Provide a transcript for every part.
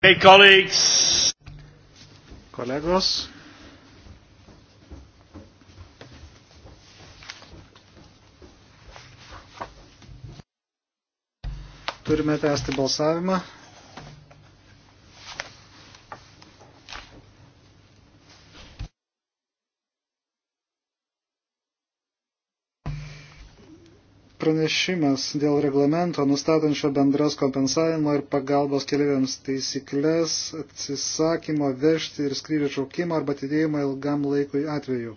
Hey, colleagues. Kolegos. Turime tęsti balsavimą. pranešimas dėl reglamento nustatančio bendras kompensavimo ir pagalbos keliaiviams taisyklės atsisakymo vežti ir skrydžio šaukimo arba atidėjimo ilgam laikui atveju.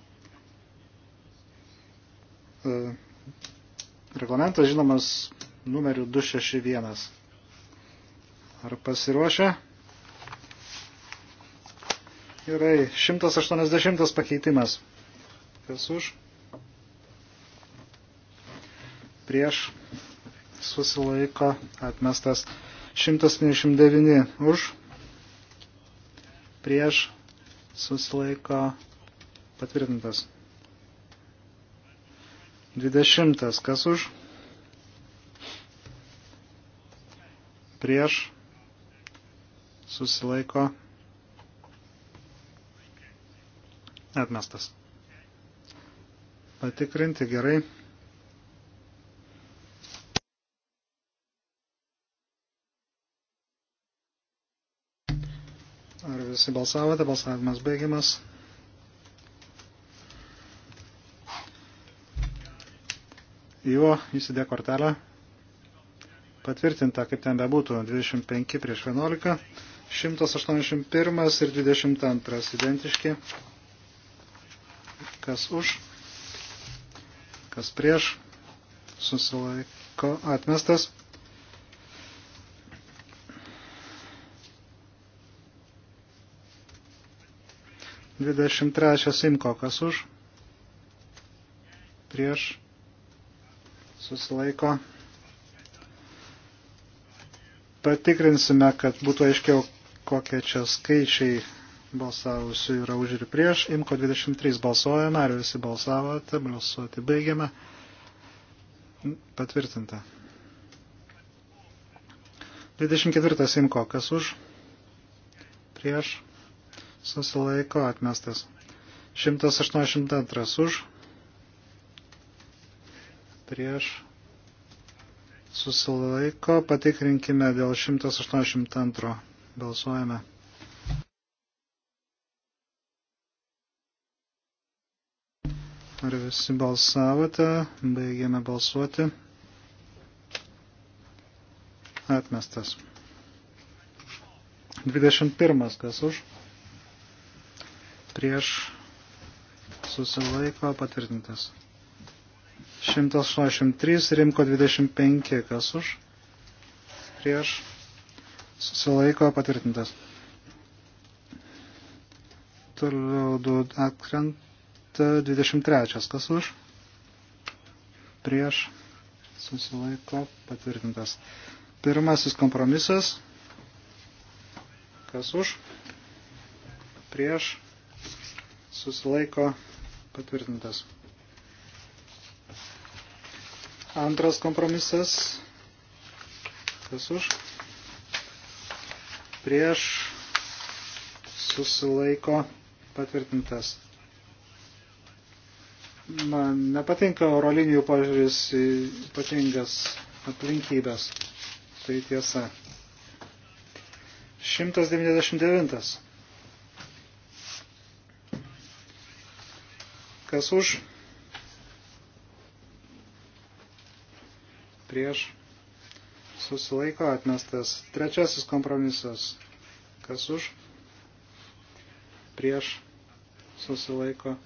E, reglamentas žinomas numeriu 261. Ar pasiruošę? Gerai, 180 pakeitimas. Kas už? prieš susilaiko atmestas 159 už prieš susilaiko patvirtintas 20 kas už prieš susilaiko atmestas patikrinti gerai visi balsavote, balsavimas baigiamas. Jo įsidė kortelę. Patvirtinta, kaip ten bebūtų, 25 prieš 11, 181 ir 22 identiški. Kas už, kas prieš, susilaiko atmestas. 23 Simko, kas už, prieš, susilaiko. Patikrinsime, kad būtų aiškiau, kokie čia skaičiai balsavusių yra už ir prieš. Imko 23 balsuojame, ar visi balsavote, balsuoti baigiame. Patvirtinta. 24 Imko, kas už, prieš, susilaiko atmestas. 182 už, prieš, susilaiko, patikrinkime dėl 182, balsuojame. Ar visi balsavote? Baigėme balsuoti. Atmestas. 21. Kas už? prieš susilaiko patvirtintas. 183 rimko 25 kas už prieš susilaiko patvirtintas. Toliau du atkrenta 23 kas už prieš susilaiko patvirtintas. Pirmasis kompromisas kas už prieš susilaiko patvirtintas. Antras kompromisas. Kas už? Prieš susilaiko patvirtintas. Man nepatinka oro linijų požiūris į ypatingas aplinkybės. Tai tiesa. 199. Kas už? Prieš. Susilaiko atmestas. Trečiasis kompromisas. Kas už? Prieš. Susilaiko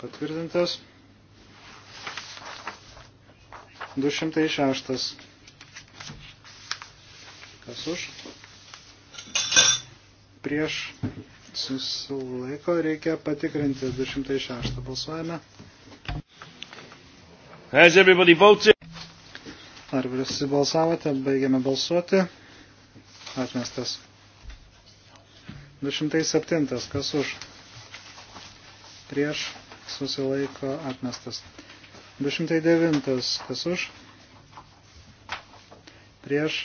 patvirtintas. 206. Kas už? Prieš susilaiko, reikia patikrinti 206 balsuojame. Has everybody voted? Ar visi balsavote, baigiame balsuoti. Atmestas. 207. Kas už? Prieš susilaiko atmestas. 209. Kas už? Prieš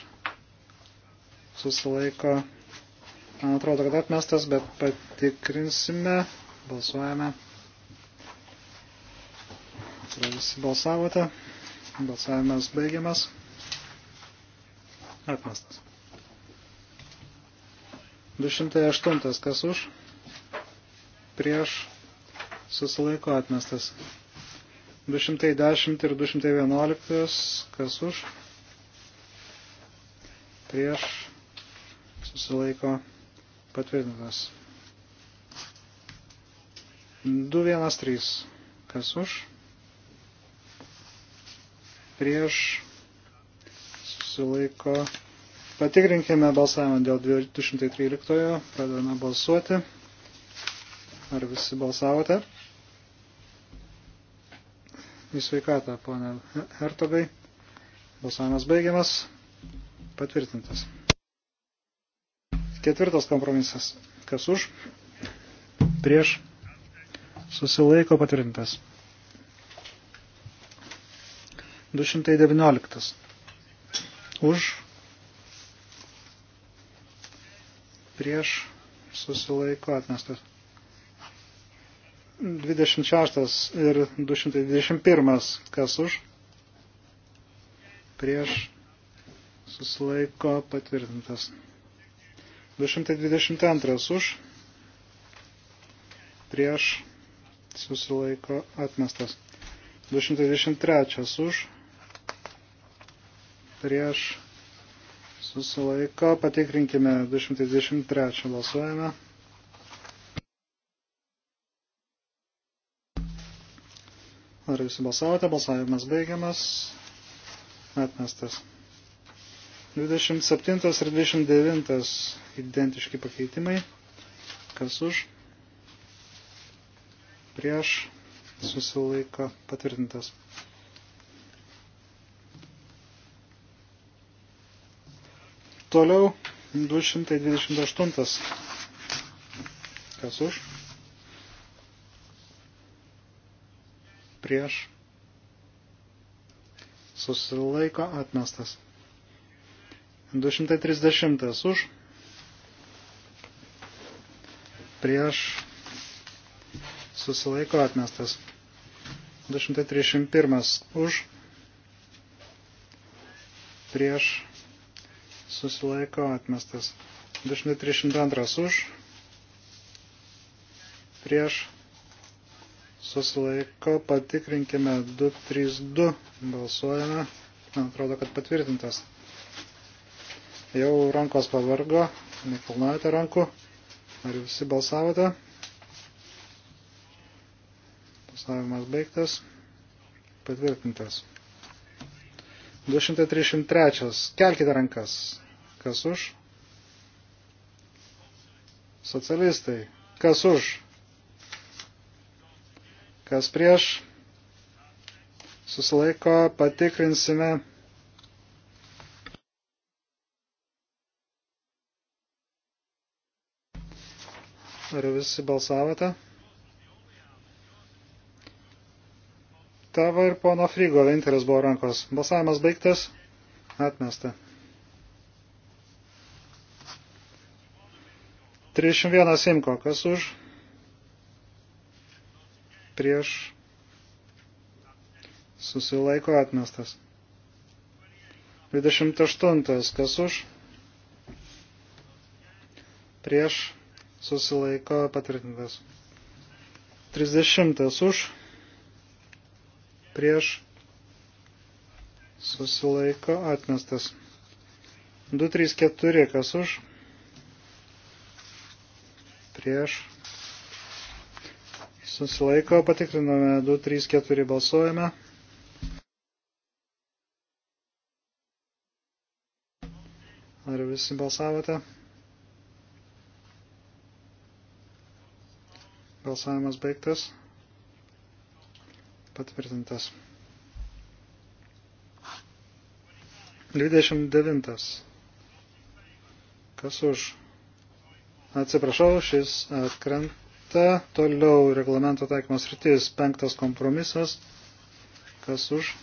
susilaiko atmestas Man atrodo, kad atmestas, bet patikrinsime. Balsuojame. Atrodo, visi balsavote. Balsavimas baigiamas. Atmestas. 208. Kas už? Prieš susilaiko atmestas. 210 ir 211. Kas už? Prieš susilaiko atmestas Patvirtintas. 213. Kas už? Prieš susilaiko. Patikrinkime balsavimą dėl 213. Pradedame balsuoti. Ar visi balsavote? Į sveikatą, ponė Hertogai. Balsavimas baigiamas. Patvirtintas. Ketvirtas kompromisas. Kas už? Prieš susilaiko patvirtintas. 219. Už prieš susilaiko atmestas. 26 ir 221. Kas už? Prieš susilaiko patvirtintas. 222 už, prieš, susilaiko atmestas. 223 už, prieš, susilaiko, patikrinkime 223, balsuojame. Ar visi balsavote, balsavimas baigiamas, atmestas. 27 ir 29 identiški pakeitimai. Kas už? Prieš susilaiko patvirtintas. Toliau 228. Kas už? Prieš susilaiko atmestas. 230 už, prieš, susilaiko atmestas. 231 už, prieš, susilaiko atmestas. 232 už, prieš, susilaiko, patikrinkime 232, balsuojame, man atrodo, kad patvirtintas. Jau rankos pavargo, nekilnojate rankų. Ar visi balsavote? Balsavimas baigtas. Patvirtintas. 233. Kelkite rankas. Kas už? Socialistai. Kas už? Kas prieš? Susilaiko patikrinsime. Ar visi balsavote? Tavo ir pono Frygo vienintelis buvo rankos. Balsavimas baigtas. Atmesta. 31 simko. Kas už? Prieš. Susilaiko atmestas. 28. Kas už? Prieš susilaiko patvirtintas. 30 už, prieš, susilaiko atmestas. 2, 3, 4, kas už, prieš, susilaiko, patikriname 2, 3, 4, balsuojame. Ar visi balsavote? Balsavimas baigtas. Patvirtintas. 29. Kas už? Atsiprašau, šis atkrenta. Toliau reglamento taikymos rytis. Penktas kompromisas. Kas už?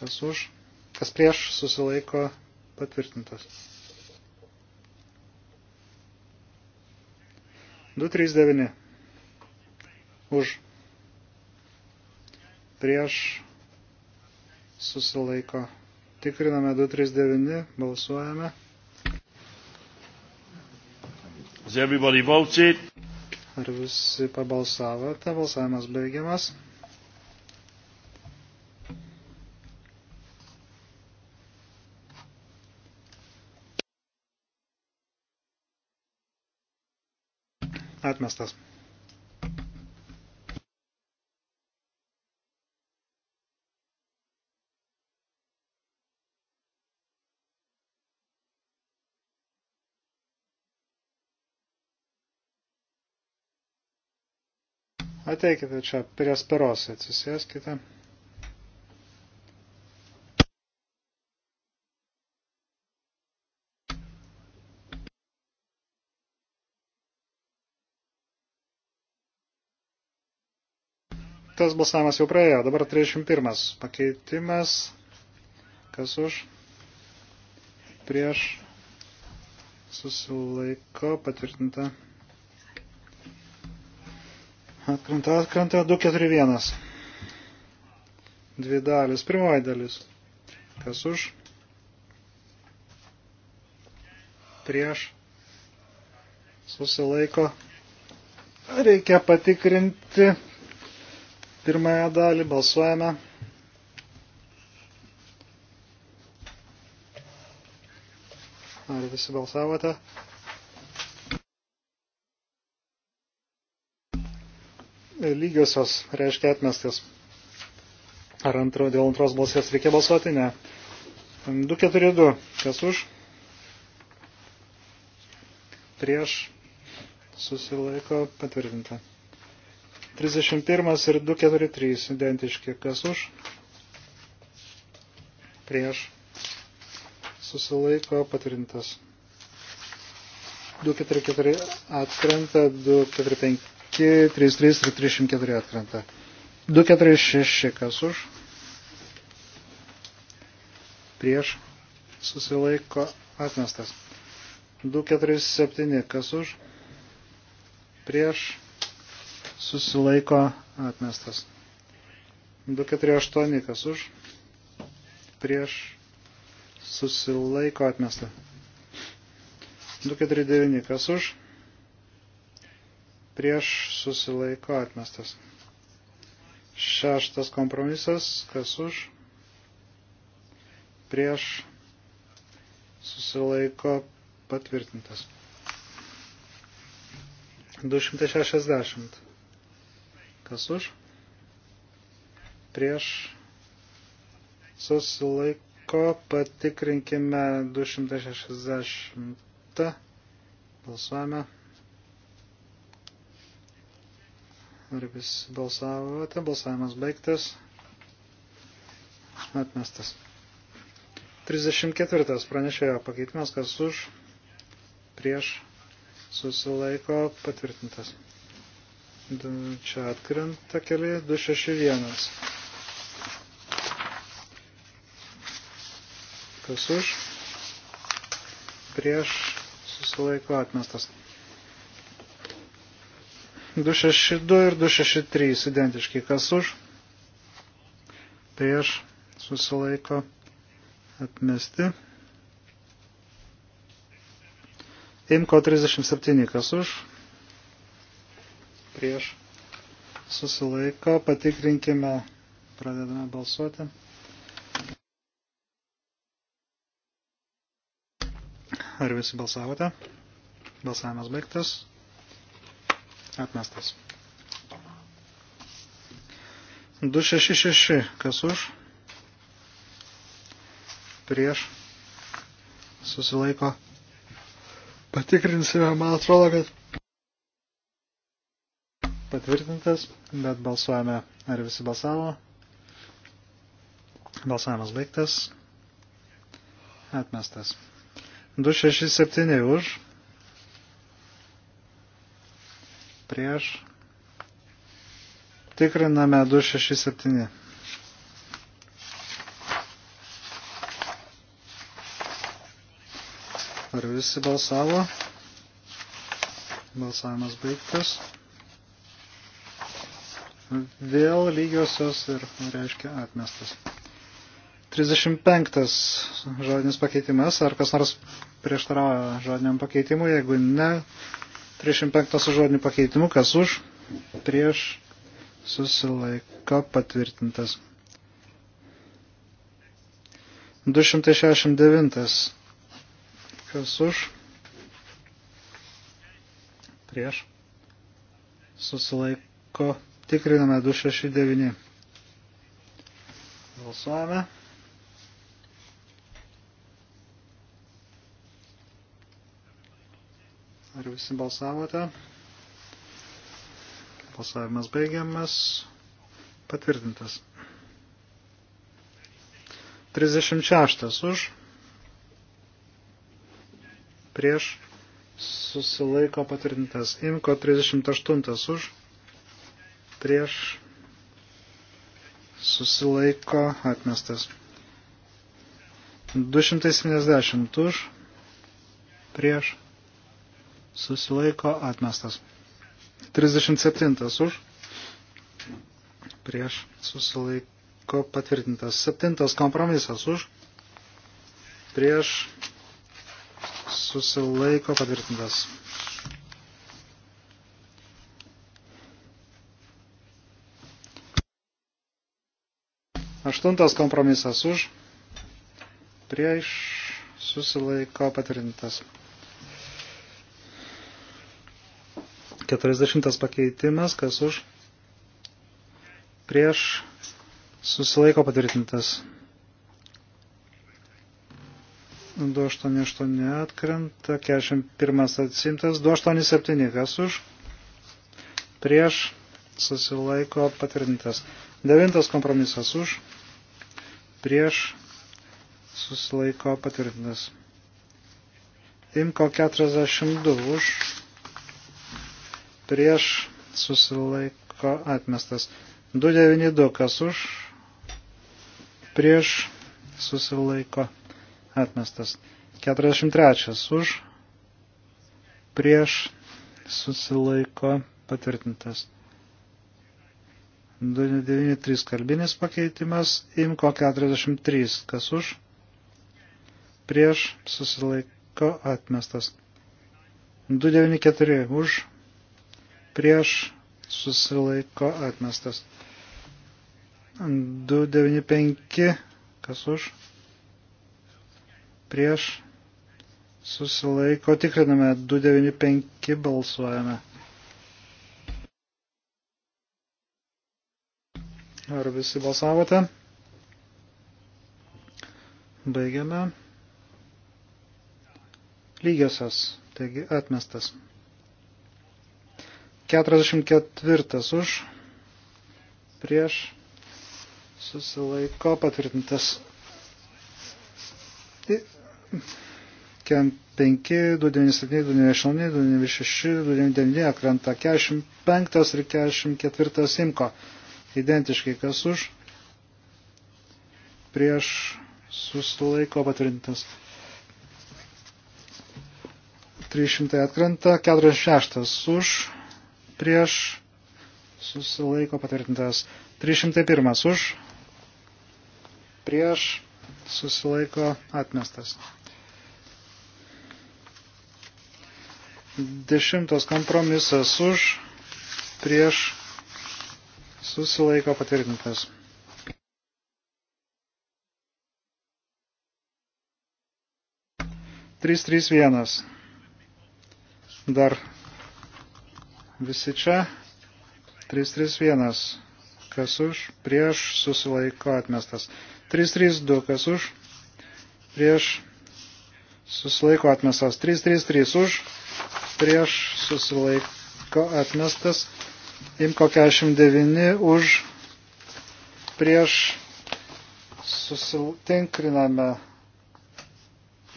Kas už? Kas prieš susilaiko patvirtintas. 239 už prieš susilaiko. Tikriname 239, balsuojame. Ar visi pabalsavote? Balsavimas baigiamas. atmestas. Ateikite čia prie sparos, atsisėskite. Tas balsavimas jau praėjo. Dabar 31 pakeitimas. Kas už? Prieš. Susilaiko patvirtinta. Atkrenta, atkrenta 241. Dvi dalis. Pirmoji dalis. Kas už? Prieš. Susilaiko. Reikia patikrinti. Pirmąją dalį balsuojame. Ar visi balsavote? Lygiosios reiškia atmestas. Ar antro, dėl antros balsės reikia balsuoti? Ne. 242. Kas už? Prieš susilaiko patvirtinta. 31 ir 243 identiški. Kas už? Prieš. Susilaiko patvirtintas. 244 atkrenta, 245, 33 ir 304 atkrenta. 246 kas už? Prieš. Susilaiko atmestas. 247 kas už? Prieš susilaiko atmestas. 248 kas už, prieš susilaiko atmestą. 249 kas už, prieš susilaiko atmestas. Šeštas kompromisas, kas už, prieš susilaiko patvirtintas. 260 Kas už? Prieš susilaiko patikrinkime 260. Balsuojame. Ar visi balsavote? Balsavimas baigtas. Atmestas. 34. Pranešėjo pakeitimas, kas už, prieš, susilaiko, patvirtintas. Čia atkrenta keli 261. Kas už? Prieš susilaiko atmestas. 262 ir 263 identiški. Kas už? Prieš susilaiko atmesti. Imko 37. Kas už? prieš susilaiko, patikrinkime, pradedame balsuoti. Ar visi balsavote? Balsavimas baigtas. Atmestas. 266. Kas už? Prieš. Susilaiko. Patikrinsime, man atrodo, kad patvirtintas, bet balsuojame, ar visi balsavo. Balsavimas baigtas. Atmestas. 267 už. Prieš. Tikriname 267. Ar visi balsavo? Balsavimas baigtas vėl lygiosios ir reiškia atmestas. 35 žodinis pakeitimas, ar kas nors prieštarauja žodiniam pakeitimui, jeigu ne, 35 su žodiniu pakeitimu, kas už, prieš, susilaiko patvirtintas. 269, kas už, prieš, susilaiko patvirtintas Tikriname 269. Balsuojame. Ar visi balsavote? Balsavimas baigiamas. Patvirtintas. 36 už. Prieš susilaiko patvirtintas. Imko 38 už prieš susilaiko atmestas. 270 už prieš susilaiko atmestas. 37 už prieš susilaiko patvirtintas. 7 kompromisas už prieš susilaiko patvirtintas. Aštuntas kompromisas už, prieš, susilaiko patvirtintas. 40 pakeitimas, kas už, prieš, susilaiko patvirtintas. 288 atkrenta, 41 atsimtas, 287 kas už, prieš, susilaiko patvirtintas. Devintas kompromisas už, prieš susilaiko patvirtintas. Imko 42 už prieš susilaiko atmestas. 292 kas už prieš susilaiko atmestas. 43 už prieš susilaiko patvirtintas. 293 kalbinis pakeitimas, imko 43, kas už, prieš susilaiko atmestas. 294 už, prieš susilaiko atmestas. 295, kas už, prieš susilaiko, tikriname, 295 balsuojame. Ar visi balsavote? Baigiame. Lygiosios, taigi atmestas. 44 už, prieš, susilaiko patvirtintas. 5, 297, 298, 296, 299, krenta 45 ir 44 simko identiškai kas už, prieš susilaiko patvirtintas. 300 atkrenta, 46 už, prieš susilaiko patvirtintas. 301 už, prieš susilaiko atmestas. Dešimtas kompromisas už, prieš susilaiko patvirtintas. Trys, trys, vienas. Dar visi čia. Trys, trys, vienas. Kas už, prieš, susilaiko atmestas. Trys, trys, du, kas už, prieš, susilaiko atmestas. Trys, trys, trys, už, prieš, susilaiko atmestas. Imko 49 už prieš susitinkriname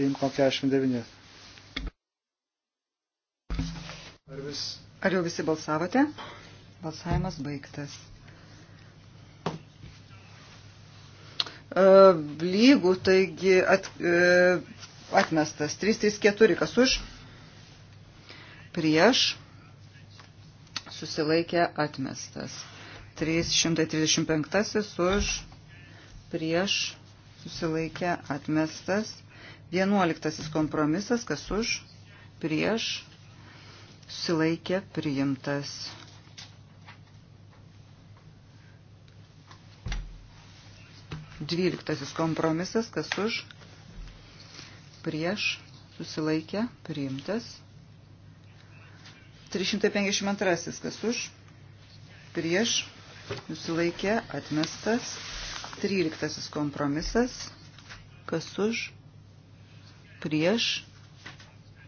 Imko 49. Ar, vis... Ar jau visi balsavote? Balsavimas baigtas. E, lygų, taigi at, e, atmestas 334, kas už, prieš, susilaikė atmestas. 335 už prieš susilaikė atmestas. 11 kompromisas, kas už prieš susilaikė priimtas. Dvyliktasis kompromisas, kas už, prieš, susilaikė, priimtas. 352. Kas už? Prieš. Nusilaikė. Atmestas. 13. Kompromisas. Kas už? Prieš.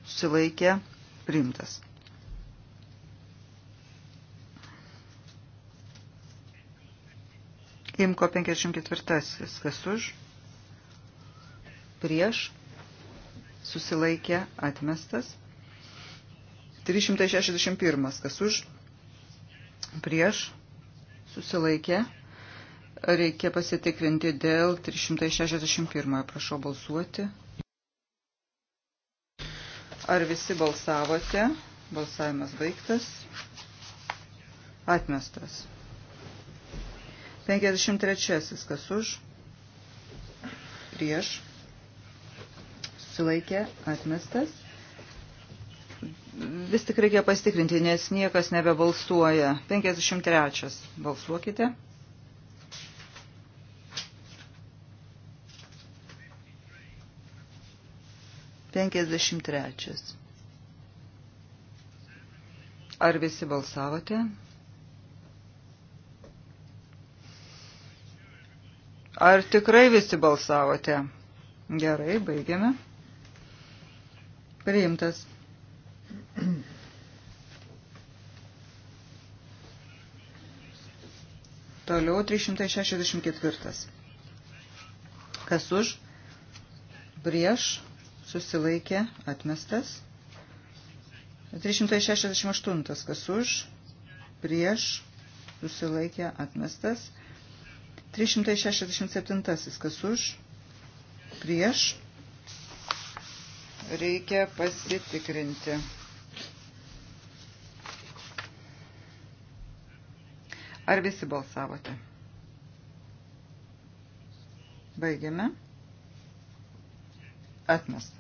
Susilaikė. Primtas. 54. Kas už? Prieš. Susilaikė. Atmestas. 361. Kas už? Prieš? Susilaikė. Reikia pasitikrinti dėl 361. Prašau balsuoti. Ar visi balsavote? Balsavimas baigtas. Atmestas. 53. Kas už? Prieš. Susilaikė. Atmestas vis tik reikia pasitikrinti, nes niekas nebebalsuoja. 53. Balsuokite. Penkiasdešimt trečias. Ar visi balsavote? Ar tikrai visi balsavote? Gerai, baigiame. Priimtas. Toliau 364. Kas už? Prieš susilaikė atmestas. 368. Kas už? Prieš susilaikė atmestas. 367. Kas už? Prieš reikia pasitikrinti. Ar visi balsavote? Baigiame. Atmesta.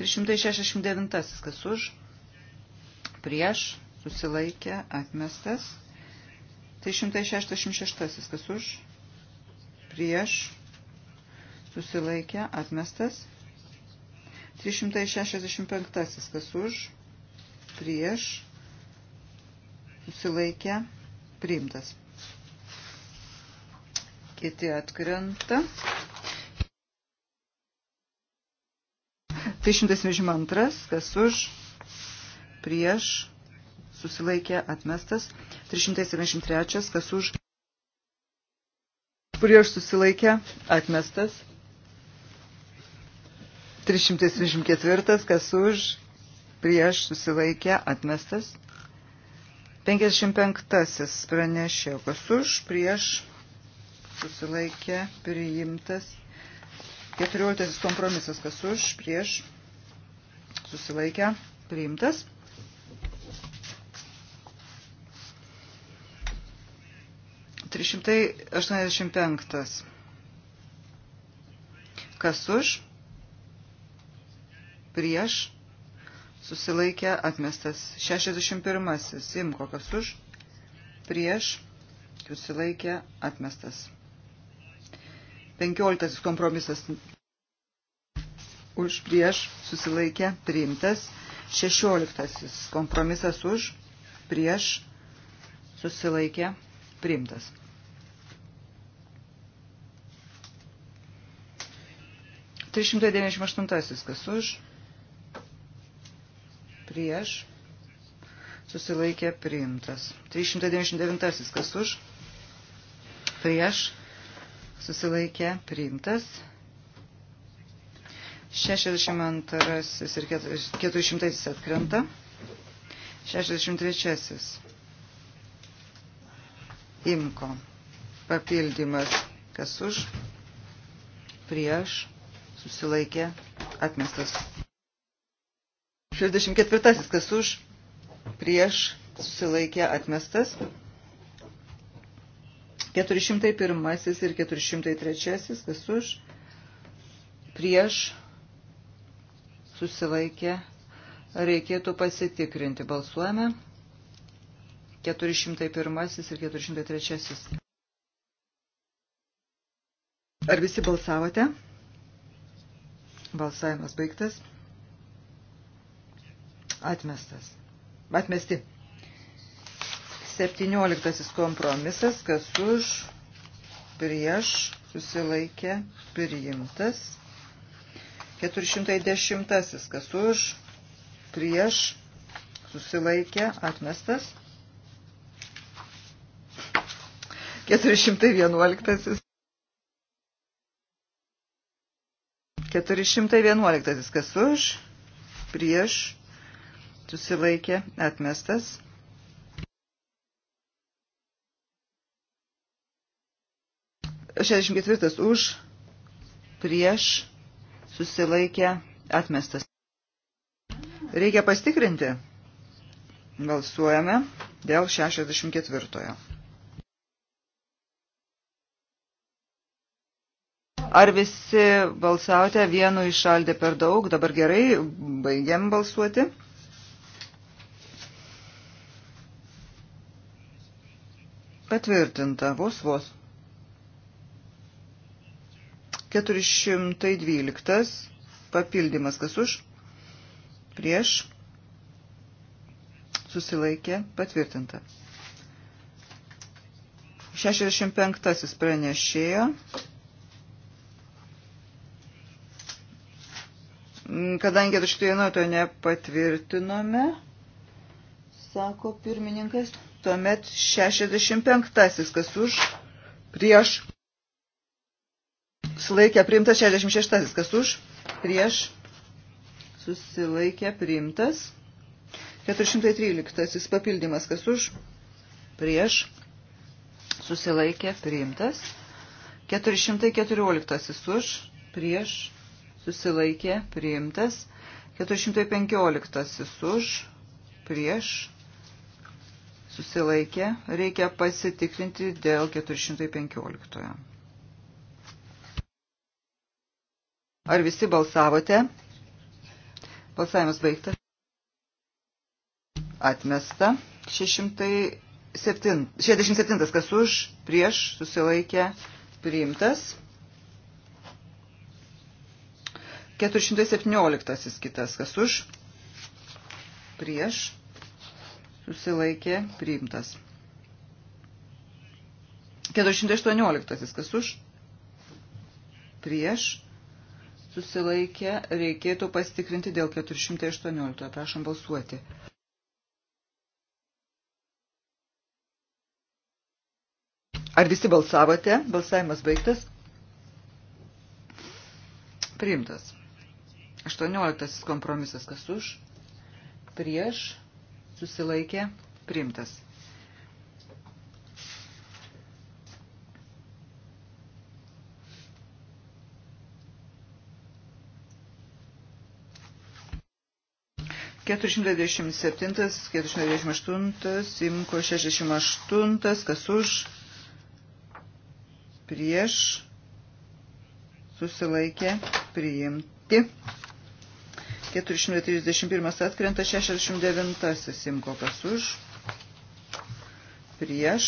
369. Kas už? Prieš. Susilaikė. Atmestas. 366. Kas už? Prieš. Susilaikė. Atmestas. 365. Kas už? Prieš. Susilaikė priimtas. Kiti atkrenta. 372, kas už, prieš, susilaikė, atmestas. 373, kas už, prieš, susilaikė, atmestas. 374, kas už, prieš, susilaikė, atmestas. 55 pranešė, kas už, prieš, susilaikė, priimtas. 14 kompromisas, kas už, prieš, susilaikė, priimtas. Trišimtai aštuoniasdešimt penktas. Kas už? Prieš susilaikė atmestas 61. Sim kokios už, prieš, susilaikė atmestas. 15. Kompromisas už, prieš, susilaikė priimtas. 16. Kompromisas už, prieš, susilaikė priimtas. Trys šimtai devyniasdešimt aštuntasis kas už prieš, susilaikė priimtas. 399 kas už, prieš, susilaikė priimtas. 62 ir 400 atkrenta. 63 imko papildymas kas už, prieš, susilaikė atmestas. 64. Kas už, prieš, susilaikė atmestas. 401 ir 403. Kas už, prieš, susilaikė. Reikėtų pasitikrinti. Balsuojame. 401 ir 403. Ar visi balsavote? Balsavimas baigtas. Atmestas. Atmesti. 17 kompromisas, kas už, prieš, susilaikė, priimtas. 410, kas už, prieš, susilaikė, atmestas. 411. 411, kas už, prieš, susilaikė, atmestas. Šešdešimt ketvirtas už, prieš, susilaikė, atmestas. Reikia pastikrinti. Balsuojame dėl 64. Ar visi balsavote vienu išaldė per daug? Dabar gerai, baigiam balsuoti. Patvirtinta, vos vos. 412 papildymas kas už, prieš, susilaikė, patvirtinta. 65 pranešėjo. Kadangi tuštai nuotoje nepatvirtinome, sako pirmininkas, Tuomet 65. Kas už? Prieš. Sulaikė priimtas 66. Kas už? Prieš. Susilaikė priimtas. 413. Papildymas. Kas už? Prieš. Susilaikė priimtas. 414. Už. Prieš. Susilaikė priimtas. 415. Už. Prieš susilaikė, reikia pasitikrinti dėl 415. Ar visi balsavote? Balsavimas baigtas. Atmesta. 607, 67. Kas už, prieš, susilaikė, priimtas. 417. Kitas. Kas už, prieš, susilaikė priimtas. 418 kas už, prieš, susilaikė, reikėtų pasitikrinti dėl 418. Prašom balsuoti. Ar visi balsavote? Balsavimas baigtas. Priimtas. 18 kompromisas kas už, prieš, susilaikė, priimtas. Keturišimtai dvidešimt septintas, keturišimtai dvidešimt aštuntas, imko šešiasdešimt aštuntas, kas už, prieš, susilaikė, priimti. 431 atkrenta 69 simko kas už, prieš,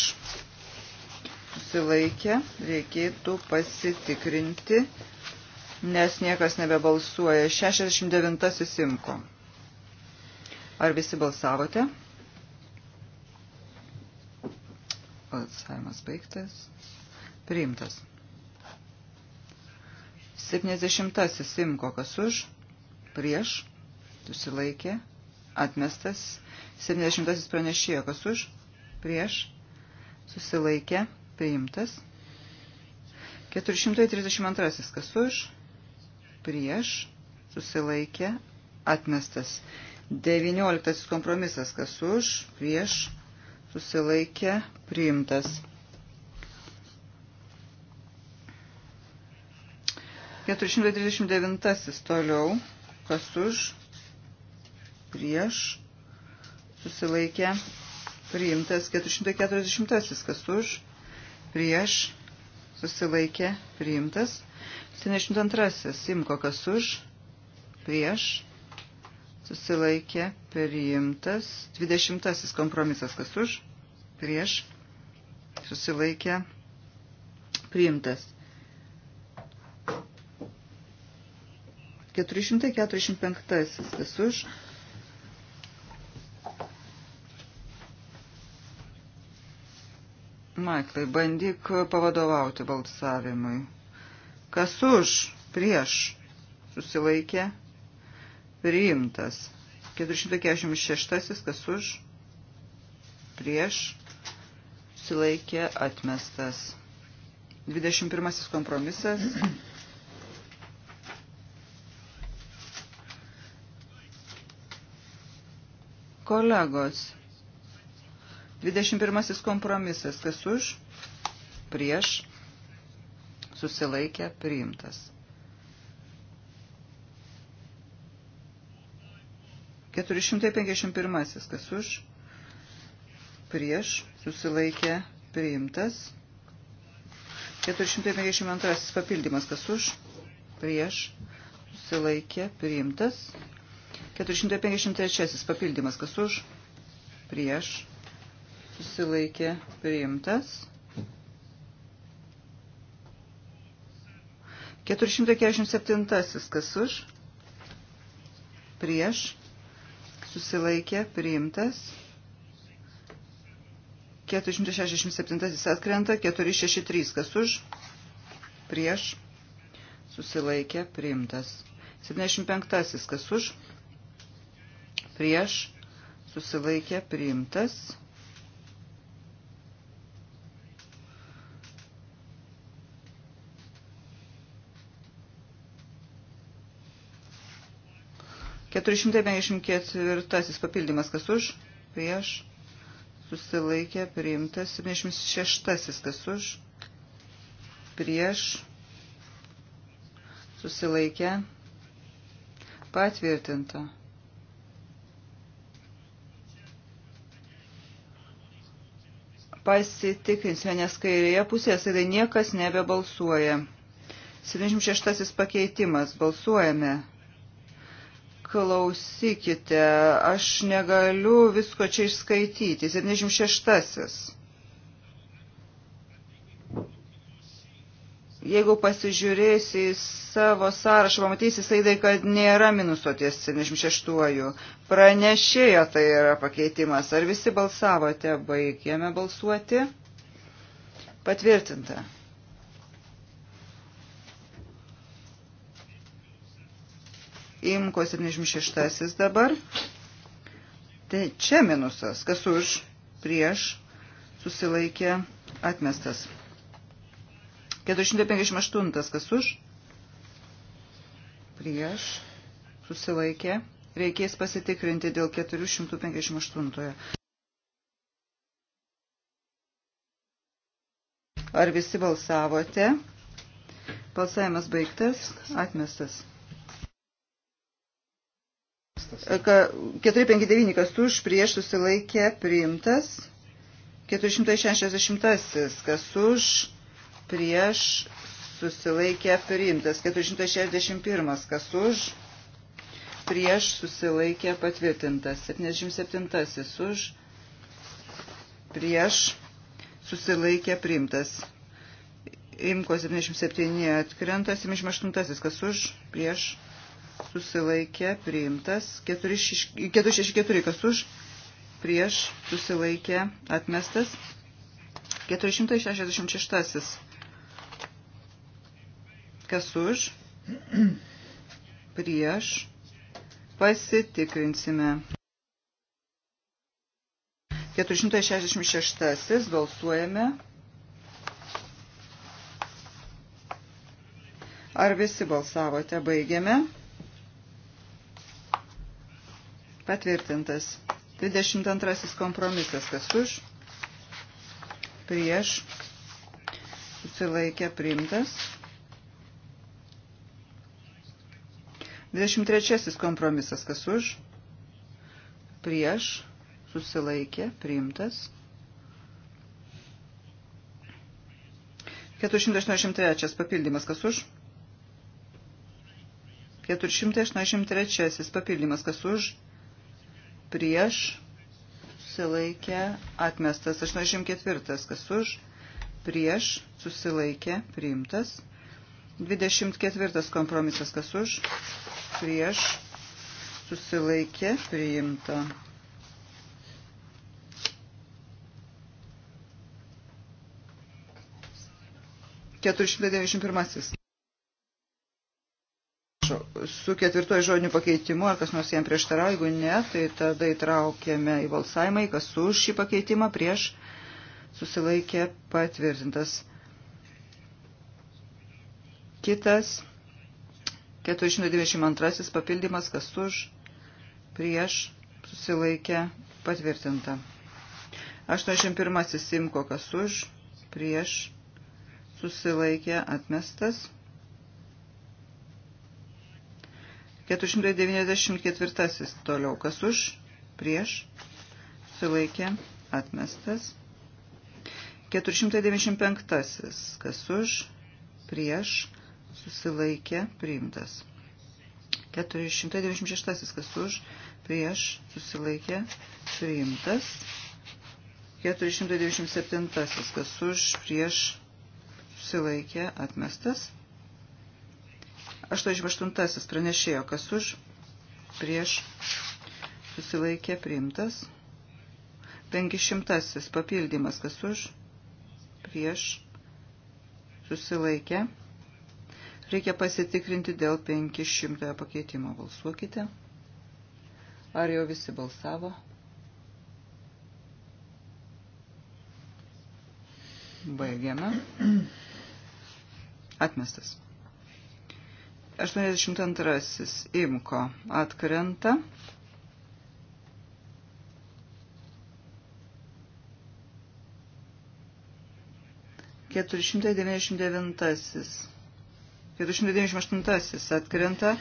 susilaikė, reikėtų pasitikrinti, nes niekas nebebalsuoja 69 simko. Ar visi balsavote? Balsavimas baigtas. Priimtas. 70 simko kas už prieš, susilaikė, atmestas. 70 pranešėjo, kas už, prieš, susilaikė, priimtas. 432 kas už, prieš, susilaikė, atmestas. 19 kompromisas kas už, prieš, susilaikė, priimtas. 439 toliau kas už, prieš, susilaikė, priimtas 440, kas už, prieš, susilaikė, priimtas 72, Simko kas už, prieš, susilaikė, priimtas 20 kompromisas kas už, prieš, susilaikė, priimtas 445 kas už. Maiklai, bandyk pavadovauti balsavimui. Kas už, prieš, susilaikė, priimtas. 446 kas už, prieš, susilaikė, atmestas. 21 kompromisas. Kolegos, 21 kompromisas, kas už, prieš, susilaikė, priimtas. 451, kas už, prieš, susilaikė, priimtas. 452 papildymas, kas už, prieš, susilaikė, priimtas. 453 papildymas, kas už, prieš, susilaikė priimtas. 447 kas už, prieš, susilaikė priimtas. 467 atkrenta, 463 kas už, prieš, susilaikė priimtas. 75 kas už, prieš prieš, susilaikė priimtas. Keturišimtai penkiasdešimt ketvirtasis papildymas, kas už, prieš, susilaikė priimtas. Septyniasdešimt šeštasis, kas už, prieš, susilaikė patvirtinta. pasitikrinsime, nes kairėje pusėje saidai niekas nebebalsuoja. 76 pakeitimas. Balsuojame. Klausykite, aš negaliu visko čia išskaityti. 76. jeigu pasižiūrėsi į savo sąrašą, pamatysi saidai, kad nėra minuso ties 76-uoju. Pranešėjo tai yra pakeitimas. Ar visi balsavote? Baigėme balsuoti. Patvirtinta. Imko 76 dabar. Tai čia minusas. Kas už? Prieš. Susilaikė. Atmestas. 458 kas už, prieš, susilaikė, reikės pasitikrinti dėl 458. Ar visi balsavote? Balsavimas baigtas, atmestas. 459 kas už, prieš susilaikė, priimtas. 460 kas už, prieš susilaikė priimtas. 461 kas už, prieš susilaikė patvirtintas. 77 už, prieš susilaikė priimtas. Imko 77 atkrenta, 78 kas už, prieš susilaikė priimtas. 464 kas už, prieš susilaikė atmestas. 466 Kas už? Prieš. Pasitikrinsime. 466 balsuojame. Ar visi balsavote? Baigiame. Patvirtintas. 22 kompromisas. Kas už? Prieš. Susilaikė priimtas. 23 kompromisas kas už, prieš, susilaikė, priimtas. 483 papildymas kas už. 483 papildymas kas už, prieš, susilaikė, atmestas. 84 kas už, prieš, susilaikė, priimtas. 24 kompromisas kas už, prieš susilaikė priimta. Keturi šimtai devyniasdešimt pirmasis su ketvirtuoju žodiniu pakeitimu, ar kas nors jam prieštarauja, jeigu ne, tai tada įtraukėme į balsavimą, kas už šį pakeitimą prieš susilaikė patvirtintas. Kitas 492 papildymas, kas už, prieš, susilaikė, patvirtinta. 81 simko, kas už, prieš, susilaikė, atmestas. 494 toliau, kas už, prieš, susilaikė, atmestas. 495, kas už, prieš, susilaikė priimtas. 496 kas už, prieš susilaikė priimtas. 497 kas už, prieš susilaikė atmestas. 88 pranešėjo kas už, prieš susilaikė priimtas. 500 papildymas kas už, prieš susilaikė priimtas Reikia pasitikrinti dėl 500 pakeitimo. Balsuokite. Ar jau visi balsavo? Baigiame. Atmestas. 82. Imko atkrenta. Keturišimtai devyniasdešimt devintasis. 498 atkrenta.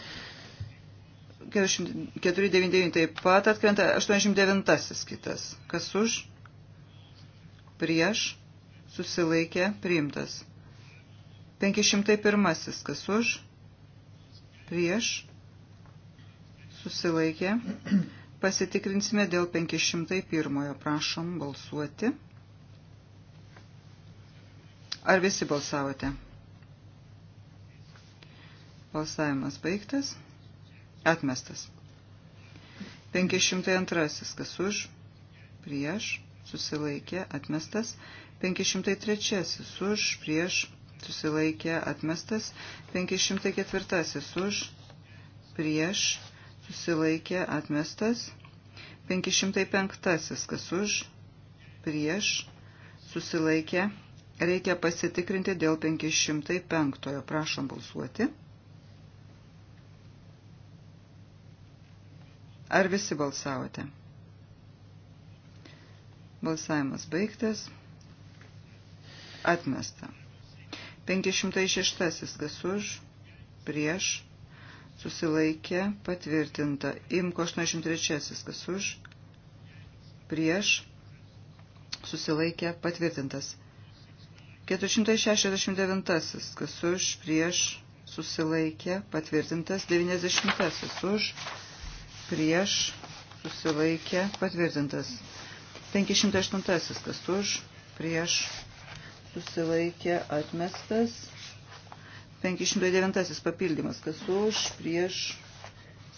499 taip pat atkrenta. 89 kitas. Kas už? Prieš. Susilaikė. Priimtas. 501 kas už? Prieš. Susilaikė. Pasitikrinsime dėl 501. Prašom balsuoti. Ar visi balsavote? Balsavimas baigtas. Atmestas. 502. Kas už? Prieš. Susilaikė. Atmestas. 503. Už. Prieš. Susilaikė. Atmestas. 504. Už. Prieš. Susilaikė. Atmestas. 505. Kas už? Prieš. Susilaikė. Reikia pasitikrinti dėl 505. Prašom balsuoti. Ar visi balsavote? Balsavimas baigtas. Atmesta. 506. Kas už? Prieš. Susilaikė. Patvirtinta. Imko 83. Kas už? Prieš. Susilaikė. Patvirtintas. 469. Kas už? Prieš. Susilaikė. Patvirtintas. 90. Už. Prieš prieš, susilaikė, patvirtintas. 508 kas už, prieš, susilaikė, atmestas. 509 papildymas kas už, prieš,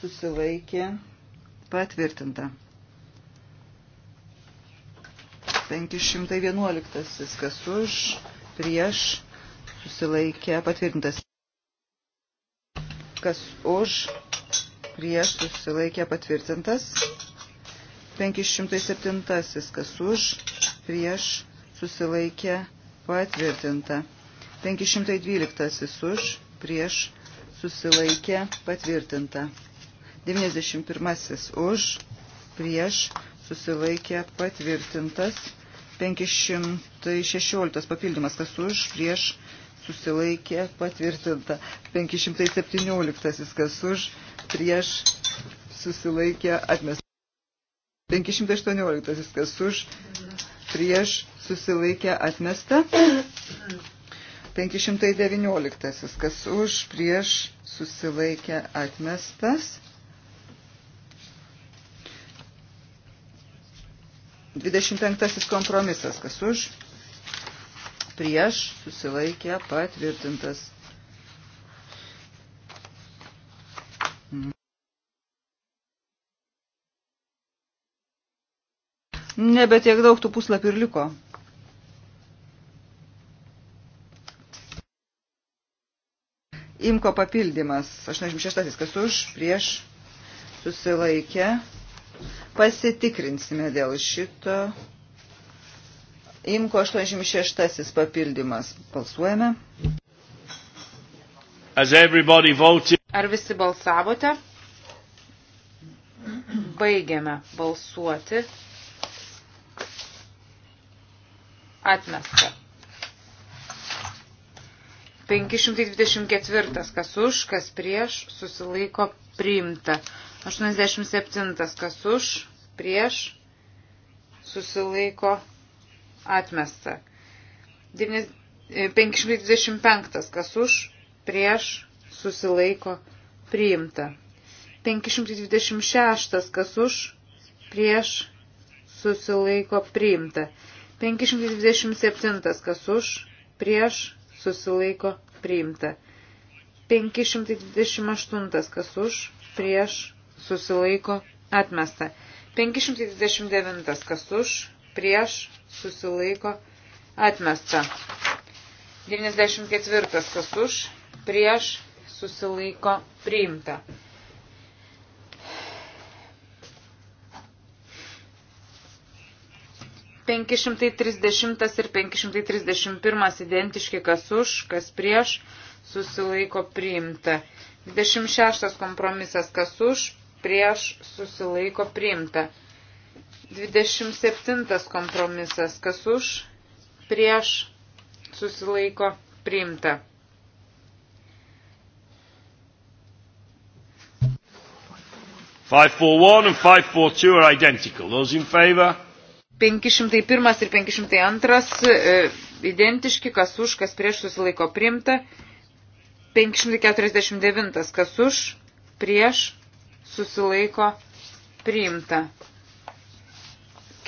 susilaikė, patvirtinta. 511 kas už, prieš, susilaikė, patvirtintas. Kas už, prieš susilaikė patvirtintas. 507 kas už, prieš susilaikė patvirtinta. 512 už, prieš susilaikė patvirtinta. 91 už, prieš susilaikė patvirtintas. 516 papildymas kas už, prieš susilaikė patvirtinta. 517 kas už, prieš susilaikė atmesta. 518 kas už, prieš susilaikė atmesta. 519 kas už, prieš susilaikė atmestas. 25 kompromisas kas už, prieš susilaikė patvirtintas. Nebe tiek daug tų puslapį ir liko. Imko papildymas. 86. Kas už, prieš, susilaikė. Pasitikrinsime dėl šito. Imko 86 papildymas. Balsuojame. Ar visi balsavote? Baigiame balsuoti. Atmesta. 524. Kas už, kas prieš, susilaiko priimta. 87. Kas už, prieš, susilaiko priimta atmesta. 525 e, kas už, prieš, susilaiko, priimta. 526 kas už, prieš, susilaiko, priimta. 527 kas už, prieš, susilaiko, priimta. 528 kas už, prieš, susilaiko, atmesta. 529 kas už, prieš, susilaiko, atmesta. 94 kas už, prieš, susilaiko, priimta. Penkišimtai trisdešimtas ir penkišimtai trisdešimt pirmas identiški kas už, kas prieš, susilaiko priimta. 26 kompromisas kas už, prieš susilaiko priimta. 27 kompromisas. Kas už, prieš, susilaiko, priimta. Five four one and five four two are identical. Those in favor? 501 ir 502 e, identiški, kas už, kas prieš susilaiko priimta. 549 kas už, prieš susilaiko priimta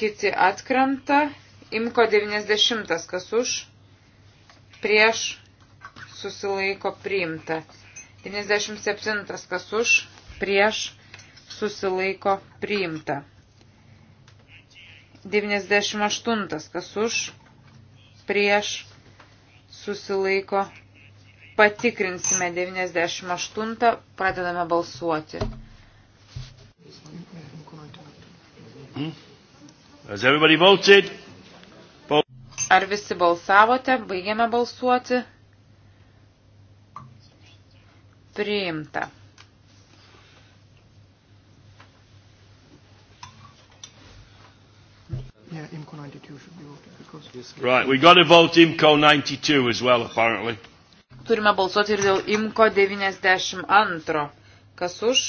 kiti atkrenta, imko 90, kas už, prieš, susilaiko priimta. 97, kas už, prieš, susilaiko priimta. 98, kas už, prieš, susilaiko. Patikrinsime 98, pradedame balsuoti. Hmm? Has everybody voted? Ar visi balsavote? Baigėme balsuoti. Priimta. Yeah, IMCO 92 should be voted because... Right, we got to vote IMCO 92 as well, apparently. Turime balsuoti ir dėl IMCO 92. Kas už?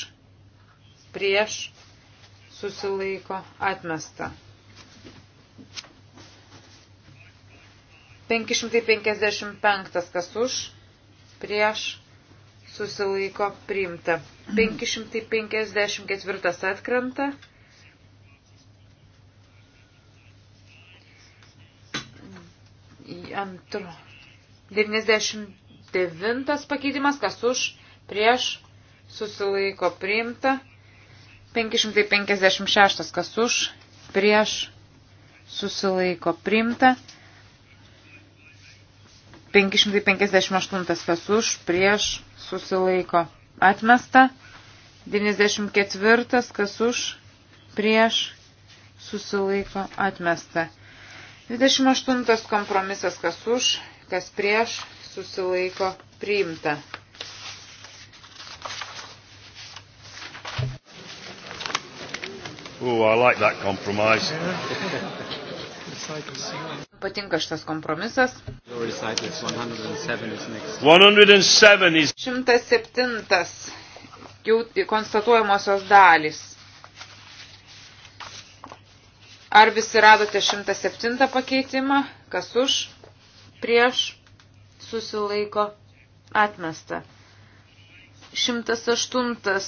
Prieš? Susilaiko? Atmesta. 555 kas už, prieš susilaiko priimta. 554 atkrenta. Antru. 99 pakeitimas, kas už, prieš, susilaiko priimta. 556 kas už, prieš, susilaiko priimta. 558 kas už, prieš, susilaiko, atmesta. 94 kas už, prieš, susilaiko, atmesta. 28 kompromisas kas už, kas prieš, susilaiko, priimta. Ooh, I like that compromise. Patinka šitas kompromisas. 107 is... 107 jau konstatuojamosios dalys. Ar visi radote 107 pakeitimą? Kas už? Prieš? Susilaiko? Atmesta. 108 e,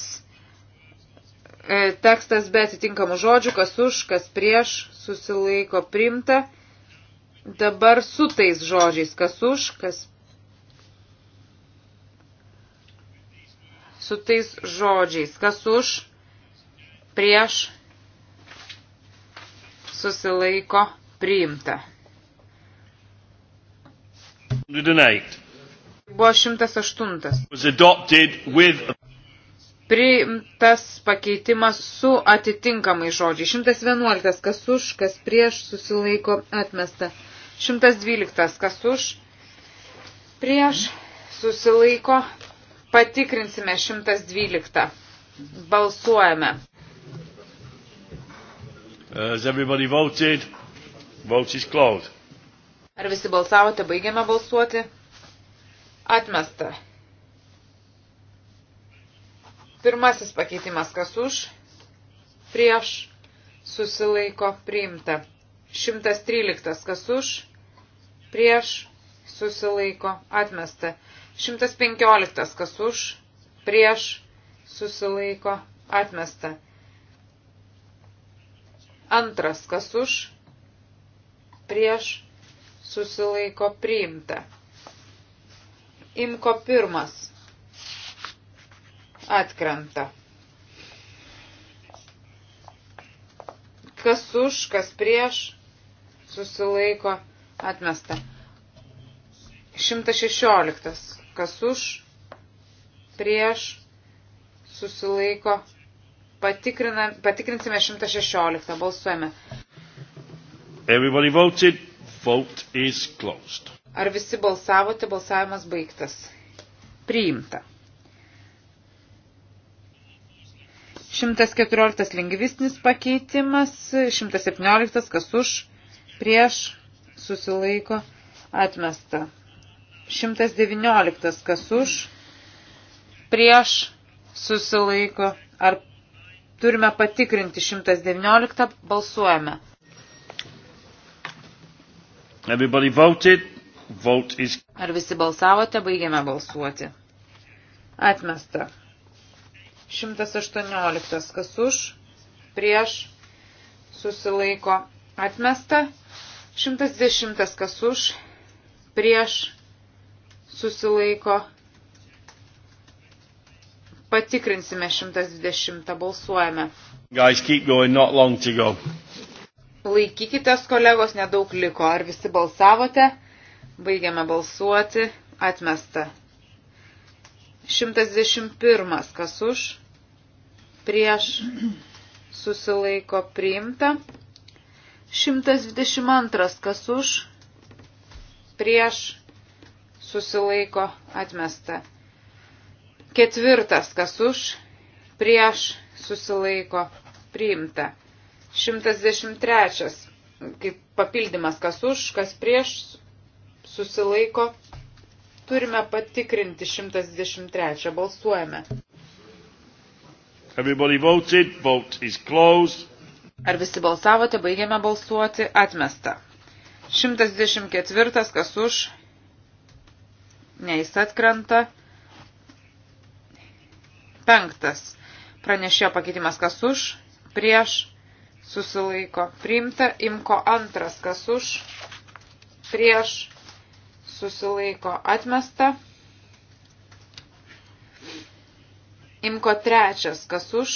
tekstas be atitinkamų žodžių, kas už, kas prieš, susilaiko primta. Dabar su tais žodžiais, kas už, kas su tais žodžiais, kas už, prieš, susilaiko priimta. Buvo 108 priimtas pakeitimas su atitinkamai žodžiai. 111. Kas už, kas prieš susilaiko atmesta. 112. Kas už, prieš susilaiko. Patikrinsime 112. Balsuojame. Has everybody voted? Vote is closed. Ar visi balsavote? Baigiame balsuoti. Atmesta. Pirmasis pakeitimas, kas už, prieš, susilaiko priimta. 113, kas už, prieš, susilaiko atmesta. 115, kas už, prieš, susilaiko atmesta. Antras, kas už, prieš, susilaiko priimta. Imko pirmas, atkrenta. Kas už, kas prieš, susilaiko, atmesta. 116. Kas už, prieš, susilaiko, patikrinsime 116. Balsuojame. Everybody voted. Vote is closed. Ar visi balsavote? Balsavimas baigtas. Priimta. 114 lingvistinis pakeitimas, 117 kas už, prieš, susilaiko, atmesta. 119 kas už, prieš, susilaiko, ar turime patikrinti 119, balsuojame. Everybody voted. Vote is... Ar visi balsavote, baigiame balsuoti. Atmesta. 118. Kas už, prieš, susilaiko, atmesta. 110. Kas už, prieš, susilaiko. Patikrinsime 120. Balsuojame. Guys, keep going, not long to go. Laikykitės, kolegos, nedaug liko. Ar visi balsavote? Baigiame balsuoti. Atmesta. 121. Kas už? Prieš susilaiko priimta. 122. Kas už? Prieš susilaiko atmesta. Ketvirtas. Kas už? Prieš susilaiko priimta. 113. Kaip papildymas, kas už, kas prieš susilaiko priimta turime patikrinti 123. Balsuojame. Everybody voted. Vote is closed. Ar visi balsavote, baigėme balsuoti, atmesta. 124, kas už, neįs atkrenta. Penktas, pranešėjo pakeitimas, kas už, prieš, susilaiko, priimta, imko antras, kas už, prieš, susilaiko atmesta. Imko trečias, kas už,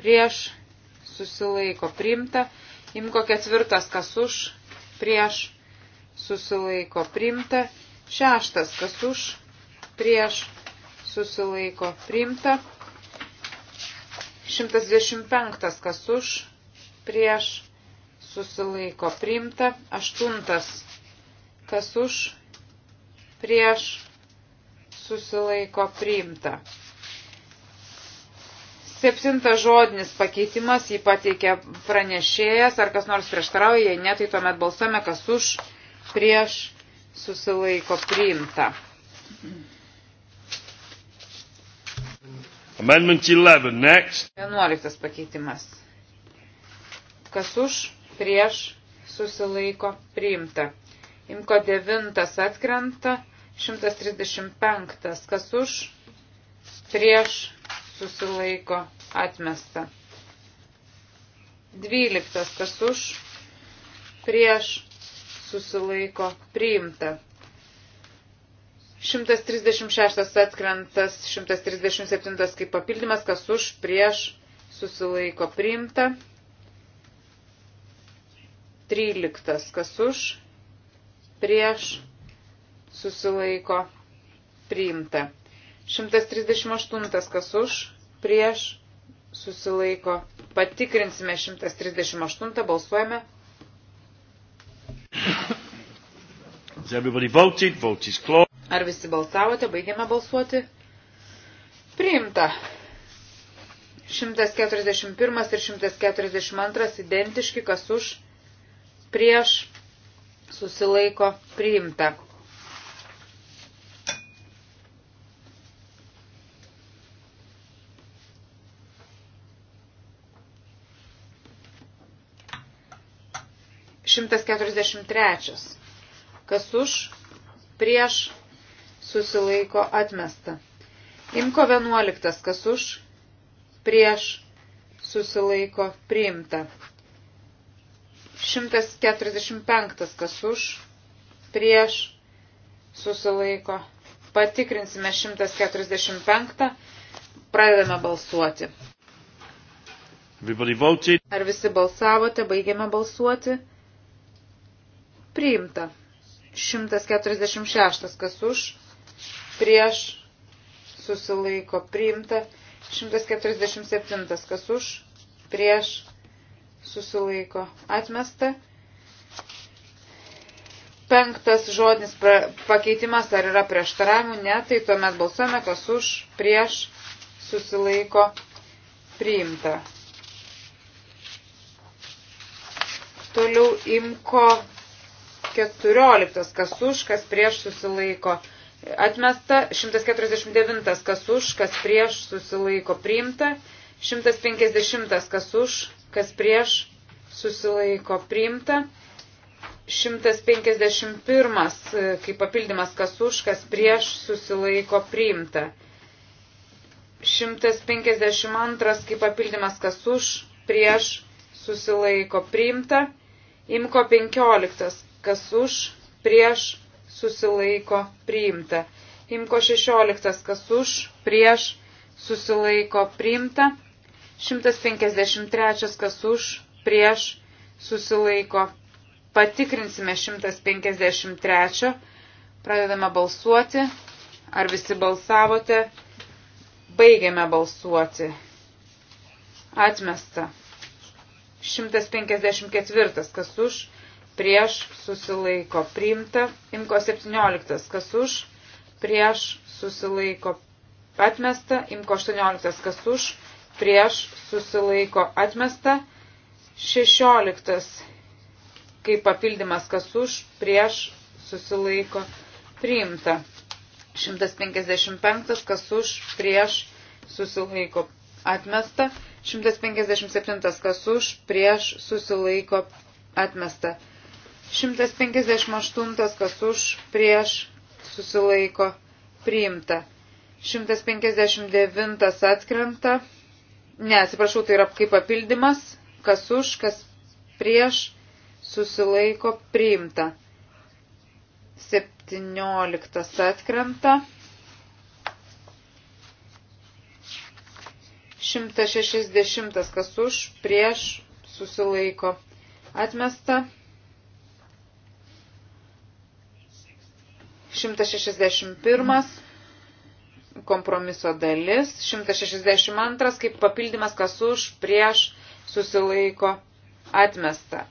prieš, susilaiko primta. Imko ketvirtas, kas už, prieš, susilaiko primta. Šeštas, kas už, prieš, susilaiko primta. 125, kas už, prieš, susilaiko primta. Aštuntas, kas už, prieš, susilaiko priimta. Septintas žodinis pakeitimas jį pateikia pranešėjas, ar kas nors prieštarauja, jei ne, tai tuomet balsame, kas už, prieš, susilaiko priimta. Amendment 11, next. 11 pakeitimas. Kas už, prieš, susilaiko priimta. Imko 9 atkrenta, 135 kas už, prieš susilaiko atmesta. 12 kas už, prieš susilaiko priimta. 136 atkrentas, 137 kaip papildymas, kas už, prieš susilaiko priimta. 13 kas už, prieš susilaiko priimta. 138 kas už, prieš susilaiko. Patikrinsime 138, balsuojame. Voted, vote is Ar visi balsavote, baigiame balsuoti? Priimta. 141 ir 142 identiški, kas už, prieš susilaiko priimta. Šimtas keturiasdešimt trečias. Kas už, prieš, susilaiko atmesta. Imko vienuoliktas. Kas už, prieš, susilaiko priimta. 145 kas už, prieš, susilaiko. Patikrinsime 145, pradedame balsuoti. Ar visi balsavote, baigėme balsuoti? Priimta. 146 kas už, prieš, susilaiko, priimta. 147 kas už, prieš, susilaiko atmesta. Penktas žodinis pakeitimas, ar yra prieštaravimų, ne, tai tuomet balsuojame, kas už, prieš, susilaiko, priimta. Toliau imko 14, kas už, kas prieš, susilaiko, atmesta. 149, kas už, kas prieš, susilaiko, priimta. 150, kas už, kas prieš susilaiko priimta. 151 e, kaip papildymas kas už, kas prieš susilaiko priimta. 152 kaip papildymas kas už, prieš susilaiko priimta. Imko 15 kas už, prieš susilaiko priimta. Imko 16 kas už, prieš susilaiko priimta. 153 kas už, prieš, susilaiko. Patikrinsime 153. Pradedame balsuoti. Ar visi balsavote? Baigiame balsuoti. Atmesta. 154. Kas už? Prieš susilaiko. Priimta. Imko 17. Kas už? Prieš susilaiko. Atmesta. Imko 18. Kas už? prieš susilaiko atmesta. 16 kaip papildymas kas už, prieš susilaiko priimta. 155 kas už, prieš susilaiko atmesta. 157 kas už, prieš susilaiko atmesta. 158 kas už, prieš susilaiko priimta. 159 atkrenta, Ne, atsiprašau, tai yra kaip papildymas, kas už, kas prieš, susilaiko priimta. 17 atkrenta. 160 kas už, prieš, susilaiko atmesta. 161 kompromiso dalis. 162 kaip papildymas, kas už, prieš, susilaiko, atmesta.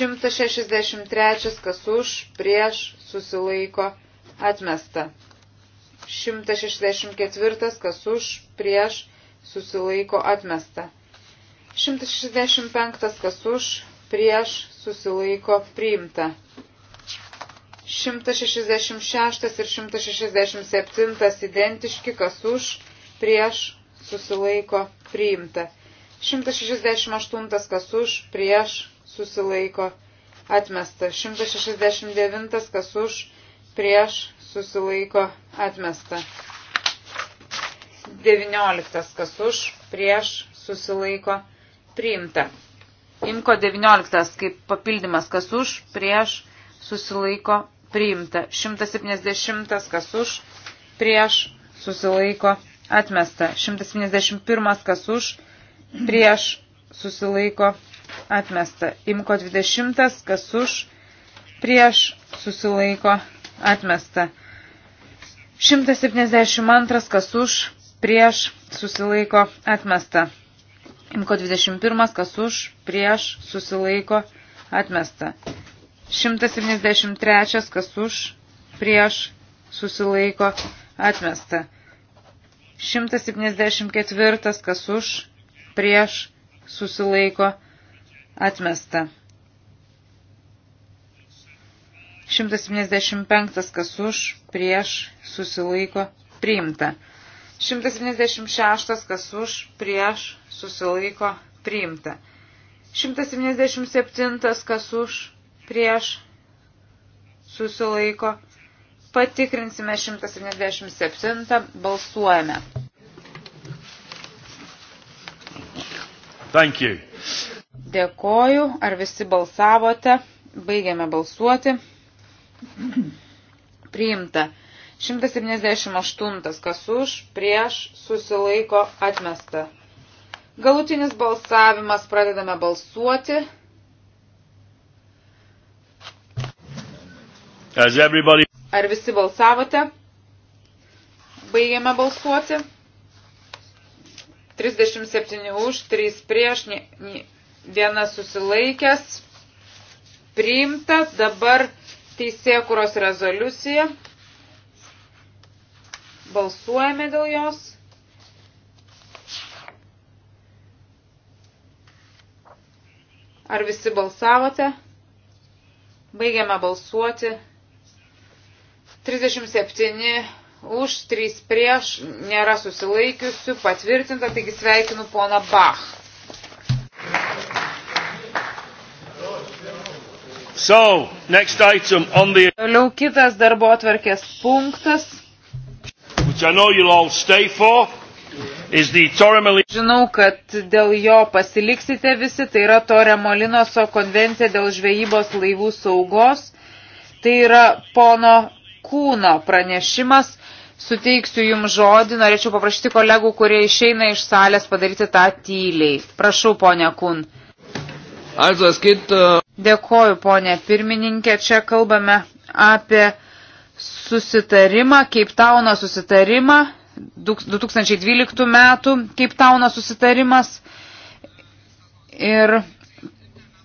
163 kas už, prieš, susilaiko, atmesta. 164 kas už, prieš, susilaiko, atmesta. 165 kas už, prieš, susilaiko, priimta. 166 ir 167 identiški, kas už, prieš, susilaiko, priimta. 168 kas už, prieš, susilaiko, atmesta. 169 kas už, prieš, susilaiko, atmesta. 19 kas už, prieš, susilaiko, priimta. Imko 19 kaip papildymas kas už, prieš, susilaiko, priimta. 170 kas už, prieš susilaiko atmesta. 171 kas už, prieš susilaiko atmesta. Imko 20 kas už, prieš susilaiko atmesta. 172 kas už, prieš susilaiko atmesta. Imko 21 kas už, prieš susilaiko atmesta. 173, kas už, prieš, susilaiko, atmesta. 174, kas už, prieš, susilaiko, atmesta. 175, kas už, prieš, susilaiko, priimta. 176, kas už, prieš, susilaiko, priimta. 177, kas už, prieš susilaiko. Patikrinsime 177, balsuojame. Thank you. Dėkoju, ar visi balsavote. Baigiame balsuoti. Priimta. 178 kas už, prieš, susilaiko, atmesta. Galutinis balsavimas, pradedame balsuoti. Everybody... Ar visi balsavote? Baigėme balsuoti. 37 už, 3 prieš, vienas susilaikęs. Priimta dabar teisėkuros rezoliucija. Balsuojame dėl jos. Ar visi balsavote? Baigiame balsuoti. 37 už, 3 prieš, nėra susilaikiusių, patvirtinta, taigi sveikinu poną Bach. So, next item on the... Toliau kitas darbo atvarkės punktas. Which I know you'll all stay for. Žinau, kad dėl jo pasiliksite visi, tai yra Toremolinoso konvencija dėl žvejybos laivų saugos. Tai yra pono kūno pranešimas. Suteiksiu jums žodį, norėčiau paprašyti kolegų, kurie išeina iš salės padaryti tą tyliai. Prašau, ponia Kun. Also, es geht, uh... Dėkoju, ponė pirmininkė. Čia kalbame apie susitarimą, kaip tauno susitarimą, 2012 metų kaip tauno susitarimas. Ir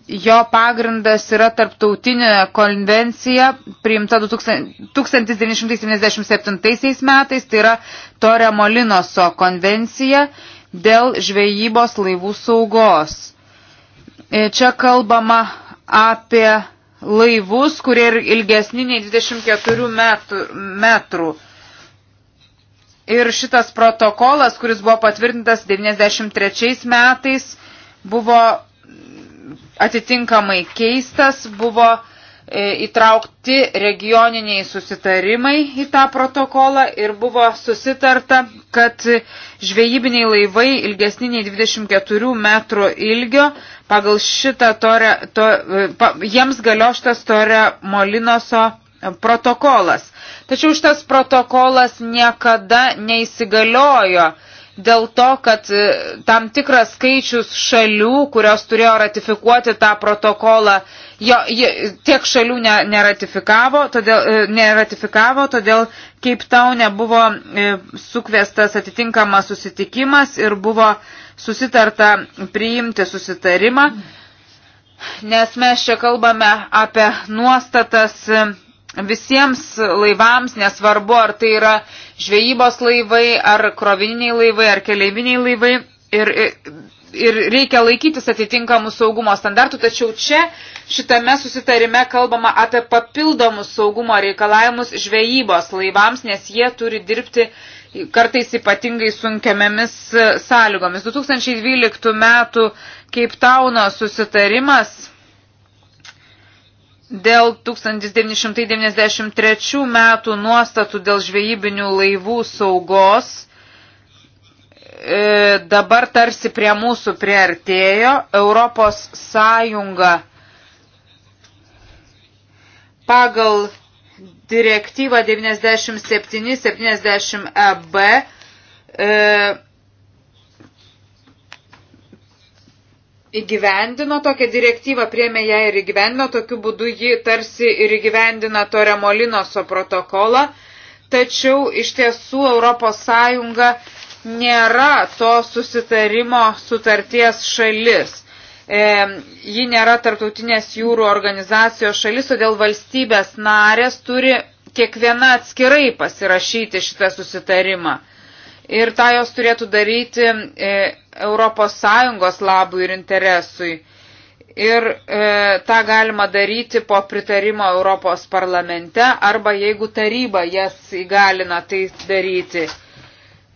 jo pagrindas yra tarptautinė konvencija priimta 1977 metais, tai yra Tore Molinoso konvencija dėl žvejybos laivų saugos. E, čia kalbama apie laivus, kurie yra ilgesni nei 24 metrų. metrų. Ir šitas protokolas, kuris buvo patvirtintas 93 metais, buvo atitinkamai keistas, buvo e, įtraukti regioniniai susitarimai į tą protokolą ir buvo susitarta, kad žvejybiniai laivai ilgesniniai 24 metrų ilgio pagal šitą torę, to, e, pa, jiems galio šitas torė Molinoso protokolas. Tačiau šitas protokolas niekada neįsigaliojo dėl to, kad e, tam tikras skaičius šalių, kurios turėjo ratifikuoti tą protokolą, jo, je, tiek šalių ne, neratifikavo, todėl, e, neratifikavo, todėl kaip tau nebuvo e, sukviestas atitinkamas susitikimas ir buvo susitarta priimti susitarimą. Nes mes čia kalbame apie nuostatas visiems laivams, nesvarbu ar tai yra žvejybos laivai, ar krovininiai laivai, ar keleiviniai laivai. Ir, ir reikia laikytis atitinkamų saugumo standartų, tačiau čia šitame susitarime kalbama apie papildomus saugumo reikalavimus žvejybos laivams, nes jie turi dirbti kartais ypatingai sunkiamėmis sąlygomis. 2012 metų Keiptauno susitarimas dėl 1993 metų nuostatų dėl žvejybinių laivų saugos e, dabar tarsi prie mūsų priartėjo Europos Sąjunga pagal direktyvą 97-70 EB e, e įgyvendino tokią direktyvą, priemė ją ir įgyvendino, tokiu būdu ji tarsi ir įgyvendina Toremolinoso protokolą, tačiau iš tiesų ES nėra to susitarimo sutarties šalis. E, ji nėra tarptautinės jūrų organizacijos šalis, todėl valstybės narės turi kiekviena atskirai pasirašyti šitą susitarimą ir tą jos turėtų daryti e, Europos Sąjungos labui ir interesui. Ir e, tą galima daryti po pritarimo Europos parlamente arba jeigu taryba jas įgalina tai daryti.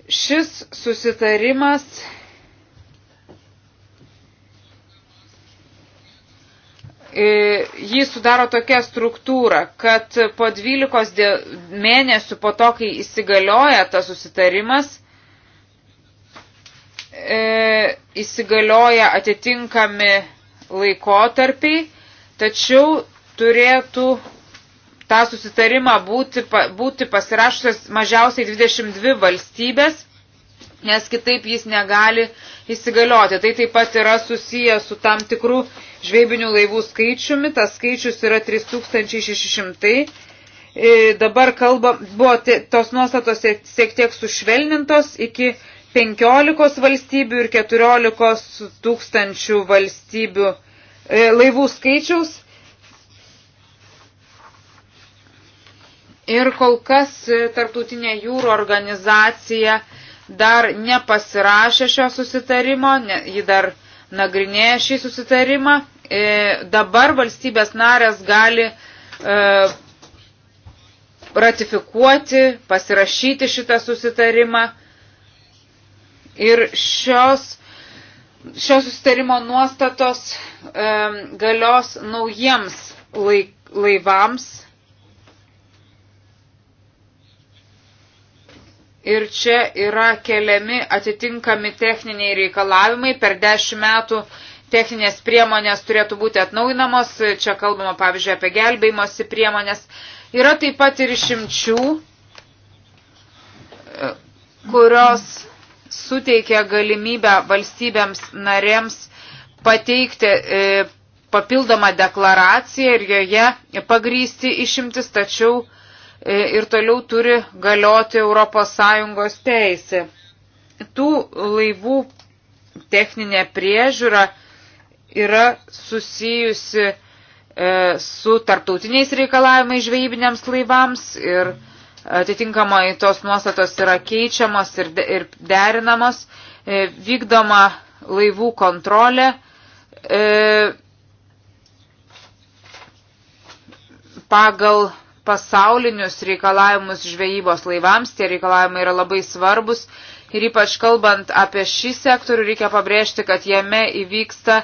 Šis susitarimas E, jį sudaro tokia struktūra, kad po 12 mėnesių po to, kai įsigalioja tas susitarimas, e, įsigalioja atitinkami laikotarpiai, tačiau turėtų tą susitarimą būti, būti pasirašusios mažiausiai 22 valstybės, nes kitaip jis negali įsigalioti. Tai taip pat yra susiję su tam tikrų žvejybinių laivų skaičiumi, tas skaičius yra 3600. E, dabar kalba, buvo tos nuostatos siek tiek sušvelnintos iki 15 valstybių ir 14 tūkstančių valstybių e, laivų skaičiaus. Ir kol kas e, Tarptautinė jūrų organizacija dar nepasirašė šio susitarimo, ne, ji dar nagrinėja šį susitarimą. E, dabar valstybės narės gali e, ratifikuoti, pasirašyti šitą susitarimą. Ir šios šio sustarimo nuostatos e, galios naujiems laivams ir čia yra keliami atitinkami techniniai reikalavimai. Per dešimt metų techninės priemonės turėtų būti atnaujinamos. Čia kalbama, pavyzdžiui, apie gelbėjimosi priemonės. Yra taip pat ir išimčių, kurios suteikia galimybę valstybėms narėms pateikti e, papildomą deklaraciją ir joje pagrysti išimtis, tačiau E, ir toliau turi galioti ES teisė. Tų laivų techninė priežiūra yra susijusi e, su tarptautiniais reikalavimais žvejybiniams laivams ir atitinkamai tos nuostatos yra keičiamos ir, ir derinamos, e, vykdoma laivų kontrolė. Pagal pasaulinius reikalavimus žvejybos laivams, tie reikalavimai yra labai svarbus ir ypač kalbant apie šį sektorių reikia pabrėžti, kad jame įvyksta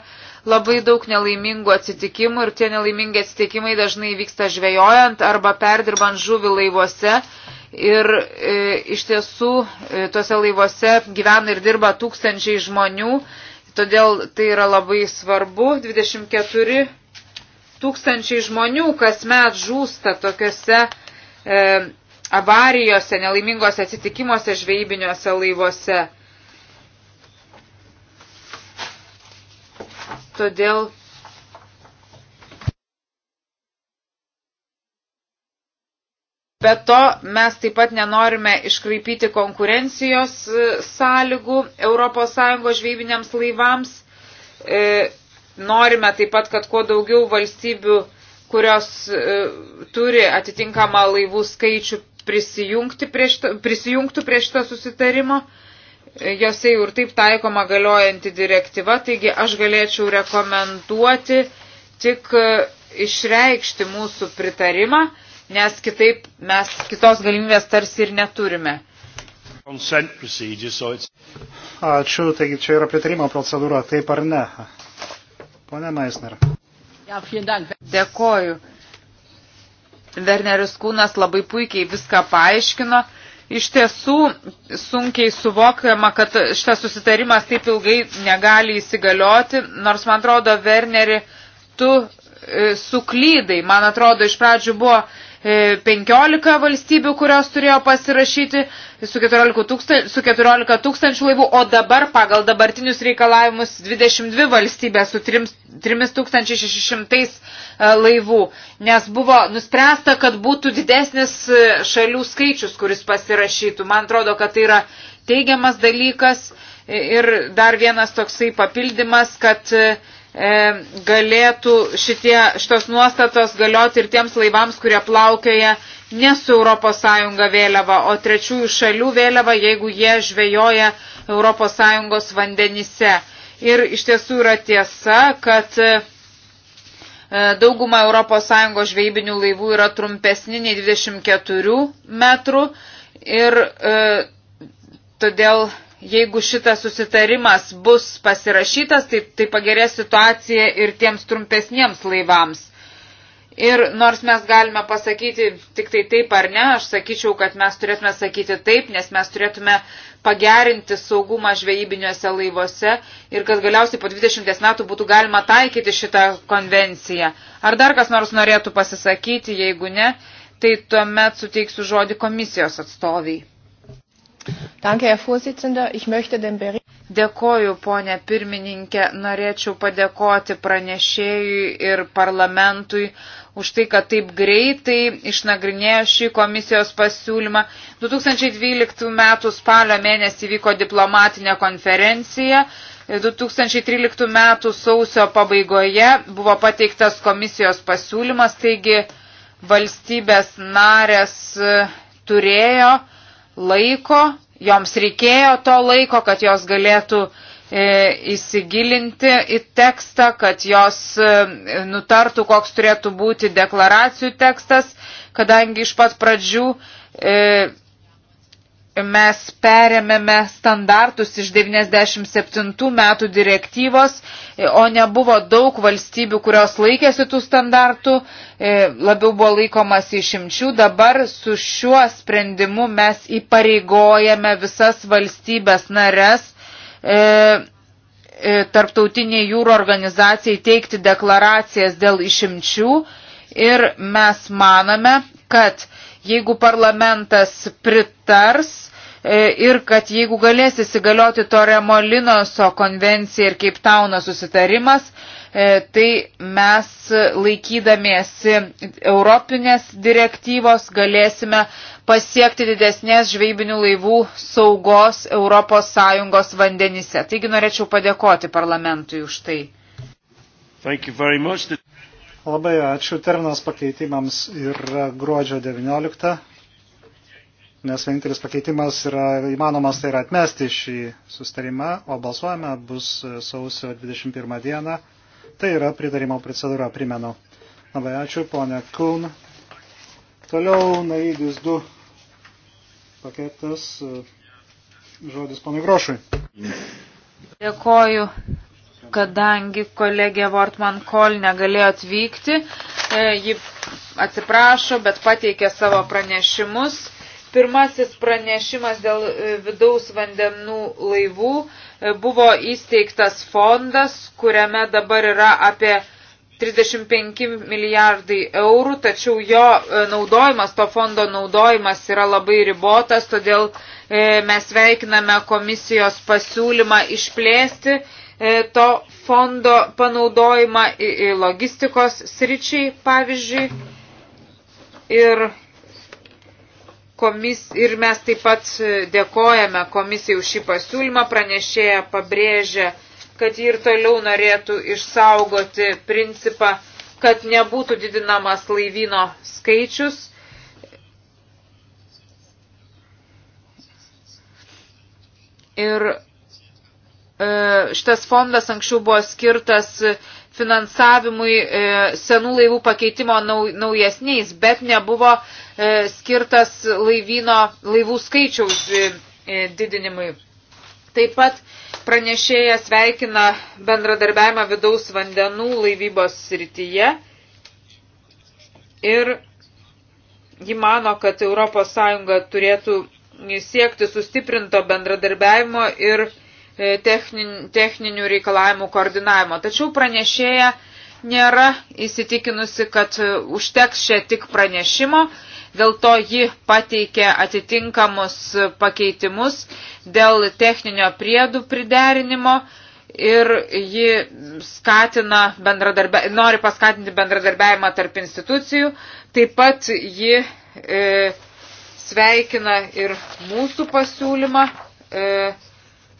labai daug nelaimingų atsitikimų ir tie nelaimingi atsitikimai dažnai vyksta žvejojant arba perdirbant žuvį laivuose. Ir e, iš tiesų e, tuose laivuose gyvena ir dirba tūkstančiai žmonių, todėl tai yra labai svarbu. 24 tūkstančiai žmonių kasmet žūsta tokiuose e, avarijose, nelaimingose atsitikimuose žvejybiniuose laivuose. Todėl Be to, mes taip pat nenorime iškraipyti konkurencijos e, sąlygų ES žvejybiniams laivams. E, Norime taip pat, kad kuo daugiau valstybių, kurios e, turi atitinkamą laivų skaičių, prie šita, prisijungtų prie šito susitarimo. E, jose jau ir taip taikoma galiojanti direktyva, taigi aš galėčiau rekomenduoti tik e, išreikšti mūsų pritarimą, nes kitaip mes kitos galimybės tarsi ir neturime. Ačiū, taigi čia yra pritarimo procedūra, taip ar ne? Pone Maisner. Dėkoju. Verneris Kūnas labai puikiai viską paaiškino. Iš tiesų sunkiai suvokiama, kad šitas susitarimas taip ilgai negali įsigalioti, nors man atrodo, Verneri, tu e, suklydai. Man atrodo, iš pradžių buvo 15 e, valstybių, kurios turėjo pasirašyti su 14, tūkstan, su 14 tūkstančių laivų, o dabar pagal dabartinius reikalavimus 22 valstybės su 3600 e, laivų, nes buvo nuspręsta, kad būtų didesnis e, šalių skaičius, kuris pasirašytų. Man atrodo, kad tai yra teigiamas dalykas ir dar vienas toksai papildymas, kad E, galėtų šitie, šitos nuostatos galioti ir tiems laivams, kurie plaukioja ne su ES vėliava, o trečiųjų šalių vėliava, jeigu jie žvejoja ES vandenyse. Ir iš tiesų yra tiesa, kad e, dauguma ES žvejybinių laivų yra trumpesni nei 24 metrų ir e, todėl jeigu šitas susitarimas bus pasirašytas, tai, tai pagerės situacija ir tiems trumpesniems laivams. Ir nors mes galime pasakyti tik tai taip ar ne, aš sakyčiau, kad mes turėtume sakyti taip, nes mes turėtume pagerinti saugumą žvejybiniuose laivuose ir kad galiausiai po 20 metų būtų galima taikyti šitą konvenciją. Ar dar kas nors norėtų pasisakyti, jeigu ne, tai tuomet suteiksiu žodį komisijos atstoviai. Danke, Herr Vorsitzender. Ich möchte den Bericht. Dėkoju, ponė pirmininkė. Norėčiau padėkoti pranešėjui ir parlamentui už tai, kad taip greitai išnagrinėjo šį komisijos pasiūlymą. 2012 m. spalio mėnesį vyko diplomatinė konferencija. 2013 m. sausio pabaigoje buvo pateiktas komisijos pasiūlymas, taigi valstybės narės turėjo laiko, joms reikėjo to laiko, kad jos galėtų e, įsigilinti į tekstą, kad jos e, nutartų, koks turėtų būti deklaracijų tekstas, kadangi iš pat pradžių e, mes perėmėme standartus iš 97 metų direktyvos, o nebuvo daug valstybių, kurios laikėsi tų standartų, e, labiau buvo laikomas išimčių. Dabar su šiuo sprendimu mes įpareigojame visas valstybės nares e, e, tarptautiniai jūro organizacijai teikti deklaracijas dėl išimčių ir mes manome, kad jeigu parlamentas pritars e, ir kad jeigu galės įsigalioti Toremolinoso konvencija ir Cape Tauno susitarimas, e, tai mes laikydamiesi Europinės direktyvos galėsime pasiekti didesnės žvejybinių laivų saugos ES vandenyse. Taigi norėčiau padėkoti parlamentui už tai. Labai ačiū. Terminas pakeitimams yra gruodžio 19, nes vienintelis pakeitimas yra įmanomas, tai yra atmesti šį sustarimą, o balsuojame bus sausio 21 dieną. Tai yra pritarimo procedūra, primenu. Labai ačiū, ponė Kuln. Toliau naidys 2 paketas žodis ponui Grošui. Dėkoju kadangi kolegė Vortman Kol negalėjo atvykti, e, ji atsiprašo, bet pateikė savo pranešimus. Pirmasis pranešimas dėl e, vidaus vandenų laivų e, buvo įsteigtas fondas, kuriame dabar yra apie 35 milijardai eurų, tačiau jo naudojimas, to fondo naudojimas yra labai ribotas, todėl mes veikiname komisijos pasiūlymą išplėsti E, to fondo panaudojimą logistikos sričiai, pavyzdžiui. Ir, komis, ir mes taip pat dėkojame komisijai už šį pasiūlymą, pranešėja pabrėžė, kad ji ir toliau norėtų išsaugoti principą, kad nebūtų didinamas laivyno skaičius. Ir E, šitas fondas anksčiau buvo skirtas finansavimui e, senų laivų pakeitimo naujesniais, bet nebuvo e, skirtas laivyno, laivų skaičiaus didinimui. Taip pat pranešėjas veikina bendradarbiavimą vidaus vandenų laivybos srityje ir ji mano, kad ES turėtų siekti sustiprinto bendradarbiavimo ir E, techninių reikalavimų koordinavimo. Tačiau pranešėja nėra įsitikinusi, kad užteks čia tik pranešimo, dėl to ji pateikė atitinkamus pakeitimus dėl techninio priedų priderinimo ir ji skatina bendradarbia, nori paskatinti bendradarbiavimą tarp institucijų, taip pat ji e, sveikina ir mūsų pasiūlymą. E,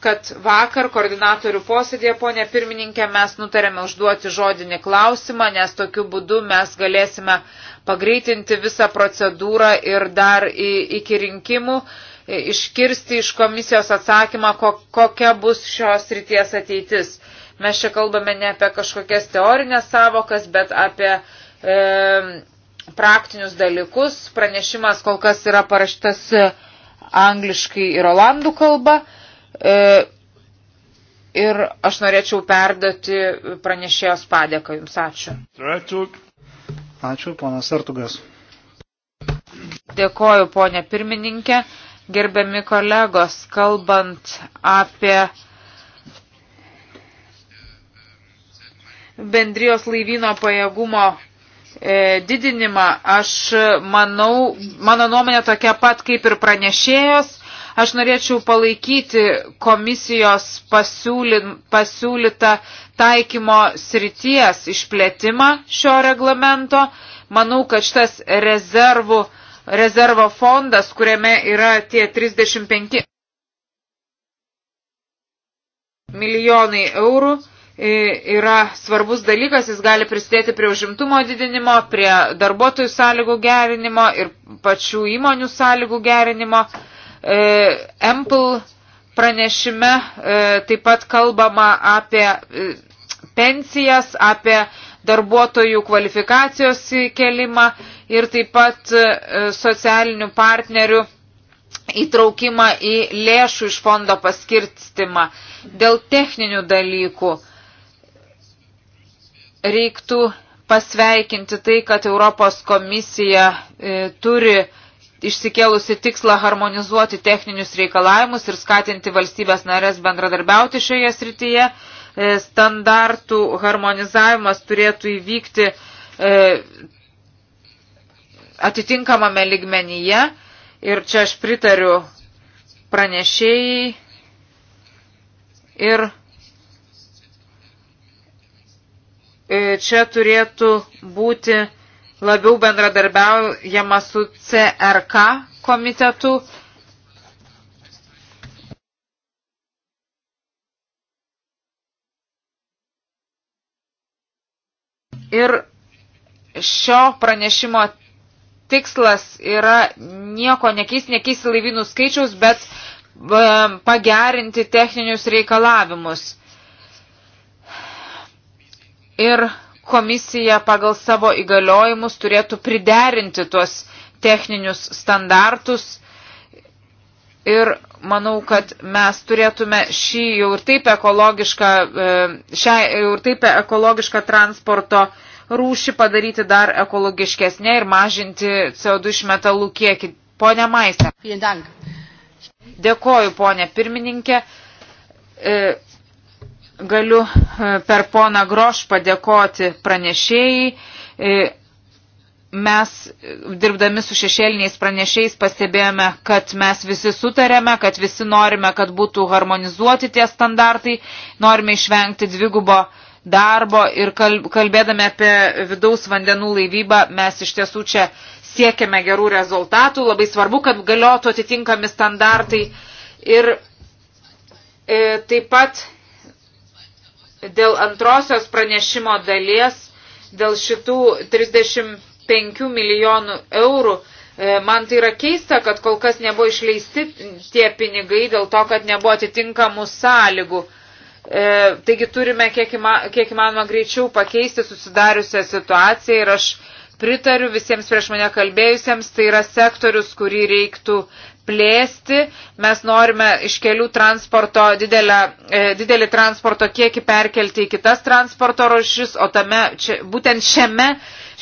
kad vakar koordinatorių posėdėje, ponė pirmininkė, mes nutarėme užduoti žodinį klausimą, nes tokiu būdu mes galėsime pagreitinti visą procedūrą ir dar iki rinkimų e, iškirsti iš komisijos atsakymą, kokia bus šios ryties ateitis. Mes čia kalbame ne apie kažkokias teorinės savokas, bet apie e, praktinius dalykus. Pranešimas kol kas yra paraštas e, angliškai ir olandų kalba. E, E, ir aš norėčiau perduoti pranešėjos padėką Jums. Ačiū. Ačiū, ponas Artugas. Dėkoju, ponė pirmininkė. Gerbiami kolegos, kalbant apie bendrijos laivyno pajėgumo e, didinimą, aš manau, mano nuomonė tokia pat kaip ir pranešėjos, Aš norėčiau palaikyti komisijos pasiūly, pasiūlytą taikymo srities išplėtimą šio reglamento. Manau, kad šitas rezervų, rezervo fondas, kuriame yra tie 35 milijonai eurų, yra svarbus dalykas, jis gali prisidėti prie užimtumo didinimo, prie darbuotojų sąlygų gerinimo ir pačių įmonių sąlygų gerinimo. E, Ample pranešime e, taip pat kalbama apie e, pensijas, apie darbuotojų kvalifikacijos kelimą ir taip pat socialinių partnerių įtraukimą į lėšų iš fondo paskirstimą. Dėl techninių dalykų reiktų pasveikinti tai, kad Europos komisija e, turi e, išsikėlusi tikslą harmonizuoti techninius reikalavimus ir skatinti valstybės narės bendradarbiauti šioje srityje. E, standartų harmonizavimas turėtų įvykti e, atitinkamame ligmenyje ir čia aš pritariu pranešėjai ir e, čia turėtų būti labiau bendradarbiaujama su CRK komitetu. Ir šio pranešimo tikslas yra nieko nekeisti, nekeisti laivynų skaičiaus, bet pagerinti techninius reikalavimus. Ir komisija pagal savo įgaliojimus turėtų priderinti tuos techninius standartus ir manau, kad mes turėtume šį jau ir taip ekologišką, e, šią jau ir taip ekologišką transporto rūšį padaryti dar ekologiškesnė ir mažinti CO2 išmetalų kiekį. Pone Maistė. Dėkoju, ponė pirmininkė. E, Galiu e, per poną Groš padėkoti pranešėjai. E, mes, dirbdami su šešėliniais pranešėjais, pastebėjome, kad mes visi sutarėme, kad visi norime, kad būtų harmonizuoti tie standartai, norime išvengti dvigubo darbo ir kalbėdami apie vidaus vandenų laivybą, mes iš tiesų čia siekiame gerų rezultatų, labai svarbu, kad galiotų atitinkami standartai ir e, taip pat dėl antrosios pranešimo dalies, dėl šitų 35 milijonų eurų, e, man tai yra keista, kad kol kas nebuvo išleisti tie pinigai dėl to, kad nebuvo atitinkamų sąlygų. E, taigi turime kiek įmanoma greičiau pakeisti susidariusią situaciją ir aš pritariu visiems prieš mane kalbėjusiems, tai yra sektorius, kurį reiktų plėsti, mes norime iš kelių transporto didelę, e, didelį transporto kiekį perkelti į kitas transporto rušis, o tame, čia, būtent šiame,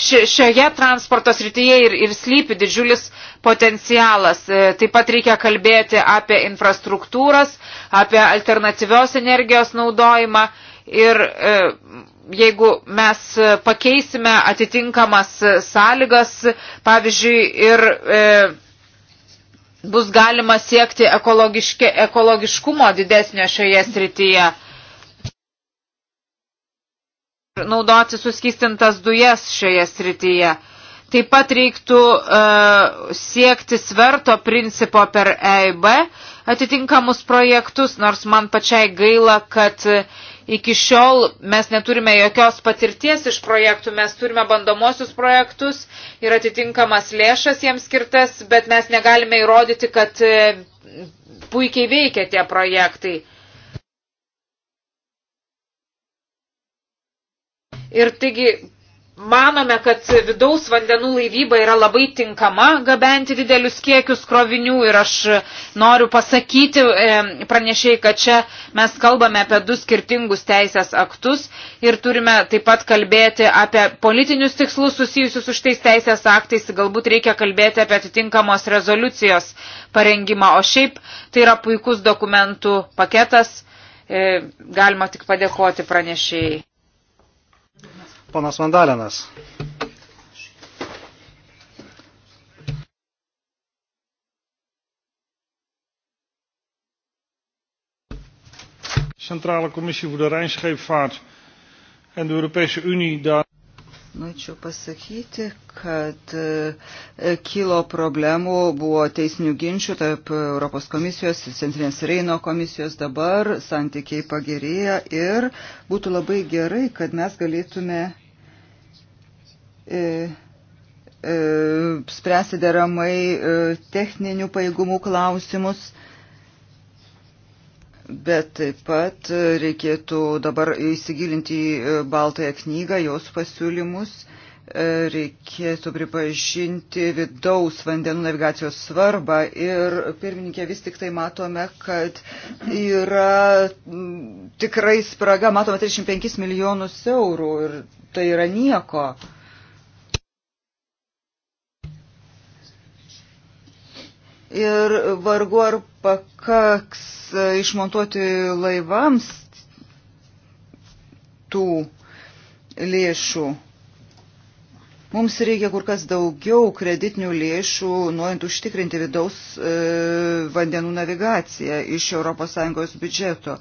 ši, šioje transporto srityje ir, ir slypi didžiulis potencialas. E, taip pat reikia kalbėti apie infrastruktūras, apie alternatyvios energijos naudojimą ir e, jeigu mes pakeisime atitinkamas sąlygas, pavyzdžiui, ir bus galima siekti ekologiškumo didesnio šioje srityje. Naudoti suskistintas dujas šioje srityje. Taip pat reiktų uh, siekti sverto principo per EIB atitinkamus projektus, nors man pačiai gaila, kad uh, Iki šiol mes neturime jokios patirties iš projektų, mes turime bandomosius projektus ir atitinkamas lėšas jiems skirtas, bet mes negalime įrodyti, kad e, puikiai veikia tie projektai. Ir taigi manome, kad vidaus vandenų laivyba yra labai tinkama gabenti didelius kiekius krovinių ir aš noriu pasakyti e, pranešiai, kad čia mes kalbame apie du skirtingus teisės aktus ir turime taip pat kalbėti apie politinius tikslus susijusius už tais teisės aktais, galbūt reikia kalbėti apie atitinkamos rezoliucijos parengimą, o šiaip tai yra puikus dokumentų paketas, e, galima tik padėkoti pranešėjai. Ponas Vandalinas. Centrale Commissie voor de Rijnscheepvaart en de Europese Unie daar. Norėčiau pasakyti, kad e, kilo problemų, buvo teisinių ginčių tarp Europos komisijos, Centrinės Reino komisijos, dabar santykiai pagerėja ir būtų labai gerai, kad mes galėtume E, e, spręsti deramai e, techninių pajėgumų klausimus, bet taip pat reikėtų dabar įsigilinti į Baltąją knygą, jos pasiūlymus, reikėtų pripažinti vidaus vandenų navigacijos svarbą ir pirmininkė vis tik tai matome, kad yra tikrai spraga, matome 35 milijonus eurų ir tai yra nieko. ir vargu ar pakaks e, išmontuoti laivams tų lėšų. Mums reikia kur kas daugiau kreditinių lėšų, norint užtikrinti vidaus e, vandenų navigaciją iš ES biudžeto.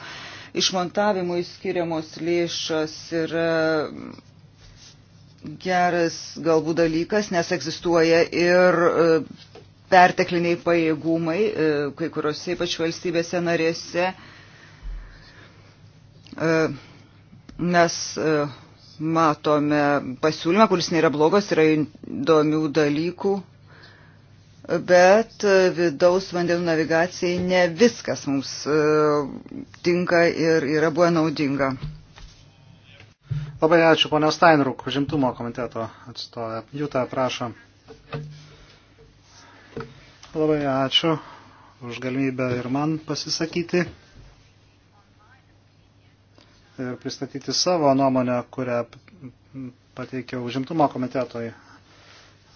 Išmontavimui skiriamos lėšos yra geras galbūt dalykas, nes egzistuoja ir e, pertekliniai pajėgumai, e, kai kuriuose ypač valstybėse narėse. E, mes e, matome pasiūlymą, kuris nėra blogas, yra įdomių dalykų, bet vidaus vandenų navigacijai ne viskas mums tinka ir yra buvę naudinga. Labai ačiū, ponia Steinruk, žimtumo komiteto atstovė. Jūta, prašom. Labai ačiū už galimybę ir man pasisakyti ir pristatyti savo nuomonę, kurią pateikiau užimtumo komitetoj.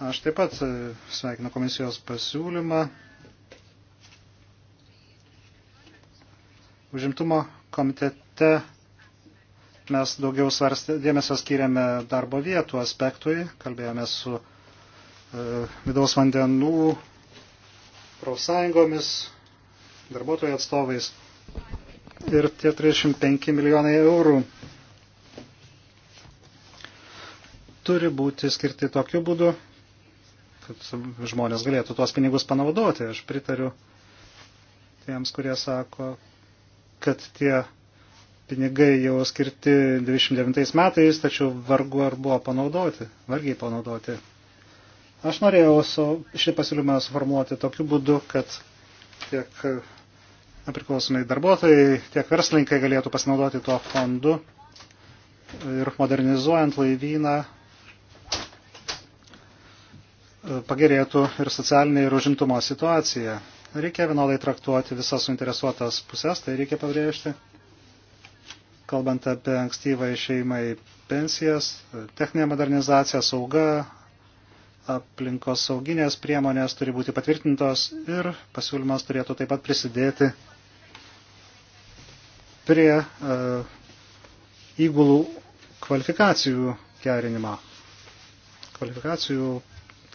Aš taip pat sveikinu komisijos pasiūlymą. Užimtumo komitete mes daugiau svarstė, dėmesio skiriame darbo vietų aspektui, kalbėjome su e, vidaus vandenų profsąjungomis, darbuotojų atstovais. Ir tie 35 milijonai eurų turi būti skirti tokiu būdu, kad žmonės galėtų tuos pinigus panaudoti. Aš pritariu tiems, kurie sako, kad tie pinigai jau skirti 29 metais, tačiau vargu ar buvo panaudoti, vargiai panaudoti. Aš norėjau su, šį pasiūlymą suformuoti tokiu būdu, kad tiek e, nepriklausomai darbuotojai, tiek verslininkai galėtų pasinaudoti tuo fondu ir modernizuojant laivyną e, pagerėtų ir socialinė ir užimtumo situacija. Reikia vienodai traktuoti visas suinteresuotas pusės, tai reikia pabrėžti. Kalbant apie ankstyvą išeimą į pensijas, techninė modernizacija, sauga, aplinkos sauginės priemonės turi būti patvirtintos ir pasiūlymas turėtų taip pat prisidėti prie uh, įgulų kvalifikacijų gerinimą. Kvalifikacijų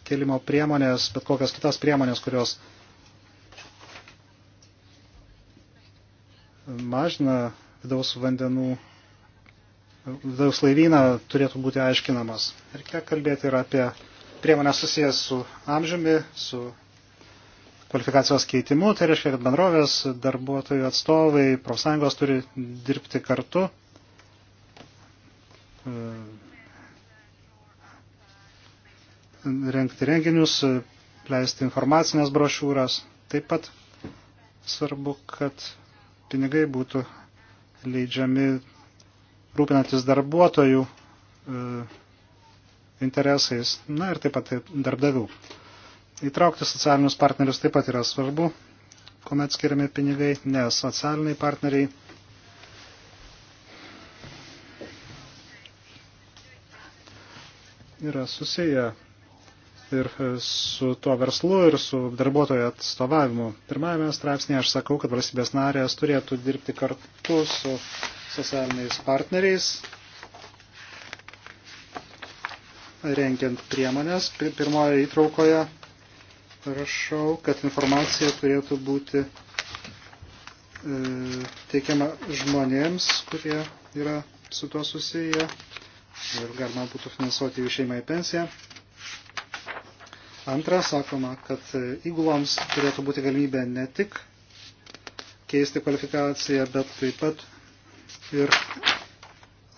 kelimo priemonės, bet kokias kitas priemonės, kurios mažina vidaus vandenų, vidaus laivyną, turėtų būti aiškinamas. Ir kiek kalbėti yra apie priemonės susijęs su amžiumi, su kvalifikacijos keitimu, tai reiškia, kad bendrovės, darbuotojų atstovai, profsąjungos turi dirbti kartu. E, Renkti renginius, leisti informacinės brošiūras. Taip pat svarbu, kad pinigai būtų leidžiami rūpinantis darbuotojų e, interesais, na ir taip pat tai darbdavių. Įtraukti socialinius partnerius taip pat yra svarbu, kuomet skiriami pinigai, nes socialiniai partneriai yra susiję ir su tuo verslu, ir su darbuotojo atstovavimu. Pirmajame straipsnėje aš sakau, kad valstybės narės turėtų dirbti kartu su socialiniais partneriais rengiant priemonės. Pirmoje įtraukoje rašau, kad informacija turėtų būti e, teikiama žmonėms, kurie yra su tuo susiję ir galima būtų finansuoti jų šeimą į pensiją. Antra, sakoma, kad įguloms turėtų būti galimybė ne tik keisti kvalifikaciją, bet taip pat ir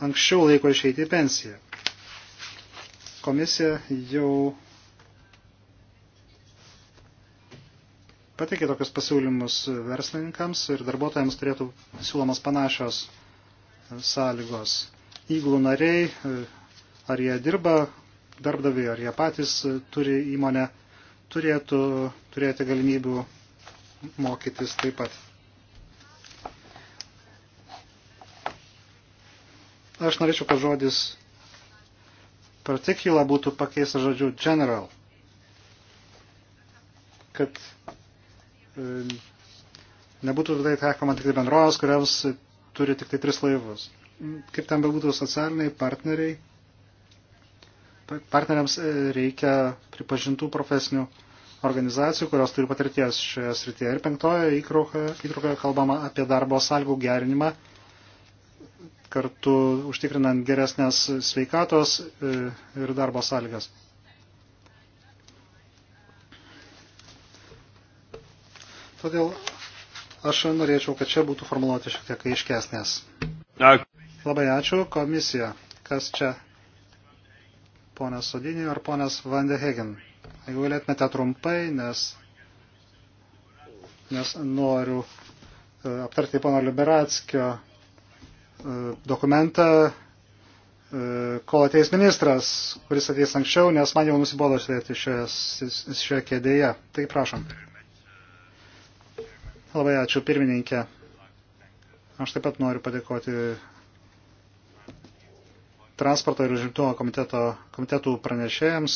anksčiau laiko išeiti į pensiją. Komisija jau pateikė tokius pasiūlymus verslininkams ir darbuotojams turėtų siūlomas panašios sąlygos. Įglų nariai, ar jie dirba darbdaviai, ar jie patys turi įmonę, turėtų turėti galimybių mokytis taip pat. Aš norėčiau, kad žodis particular būtų pakeista žodžiu general. Kad e, nebūtų tai taikoma tik bendrovės, kuriams turi tik tai tris laivus. Kaip ten bebūtų socialiniai partneriai, partneriams e, reikia pripažintų profesinių organizacijų, kurios turi patirties šioje srityje. Ir penktoje įtraukoje kalbama apie darbo sąlygų gerinimą kartu užtikrinant geresnės sveikatos e, ir darbo sąlygas. Todėl aš norėčiau, kad čia būtų formuluoti šiek tiek aiškesnės. Labai ačiū. Komisija. Kas čia? Ponas Sodinį ar ponas Van de Hegen? Jeigu galėtumėte trumpai, nes, nes noriu e, aptarti pono Liberatskio dokumentą, e, kol ateis ministras, kuris ateis anksčiau, nes man jau nusibodo sėdėti šioje, šioje kėdėje. Tai prašom. Labai ačiū pirmininkė. Aš taip pat noriu padėkoti transporto ir užimtumo komiteto, komitetų pranešėjams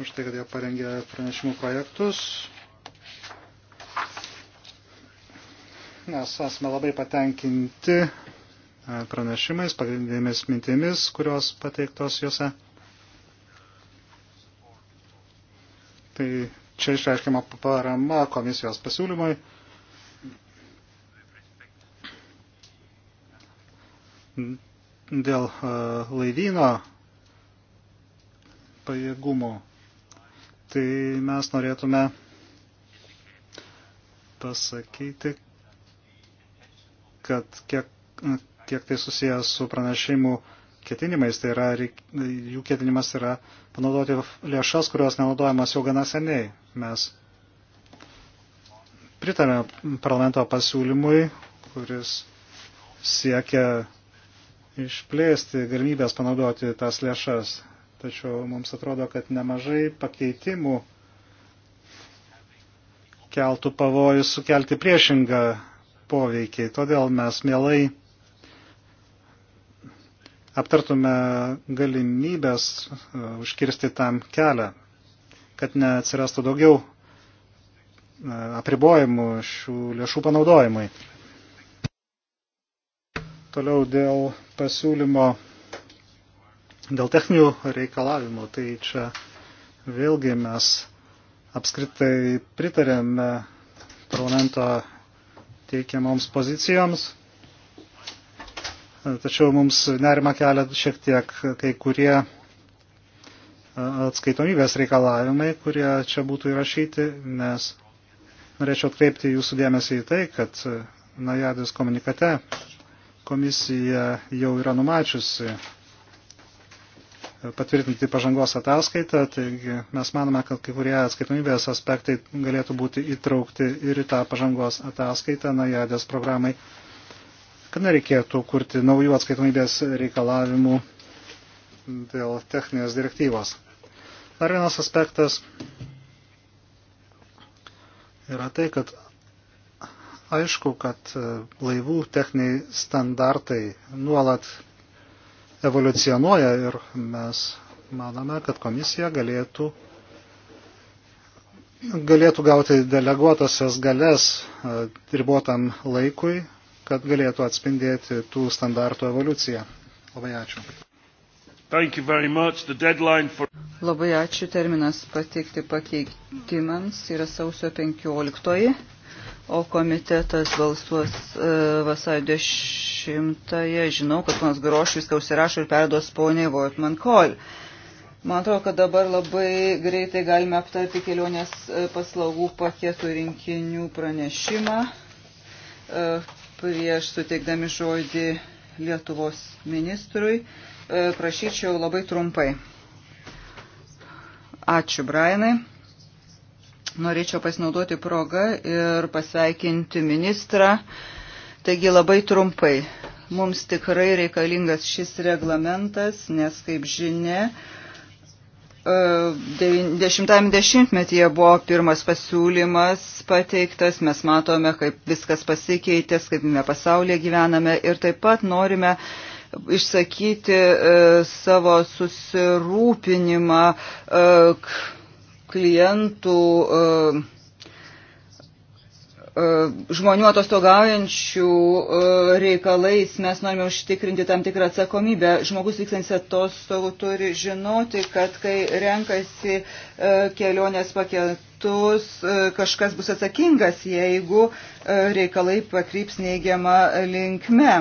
už tai, kad jie parengė pranešimų projektus. mes esame labai patenkinti e, pranešimais, pagrindinėmis mintimis, kurios pateiktos juose. Tai čia išreiškiama parama komisijos pasiūlymui. Dėl e, laivyno pajėgumo, tai mes norėtume pasakyti, kad kiek, kiek tai susijęs su pranešimų ketinimais, tai yra jų ketinimas yra panaudoti lėšas, kurios nenaudojamas jau gana seniai. Mes pritarėme parlamento pasiūlymui, kuris siekia išplėsti galimybės panaudoti tas lėšas. Tačiau mums atrodo, kad nemažai pakeitimų keltų pavojus sukelti priešingą poveikiai. Todėl mes mielai aptartume galimybės e, užkirsti tam kelią, kad neatsirastų daugiau e, apribojimų šių lėšų panaudojimui. Toliau dėl pasiūlymo, dėl techninių reikalavimų, tai čia vėlgi mes apskritai pritarėme parlamento teikiamoms pozicijoms. Tačiau mums nerima kelia šiek tiek kai kurie e, atskaitomybės reikalavimai, kurie čia būtų įrašyti, nes norėčiau atkreipti jūsų dėmesį į tai, kad e, Najadis komunikate komisija jau yra numačiusi patvirtinti pažangos ataskaitą, taigi mes manome, kad kai kurie atskaitomybės aspektai galėtų būti įtraukti ir į tą pažangos ataskaitą najadės programai, kad nereikėtų kurti naujų atskaitomybės reikalavimų dėl techninės direktyvos. Dar vienas aspektas yra tai, kad aišku, kad laivų techniniai standartai nuolat evoliucionuoja ir mes manome, kad komisija galėtų, galėtų gauti deleguotasias galės e, ribotam laikui, kad galėtų atspindėti tų standartų evoliuciją. Labai ačiū. For... Labai ačiū. Terminas pateikti pakeitimams yra sausio 15 o komitetas balsuos e, vasario 10-ąją. Žinau, kad ponas Groš viską užsirašo ir perduos poniai Vojtman Kol. Man atrodo, kad dabar labai greitai galime aptarti kelionės e, paslaugų paketų rinkinių pranešimą e, prieš suteikdami žodį Lietuvos ministrui. Prašyčiau labai trumpai. Ačiū, Brainai norėčiau pasinaudoti progą ir pasveikinti ministrą. Taigi labai trumpai. Mums tikrai reikalingas šis reglamentas, nes, kaip žinia, 90-metyje e, buvo pirmas pasiūlymas pateiktas, mes matome, kaip viskas pasikeitė, kaip mes pasaulyje gyvename ir taip pat norime išsakyti e, savo susirūpinimą e, klientų, e, e, žmonių atostogaujančių e, reikalais mes norime užtikrinti tam tikrą atsakomybę. Žmogus vykstantis atostogų turi žinoti, kad kai renkasi kelionės paketus, kažkas bus atsakingas, jeigu reikalai pakryps neigiamą linkme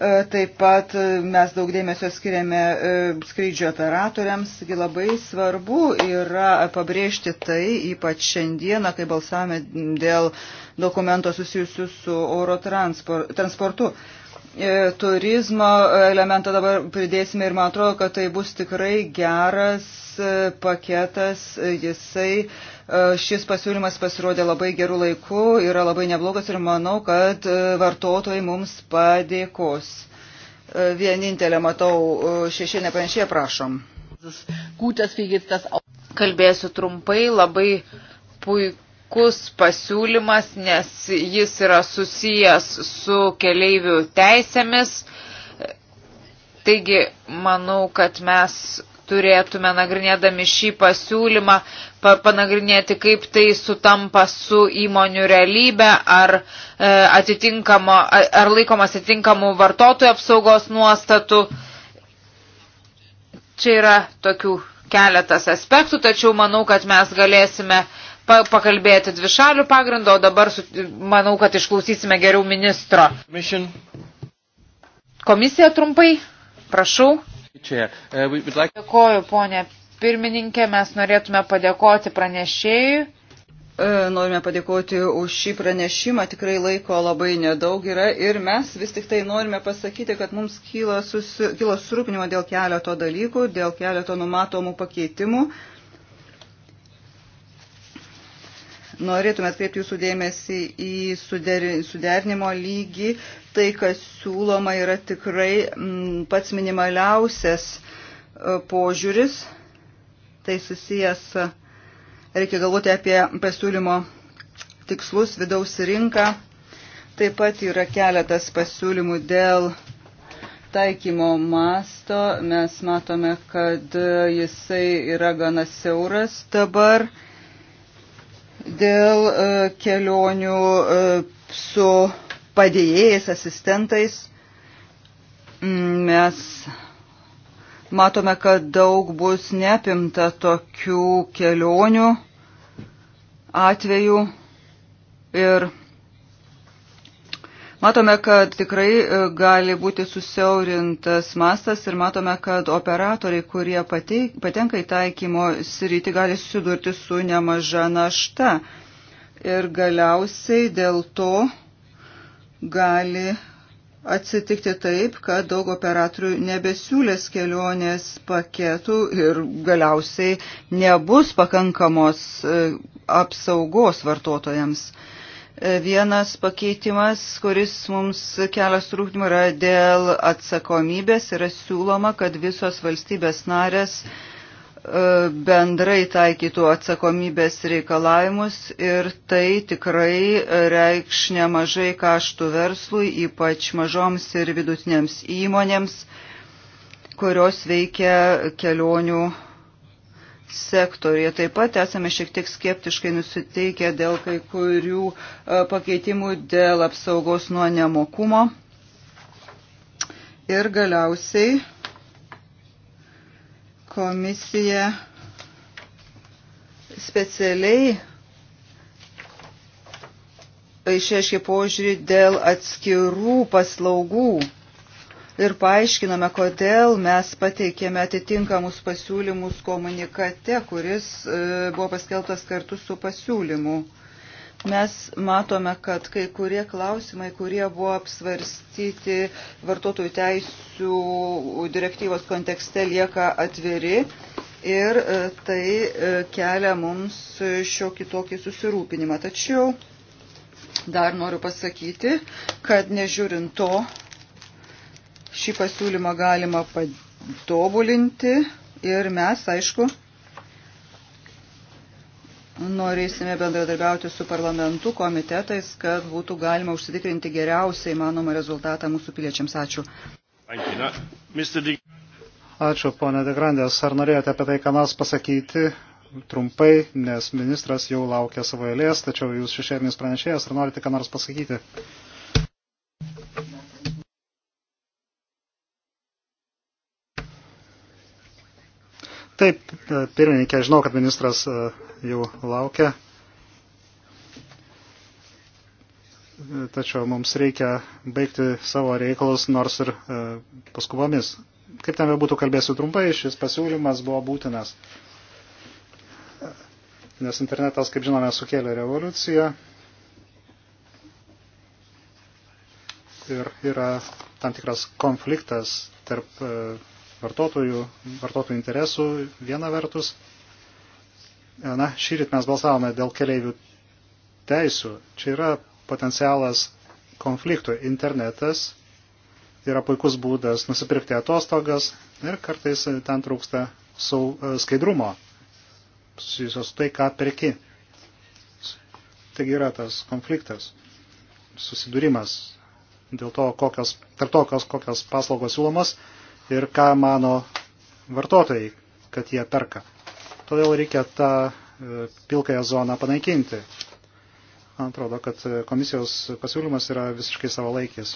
E, taip pat e, mes daug dėmesio skiriame e, skrydžio operatoriams, taigi labai svarbu yra pabrėžti tai, ypač šiandieną, kai balsavome dėl dokumento susijusiu su oro transportu. E, turizmo elementą dabar pridėsime ir man atrodo, kad tai bus tikrai geras e, paketas. E, jisai, šis pasiūlymas pasirodė labai gerų laikų, yra labai neblogas ir manau, kad vartotojai mums padėkos. Vienintelė, matau, šešėlė panašiai, prašom. Kalbėsiu trumpai, labai puiku puikus pasiūlymas, nes jis yra susijęs su keleivių teisėmis. Taigi, manau, kad mes turėtume nagrinėdami šį pasiūlymą panagrinėti, kaip tai sutampa su įmonių realybė, ar, e, ar laikomas atitinkamų vartotojų apsaugos nuostatų. Čia yra tokių keletas aspektų, tačiau manau, kad mes galėsime uh, pakalbėti dvišalių pagrindo, o dabar su, manau, kad išklausysime geriau ministro. Mission. Komisija trumpai, prašau. Uh, Dėkoju, ponė pirmininkė, mes norėtume padėkoti pranešėjui. E, norime padėkoti už šį pranešimą, tikrai laiko labai nedaug yra ir mes vis tik tai norime pasakyti, kad mums kyla, susi, kyla surūpinimo dėl keleto dalykų, dėl keleto numatomų pakeitimų. Uh, Norėtume atkreipti jūsų dėmesį į suderinimo lygį. Tai, kas siūloma, yra tikrai m, mm, pats minimaliausias e, požiūris. Tai susijęs, e, reikia galvoti apie pasiūlymo tikslus, vidaus rinką. Taip pat yra keletas pasiūlymų dėl taikymo masto mes matome, kad e, jisai yra gana siauras dabar dėl e, kelionių e, su padėjėjais, asistentais. Mes matome, kad daug bus neapimta tokių kelionių atvejų ir Matome, kad tikrai e, gali būti susiaurintas mastas ir matome, kad operatoriai, kurie patenka į taikymo sritį, gali susidurti su nemaža našta. Ir galiausiai dėl to gali atsitikti taip, kad daug operatorių nebesiūlės kelionės paketų ir galiausiai nebus pakankamos e, apsaugos vartotojams. E, vienas pakeitimas, kuris mums kelia surūkdymą, yra dėl atsakomybės. Yra siūloma, kad visos valstybės narės e, bendrai taikytų atsakomybės reikalavimus ir tai tikrai reikš nemažai kaštų verslui, ypač mažoms ir vidutinėms įmonėms, kurios veikia kelionių sektorija. Taip pat esame šiek tiek skeptiškai nusiteikę dėl kai kurių e, pakeitimų dėl apsaugos nuo nemokumo. Ir galiausiai komisija specialiai išreiškė požiūrį dėl atskirų paslaugų ir paaiškinome, kodėl mes pateikėme atitinkamus pasiūlymus komunikate, kuris e, buvo paskeltas kartu su pasiūlymu. Mes matome, kad kai kurie klausimai, kurie buvo apsvarstyti vartotojų teisų direktyvos kontekste, lieka atviri ir e, tai e, kelia mums šiokį tokį susirūpinimą. Tačiau dar noriu pasakyti, kad nežiūrint to, Šį pasiūlymą galima patobulinti ir mes, aišku, norėsime bendradarbiauti su parlamentu komitetais, kad būtų galima užsitikrinti geriausią įmanomą rezultatą mūsų piliečiams. Ačiū. Ačiū, ponė Degrandės. Ar norėjote apie tai ką nors pasakyti trumpai, nes ministras jau laukia savo eilės, tačiau jūs šešėlinis pranešėjas, ar norite ką nors pasakyti? Taip, e, pirmininkė, žinau, kad ministras e, jau laukia. E, tačiau mums reikia baigti savo reikalus nors ir paskubomis. Kaip ten būtų kalbėsiu trumpai, šis pasiūlymas buvo būtinas. Nes internetas, kaip žinome, sukėlė revoliuciją. Ir yra tam tikras konfliktas tarp vartotojų, vartotojų interesų viena vertus. Na, šį rytą mes balsavome dėl keleivių teisų. Čia yra potencialas konfliktų. Internetas yra puikus būdas nusipirkti atostogas ir kartais ten trūksta e, skaidrumo susijusios su tai, ką perki. Taigi yra tas konfliktas, susidūrimas dėl to, kokios, tarp to, kokios paslaugos siūlomas ir ką mano vartotojai, kad jie perka. Todėl reikia tą e, pilkąją zoną panaikinti. Man atrodo, kad e, komisijos pasiūlymas yra visiškai savalaikis.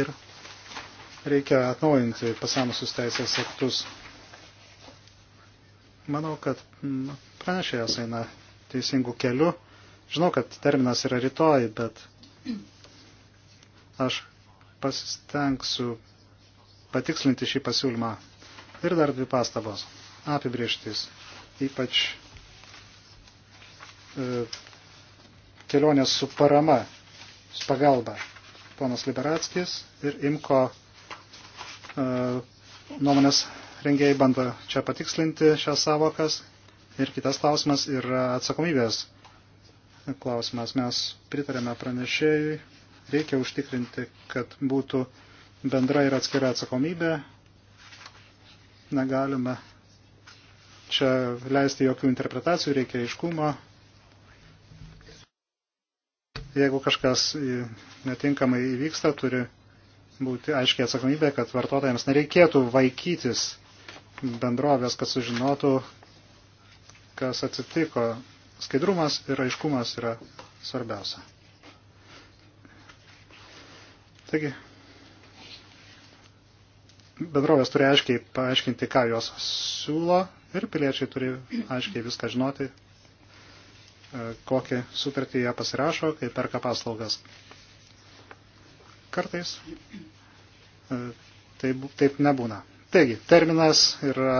Ir reikia atnaujinti pasamusius teisės aktus. Manau, kad pranešėjas eina teisingų kelių. Žinau, kad terminas yra rytoj, bet aš pasistengsiu patikslinti šį pasiūlymą. Ir dar dvi pastabos. Apibrieštys. Ypač e, kelionės su parama, su pagalba. Ponas Liberatskis ir Imko e, nuomonės rengėjai bando čia patikslinti šias savokas. Ir kitas klausimas yra atsakomybės klausimas. Mes pritarėme pranešėjui. Reikia užtikrinti, kad būtų e, bendra ir atskira atsakomybė. Negalime čia leisti jokių interpretacijų, reikia aiškumo. Jeigu kažkas netinkamai įvyksta, turi būti aiškiai atsakomybė, kad vartotojams nereikėtų vaikytis bendrovės, kad sužinotų, kas atsitiko. Skaidrumas ir aiškumas yra svarbiausia. Taigi, bendrovės turi aiškiai paaiškinti, ką jos siūlo ir piliečiai turi aiškiai viską žinoti, e, kokį sutartį jie pasirašo, kai perka paslaugas. Kartais e, taip, taip nebūna. Taigi, terminas yra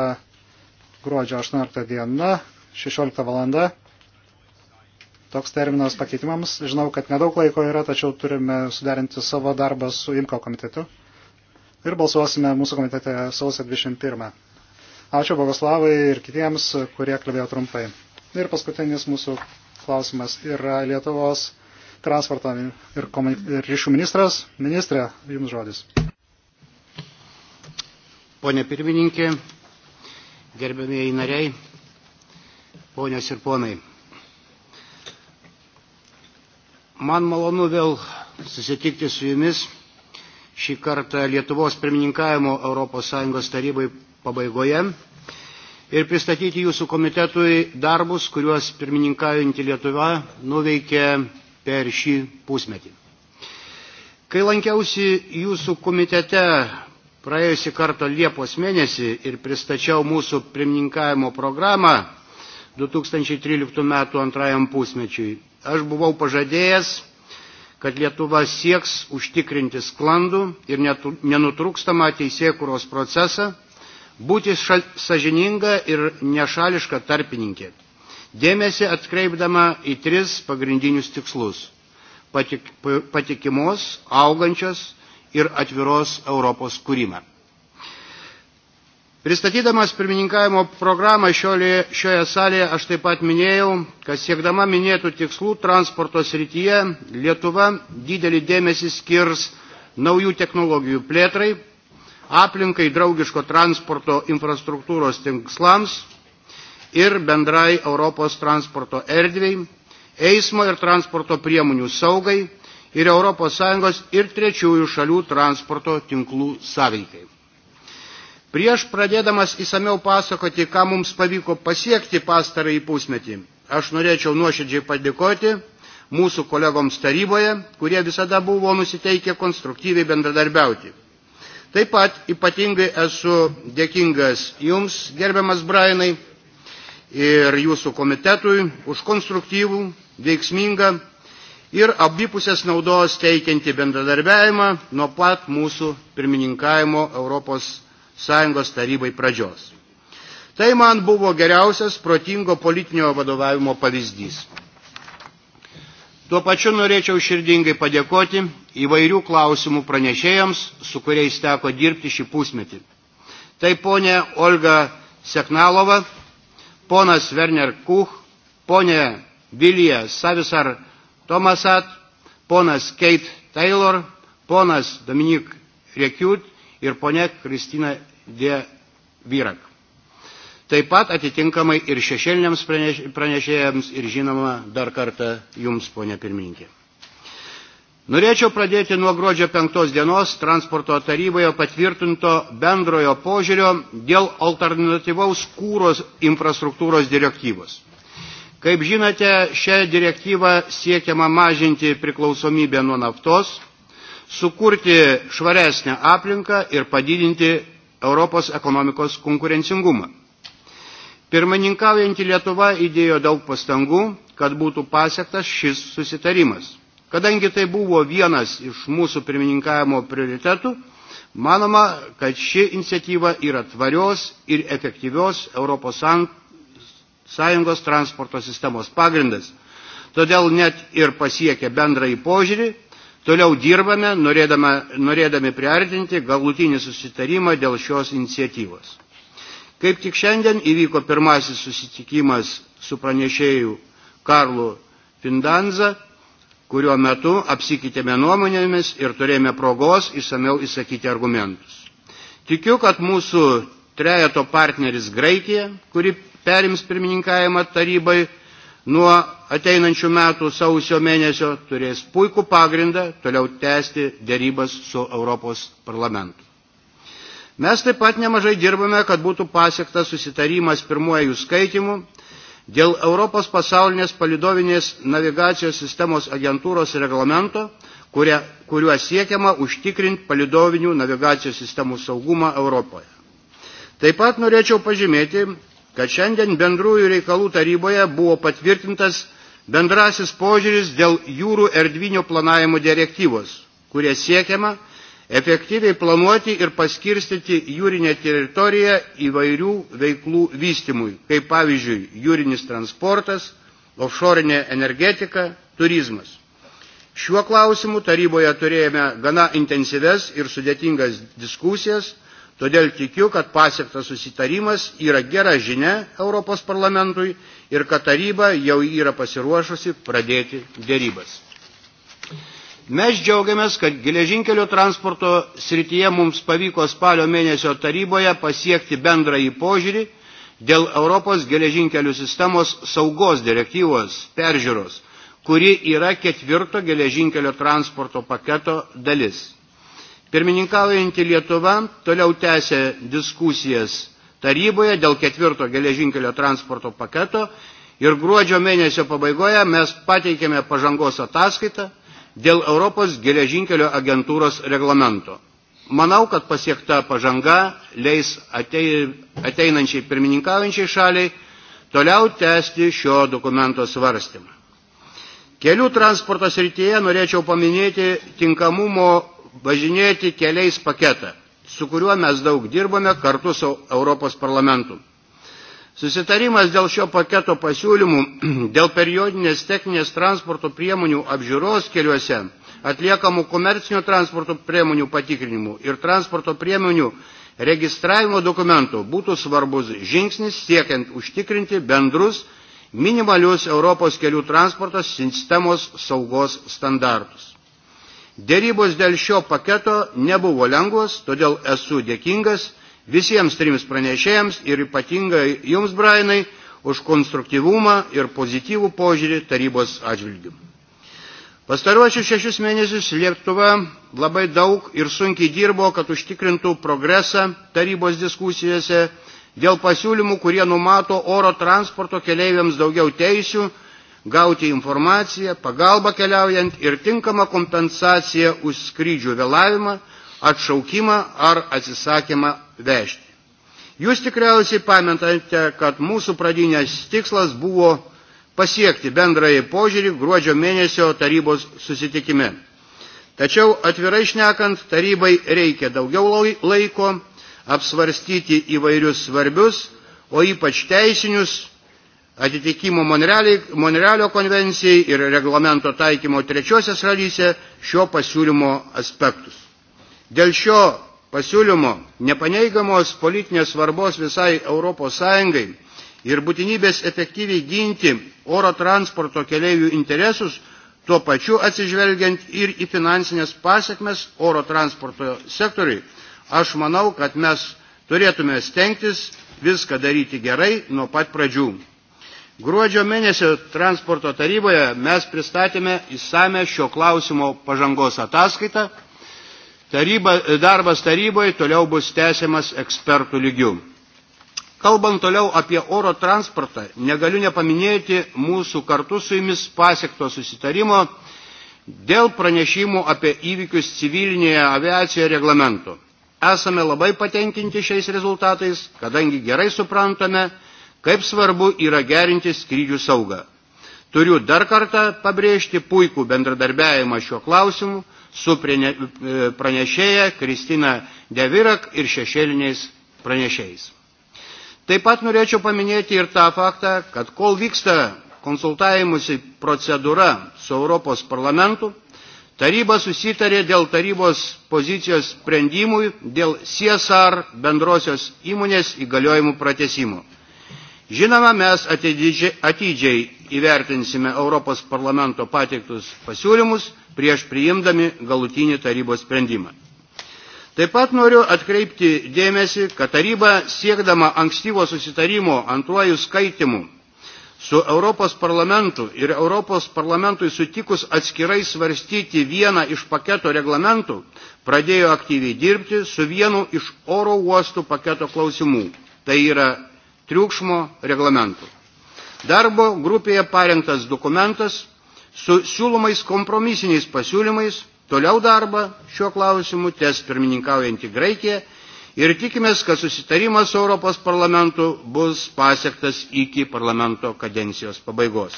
gruodžio 18 diena, 16 valanda. Toks terminas pakeitimams. Žinau, kad nedaug laiko yra, tačiau turime suderinti savo darbą su IMKO komitetu ir balsuosime mūsų komitete sausio 21. Ačiū Bogoslavai ir kitiems, kurie kalbėjo trumpai. Ir paskutinis mūsų klausimas yra Lietuvos transporto ir, ir ryšių ministras. Ministrė, jums žodis. Pone pirmininkė, gerbėmėjai nariai, ponios ir ponai. Man malonu vėl susitikti su jumis šį kartą Lietuvos pirmininkavimo ES tarybai pabaigoje ir pristatyti jūsų komitetui darbus, kuriuos pirmininkaujantį Lietuva nuveikė per šį pusmetį. Kai lankiausi jūsų komitete praėjusi kartą Liepos mėnesį ir pristačiau mūsų pirmininkavimo programą 2013 m. antrajam pusmečiui, aš buvau pažadėjęs kad Lietuva sieks užtikrinti sklandų ir nenutrūkstamą teisėkuros procesą, būti sažininga ir nešališka tarpininkė, dėmesį atkreipdama į tris pagrindinius tikslus patik, - patikimos, augančios ir atviros Europos kūrimą. Pristatydamas pirmininkavimo programą šioje, šioje salėje aš taip pat minėjau, kad siekdama minėtų tikslų transporto srityje Lietuva didelį dėmesį skirs naujų technologijų plėtrai, aplinkai draugiško transporto infrastruktūros tinkslams ir bendrai Europos transporto erdvėjai, eismo ir transporto priemonių saugai ir ES ir trečiųjų šalių transporto tinklų sąveikai. Prieš pradėdamas įsameu pasakoti, ką mums pavyko pasiekti pastarąjį pusmetį, aš norėčiau nuoširdžiai padėkoti mūsų kolegoms taryboje, kurie visada buvo nusiteikę konstruktyviai bendradarbiauti. Taip pat ypatingai esu dėkingas Jums, gerbiamas Brainai, ir Jūsų komitetui už konstruktyvų, veiksmingą ir abipusės naudos teikiantį bendradarbiavimą nuo pat mūsų pirmininkavimo Europos sąjungos tarybai pradžios. Tai man buvo geriausias protingo politinio vadovavimo pavyzdys. Tuo pačiu norėčiau širdingai padėkoti įvairių klausimų pranešėjams, su kuriais teko dirbti šį pusmetį. Tai ponė Olga Seknalova, ponas Werner Kuch, ponė Vilija Savisar Tomasat, ponas Kate Taylor, ponas Dominik Rekiut, ir ponė Kristina D. Vyrak. Taip pat atitinkamai ir šešėliniams pranešėjams ir žinoma dar kartą jums, ponė pirmininkė. Norėčiau pradėti nuo gruodžio 5 dienos transporto taryboje patvirtinto bendrojo požiūrio dėl alternatyvaus kūros infrastruktūros direktyvos. Kaip žinote, šią direktyvą siekiama mažinti priklausomybę nuo naftos, sukurti švaresnę aplinką ir padidinti Europos ekonomikos konkurencingumą. Pirmininkaujanti Lietuva įdėjo daug pastangų, kad būtų pasiektas šis susitarimas. Kadangi tai buvo vienas iš mūsų pirmininkavimo prioritetų, manoma, kad ši iniciatyva yra tvarios ir efektyvios ES transporto sistemos pagrindas. Todėl net ir pasiekę bendrąjį požiūrį, Toliau dirbame, norėdama, norėdami priartinti galutinį susitarimą dėl šios iniciatyvos. Kaip tik šiandien įvyko pirmasis susitikimas su pranešėjų Karlu Findanza, kurio metu apsikitėme nuomonėmis ir turėjome progos išsameu įsakyti argumentus. Tikiu, kad mūsų trejato partneris Graikija, kuri perims pirmininkavimą tarybai nuo ateinančių metų sausio mėnesio turės puikų pagrindą toliau tęsti dėrybas su Europos parlamentu. Mes taip pat nemažai dirbame, kad būtų pasiektas susitarimas pirmuoju skaitimu dėl Europos pasaulinės palidovinės navigacijos sistemos agentūros reglamento, kuria, kuriuo siekiama užtikrinti palidovinių navigacijos sistemų saugumą Europoje. Taip pat norėčiau pažymėti, kad šiandien bendrųjų reikalų taryboje buvo patvirtintas bendrasis požiūris dėl jūrų erdvinio planavimo direktyvos, kurie siekiama efektyviai planuoti ir paskirstyti jūrinę teritoriją įvairių veiklų vystimui, kaip pavyzdžiui jūrinis transportas, offshorinė energetika, turizmas. Šiuo klausimu taryboje turėjome gana intensyves ir sudėtingas diskusijas, todėl tikiu, kad pasiektas susitarimas yra gera žinia Europos parlamentui ir kad taryba jau yra pasiruošusi pradėti dėrybas. Mes džiaugiamės, kad geležinkelio transporto srityje mums pavyko spalio mėnesio taryboje pasiekti bendrąjį požiūrį dėl Europos geležinkelių sistemos saugos direktyvos peržiūros, kuri yra ketvirto geležinkelio transporto paketo dalis. Pirmininkaujantį Lietuva toliau tęsė diskusijas taryboje dėl ketvirto geležinkelio transporto paketo ir gruodžio mėnesio pabaigoje mes pateikėme pažangos ataskaitą dėl Europos geležinkelio agentūros reglamento. Manau, kad pasiekta pažanga leis ateinančiai pirmininkaujančiai šaliai toliau tęsti šio dokumento svarstymą. Kelių transporto srityje norėčiau paminėti tinkamumo važinėti keliais paketą su kuriuo mes daug dirbame kartu su Europos parlamentu. Susitarimas dėl šio paketo pasiūlymų dėl periodinės techninės transporto priemonių apžiūros keliuose atliekamų komercinio transporto priemonių patikrinimų ir transporto priemonių registravimo dokumentų būtų svarbus žingsnis siekiant užtikrinti bendrus minimalius Europos kelių transporto sistemos saugos standartus. Dėrybos dėl šio paketo nebuvo lengvos, todėl esu dėkingas visiems trims pranešėjams ir ypatingai jums, Brainai, už konstruktyvumą ir pozityvų požiūrį tarybos atžvilgių. Pastaruosius šešius mėnesius Lietuva labai daug ir sunkiai dirbo, kad užtikrintų progresą tarybos diskusijose dėl pasiūlymų, kurie numato oro transporto keleiviams daugiau teisių gauti informaciją, pagalbą keliaujant ir tinkamą kompensaciją už skrydžių vėlavimą, atšaukimą ar atsisakymą vežti. Jūs tikriausiai pamentate, kad mūsų pradinės tikslas buvo pasiekti bendrąjį požiūrį gruodžio mėnesio tarybos susitikime. Tačiau atvirai šnekant, tarybai reikia daugiau laiko apsvarstyti įvairius svarbius, o ypač teisinius atitikimo Monrealio konvencijai ir reglamento taikymo trečiosios šalyse šio pasiūlymo aspektus. Dėl šio pasiūlymo nepaneigamos politinės svarbos visai Europos Sąjungai ir būtinybės efektyviai ginti oro transporto keleivių interesus, tuo pačiu atsižvelgiant ir į finansinės pasiekmes oro transporto sektoriui, aš manau, kad mes turėtume stengtis viską daryti gerai nuo pat pradžių. Gruodžio mėnesio transporto taryboje mes pristatėme įsame šio klausimo pažangos ataskaitą. Taryba, darbas taryboje toliau bus tęsiamas ekspertų lygių. Kalbant toliau apie oro transportą, negaliu nepaminėti mūsų kartu su jumis pasiekto susitarimo dėl pranešimų apie įvykius civilinėje aviacijoje reglamento. Esame labai patenkinti šiais rezultatais, kadangi gerai suprantame, kaip svarbu yra gerinti skrydžių saugą. Turiu dar kartą pabrėžti puikų bendradarbiavimą šiuo klausimu su e, pranešėja Kristina Devirak ir šešėliniais pranešėjais. Taip pat norėčiau paminėti ir tą faktą, kad kol vyksta konsultavimusi procedūra su Europos parlamentu, taryba susitarė dėl tarybos pozicijos sprendimui dėl CSR bendrosios įmonės įgaliojimų pratesimo. Žinoma, mes atidžiai, atidžiai įvertinsime Europos parlamento pateiktus pasiūlymus prieš priimdami galutinį tarybos sprendimą. Taip pat noriu atkreipti dėmesį, kad taryba siekdama ankstyvo susitarimo antruoju skaitimu su Europos parlamentu ir Europos parlamentui sutikus atskirai svarstyti vieną iš paketo reglamentų, pradėjo aktyviai dirbti su vienu iš oro uostų paketo klausimų. Tai yra triukšmo reglamentų. Darbo grupėje parengtas dokumentas su siūlomais kompromisiniais pasiūlymais toliau darbą šiuo klausimu tes pirmininkaujantį Graikiją ir tikimės, kad susitarimas su Europos parlamentu bus pasiektas iki parlamento kadencijos pabaigos.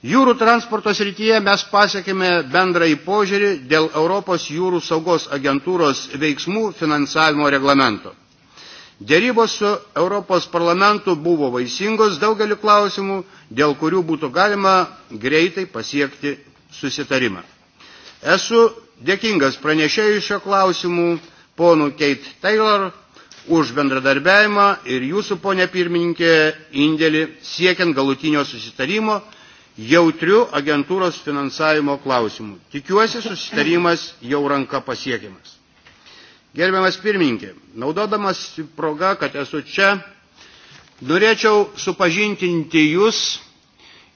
Jūrų transporto srityje mes pasiekėme bendrąjį požiūrį dėl Europos jūrų saugos agentūros veiksmų finansavimo reglamento. Dėrybos su Europos parlamentu buvo vaisingos daugeliu klausimų, dėl kurių būtų galima greitai pasiekti susitarimą. Esu dėkingas pranešėjų šio klausimų ponų Kate Taylor už bendradarbiavimą ir jūsų, ponė pirmininkė, indėlį siekiant galutinio susitarimo jautrių agentūros finansavimo klausimų. Tikiuosi, susitarimas jau ranka pasiekiamas. Gerbiamas pirmininkė, naudodamas proga, kad esu čia, norėčiau supažintinti jūs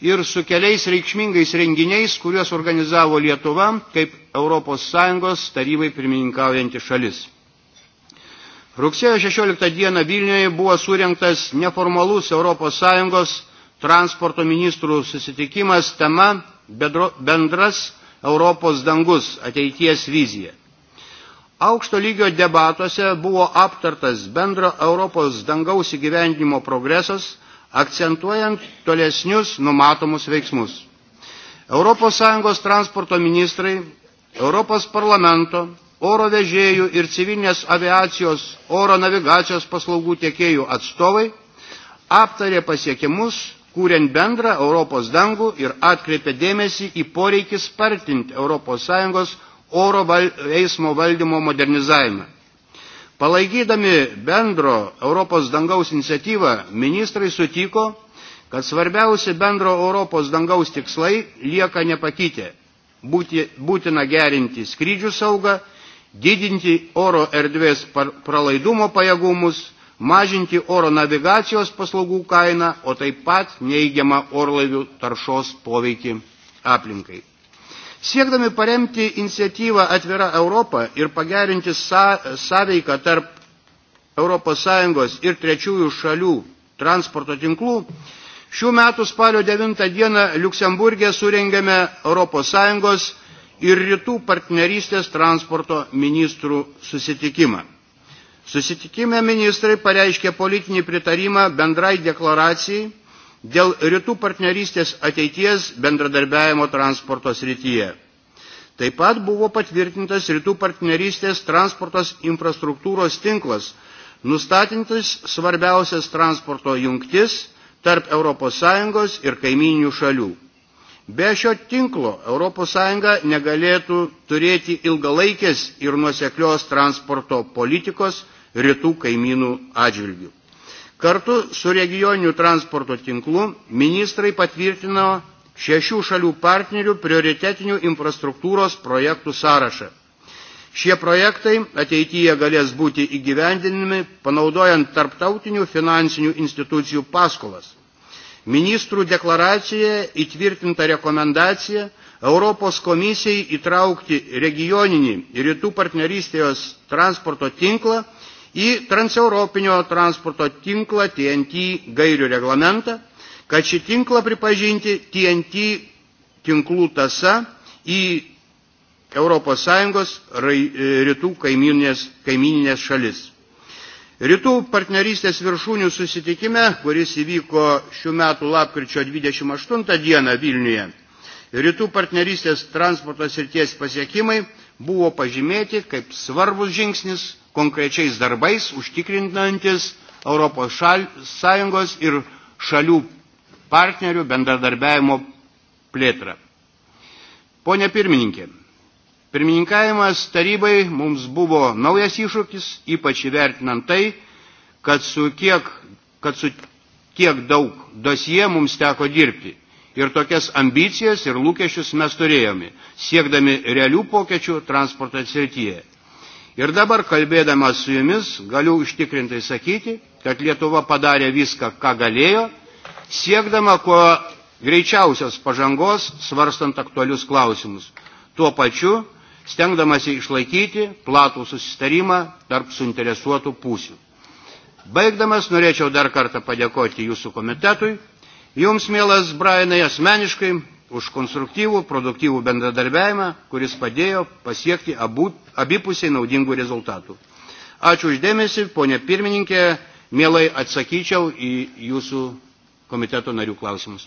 ir su keliais reikšmingais renginiais, kuriuos organizavo Lietuva kaip ES tarybai pirmininkaujanti šalis. Rugsėjo 16 dieną Vilniuje buvo surinktas neformalus ES transporto ministrų susitikimas tema Bendras Europos dangus ateities vizija. Aukšto lygio debatuose buvo aptartas bendro Europos dangaus įgyvendinimo progresas, akcentuojant tolesnius numatomus veiksmus. ES transporto ministrai, Europos parlamento, oro vežėjų ir civilinės aviacijos oro navigacijos paslaugų tiekėjų atstovai aptarė pasiekimus, kūrent bendrą Europos dangų ir atkreipė dėmesį į poreikį spartinti ES oro val, eismo valdymo modernizavimą. Palaikydami bendro Europos dangaus iniciatyvą, ministrai sutiko, kad svarbiausi bendro Europos dangaus tikslai lieka nepakitę. Būtina gerinti skrydžių saugą, didinti oro erdvės pralaidumo pajėgumus, mažinti oro navigacijos paslaugų kainą, o taip pat neigiamą orlaivių taršos poveikį aplinkai. Siekdami paremti iniciatyvą Atvira Europą ir pagerinti sąveiką tarp ES ir trečiųjų šalių transporto tinklų, šių metų spalio 9 dieną Luksemburgė surengėme ES ir rytų partnerystės transporto ministrų susitikimą. Susitikime ministrai pareiškė politinį pritarimą bendrai deklaracijai dėl rytų partnerystės ateities bendradarbiavimo transporto srityje. Taip pat buvo patvirtintas rytų partnerystės transportos infrastruktūros tinklas, nustatintis svarbiausias transporto jungtis tarp ES ir kaiminių šalių. Be šio tinklo ES negalėtų turėti ilgalaikės ir nuoseklios transporto politikos rytų kaimynų atžvilgių. Kartu su regioniniu transporto tinklu ministrai patvirtino šešių šalių partnerių prioritetinių infrastruktūros projektų sąrašą. Šie projektai ateityje galės būti įgyvendinami panaudojant tarptautinių finansinių institucijų paskolas. Ministrų deklaracijoje įtvirtinta rekomendacija Europos komisijai įtraukti regioninį rytų partnerystės transporto tinklą į transeuropinio transporto tinklą TNT gairių reglamentą, kad šį tinklą pripažinti TNT tinklų tasa į ES e, rytų kaimininės, kaimininės šalis. Rytų partnerystės viršūnių susitikime, kuris įvyko šių metų lapkričio 28 dieną Vilniuje, rytų partnerystės transporto srities pasiekimai – buvo pažymėti kaip svarbus žingsnis konkrečiais darbais užtikrintantis Europos šal, Sąjungos ir šalių partnerių bendradarbiavimo plėtrą. Pone pirmininkė, pirmininkavimas tarybai mums buvo naujas iššūkis, ypač įvertinant tai, kad su kiek, kad su kiek daug dosie mums teko dirbti Ir tokias ambicijas ir lūkesčius mes turėjome, siekdami realių pokyčių transporto srityje. Ir dabar, kalbėdamas su jumis, galiu užtikrintai sakyti, kad Lietuva padarė viską, ką galėjo, siekdama kuo greičiausios pažangos, svarstant aktualius klausimus. Tuo pačiu, stengdamasi išlaikyti platų susitarimą tarp suinteresuotų pusių. Baigdamas norėčiau dar kartą padėkoti jūsų komitetui Jums, mielas Brainai, asmeniškai už konstruktyvų, produktyvų bendradarbiavimą, kuris padėjo pasiekti abu, abipusiai naudingų rezultatų. Ačiū uždėmesi, ponė pirmininkė, mielai atsakyčiau į jūsų komiteto narių klausimus.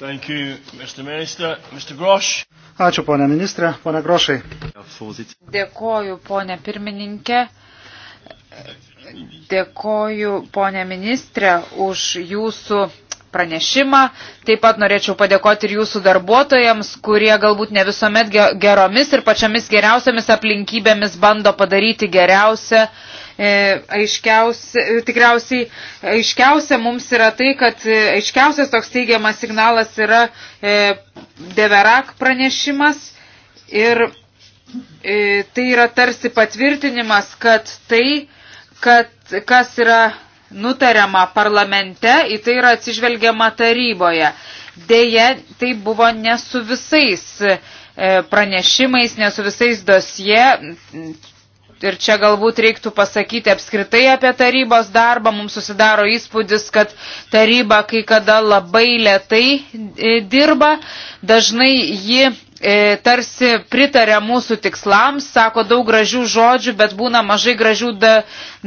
Thank you, Mr. Minister. Mr. Grosh. Ačiū, ponė ministrė, ponė Grošai. Dėkoju, ponė pirmininkė. Dėkoju, ponė ministrė, už jūsų pranešimą. Taip pat norėčiau padėkoti ir jūsų darbuotojams, kurie galbūt ne visuomet geromis ir pačiamis geriausiamis aplinkybėmis bando padaryti geriausią. E, aiškiausia, e, tikriausiai aiškiausia mums yra tai, kad e, aiškiausias toks teigiamas signalas yra e, Deverak pranešimas ir e, tai yra tarsi patvirtinimas, kad tai, kad kas yra nutariama parlamente, į tai yra atsižvelgiama taryboje. Deja, tai buvo ne su visais e, pranešimais, ne su visais dosie. Ir čia galbūt reiktų pasakyti apskritai apie tarybos darbą. Mums susidaro įspūdis, kad taryba kai kada labai lietai e, dirba. Dažnai ji E, tarsi pritaria mūsų tikslams, sako daug gražių žodžių, bet būna mažai gražių da,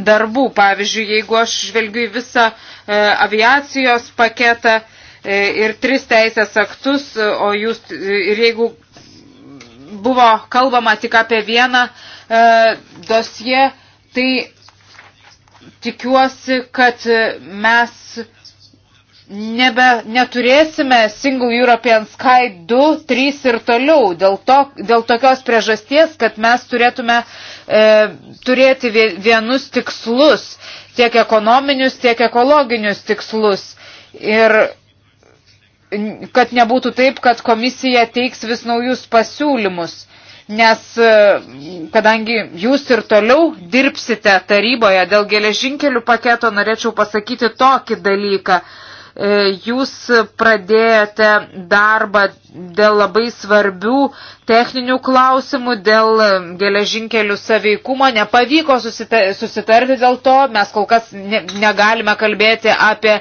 darbų. Pavyzdžiui, jeigu aš žvelgiu į visą e, aviacijos paketą e, ir tris teisės aktus, o jūs e, ir jeigu buvo kalbama tik apie vieną e, dosiją, tai tikiuosi, kad mes e, nebe, neturėsime Single European Sky 2, 3 ir toliau dėl, to, dėl tokios priežasties, kad mes turėtume e, turėti vienus tikslus, tiek ekonominius, tiek ekologinius tikslus. Ir kad nebūtų taip, kad komisija teiks vis naujus pasiūlymus. Nes e, kadangi jūs ir toliau dirbsite taryboje dėl geležinkelių paketo, norėčiau pasakyti tokį dalyką. E, E, jūs pradėjote darbą dėl labai svarbių techninių klausimų, dėl geležinkelių saveikumo. Nepavyko susitarti dėl to, mes kol kas negalime kalbėti apie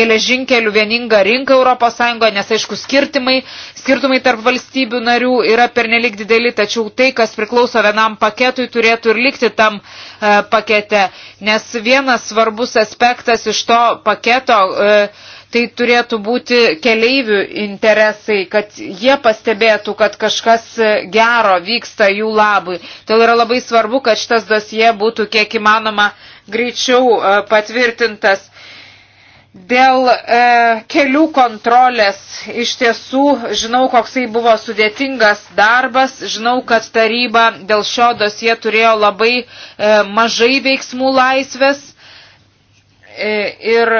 geležinkelių vieningą rinką ES, nes aišku skirtumai, skirtumai tarp valstybių narių yra pernelik dideli, tačiau tai, kas priklauso vienam paketui, turėtų ir likti tam e, pakete, nes vienas svarbus aspektas iš to paketo e, tai turėtų būti keleivių interesai, kad jie pastebėtų, kad kažkas gero vyksta jų labui. Tai yra labai svarbu, kad šitas dosie būtų kiek įmanoma greičiau e, patvirtintas. Dėl e, kelių kontrolės iš tiesų žinau, koksai buvo sudėtingas darbas, žinau, kad taryba dėl šio dosie turėjo labai e, mažai veiksmų laisvės e, ir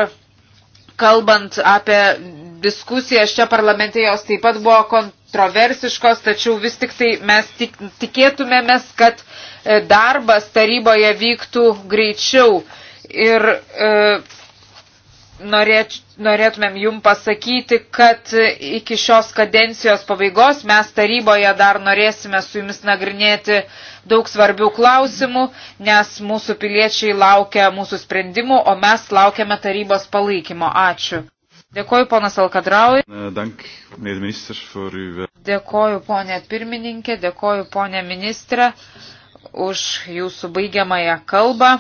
kalbant apie diskusijas čia parlamente, jos taip pat buvo kontroversiškos, tačiau vis tik tai mes tik, tikėtumėmės, kad e, darbas taryboje vyktų greičiau. Ir e, norėč, norėtumėm jum pasakyti, kad iki šios kadencijos pabaigos mes taryboje dar norėsime su jumis nagrinėti daug svarbių klausimų, nes mūsų piliečiai laukia mūsų sprendimų, o mes laukiame tarybos palaikymo. Ačiū. Dėkoju, ponas Alkadraui. Dėkoju, ponė pirmininkė, dėkoju, ponė ministrė, už jūsų baigiamąją kalbą.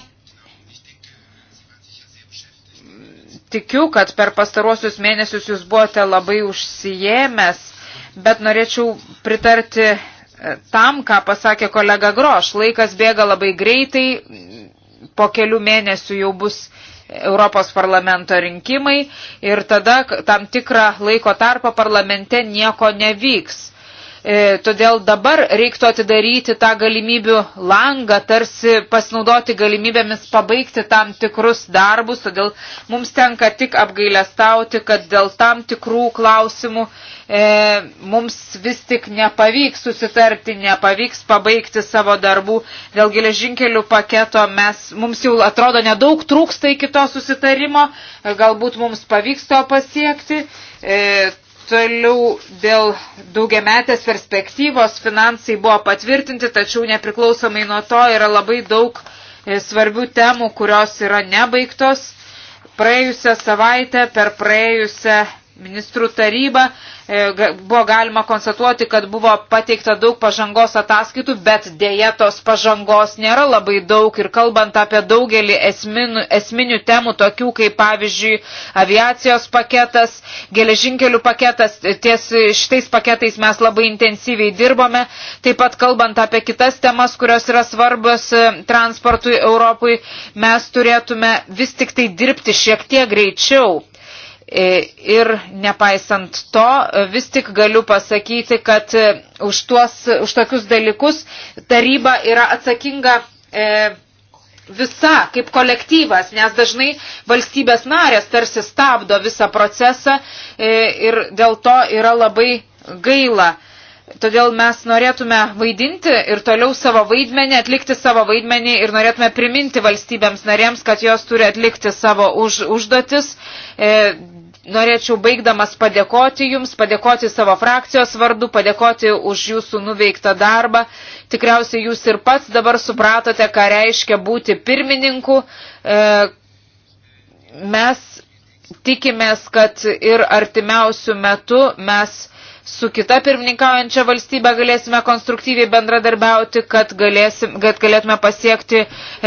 tikiu, kad per pastaruosius mėnesius jūs buvote labai užsijėmęs, bet norėčiau pritarti e, tam, ką pasakė kolega Groš. Laikas bėga labai greitai, po kelių mėnesių jau bus Europos parlamento rinkimai ir tada tam tikrą laiko tarpą parlamente nieko nevyks. E, todėl dabar reiktų atidaryti tą galimybių langą, tarsi pasinaudoti galimybėmis pabaigti tam tikrus darbus, todėl mums tenka tik apgailestauti, kad dėl tam tikrų klausimų e, mums vis tik nepavyks susitarti, nepavyks pabaigti savo darbų. Dėl geležinkelių paketo mes, mums jau atrodo nedaug trūksta iki to susitarimo, galbūt mums pavyks to pasiekti. E, Toliau dėl daugiametės perspektyvos finansai buvo patvirtinti, tačiau nepriklausomai nuo to yra labai daug e, svarbių temų, kurios yra nebaigtos. Praėjusią savaitę per praėjusią ministrų taryba e, buvo galima konstatuoti, kad buvo pateikta daug pažangos ataskaitų, bet dėja tos pažangos nėra labai daug ir kalbant apie daugelį esminių, esminių temų, tokių kaip pavyzdžiui aviacijos paketas, geležinkelių paketas, ties šitais paketais mes labai intensyviai dirbome, taip pat kalbant apie kitas temas, kurios yra svarbios e, transportui Europui, mes turėtume vis tik tai dirbti šiek tiek greičiau E, ir nepaisant to, vis tik galiu pasakyti, kad e, už, tuos, už tokius dalykus taryba yra atsakinga e, visa, kaip kolektyvas, nes dažnai valstybės narės tarsi stabdo visą procesą e, ir dėl to yra labai gaila. E, Todėl mes norėtume vaidinti ir toliau savo vaidmenį, atlikti savo vaidmenį ir norėtume priminti valstybėms narėms, kad jos turi atlikti savo už, užduotis. E, norėčiau baigdamas padėkoti Jums, padėkoti savo frakcijos vardu, padėkoti už Jūsų nuveiktą darbą. Tikriausiai Jūs ir pats dabar supratote, ką reiškia būti pirmininku. E, mes tikimės, kad ir artimiausių metų mes su kita pirmininkaujančia valstybė galėsime konstruktyviai bendradarbiauti, kad, galėsim, kad galėtume pasiekti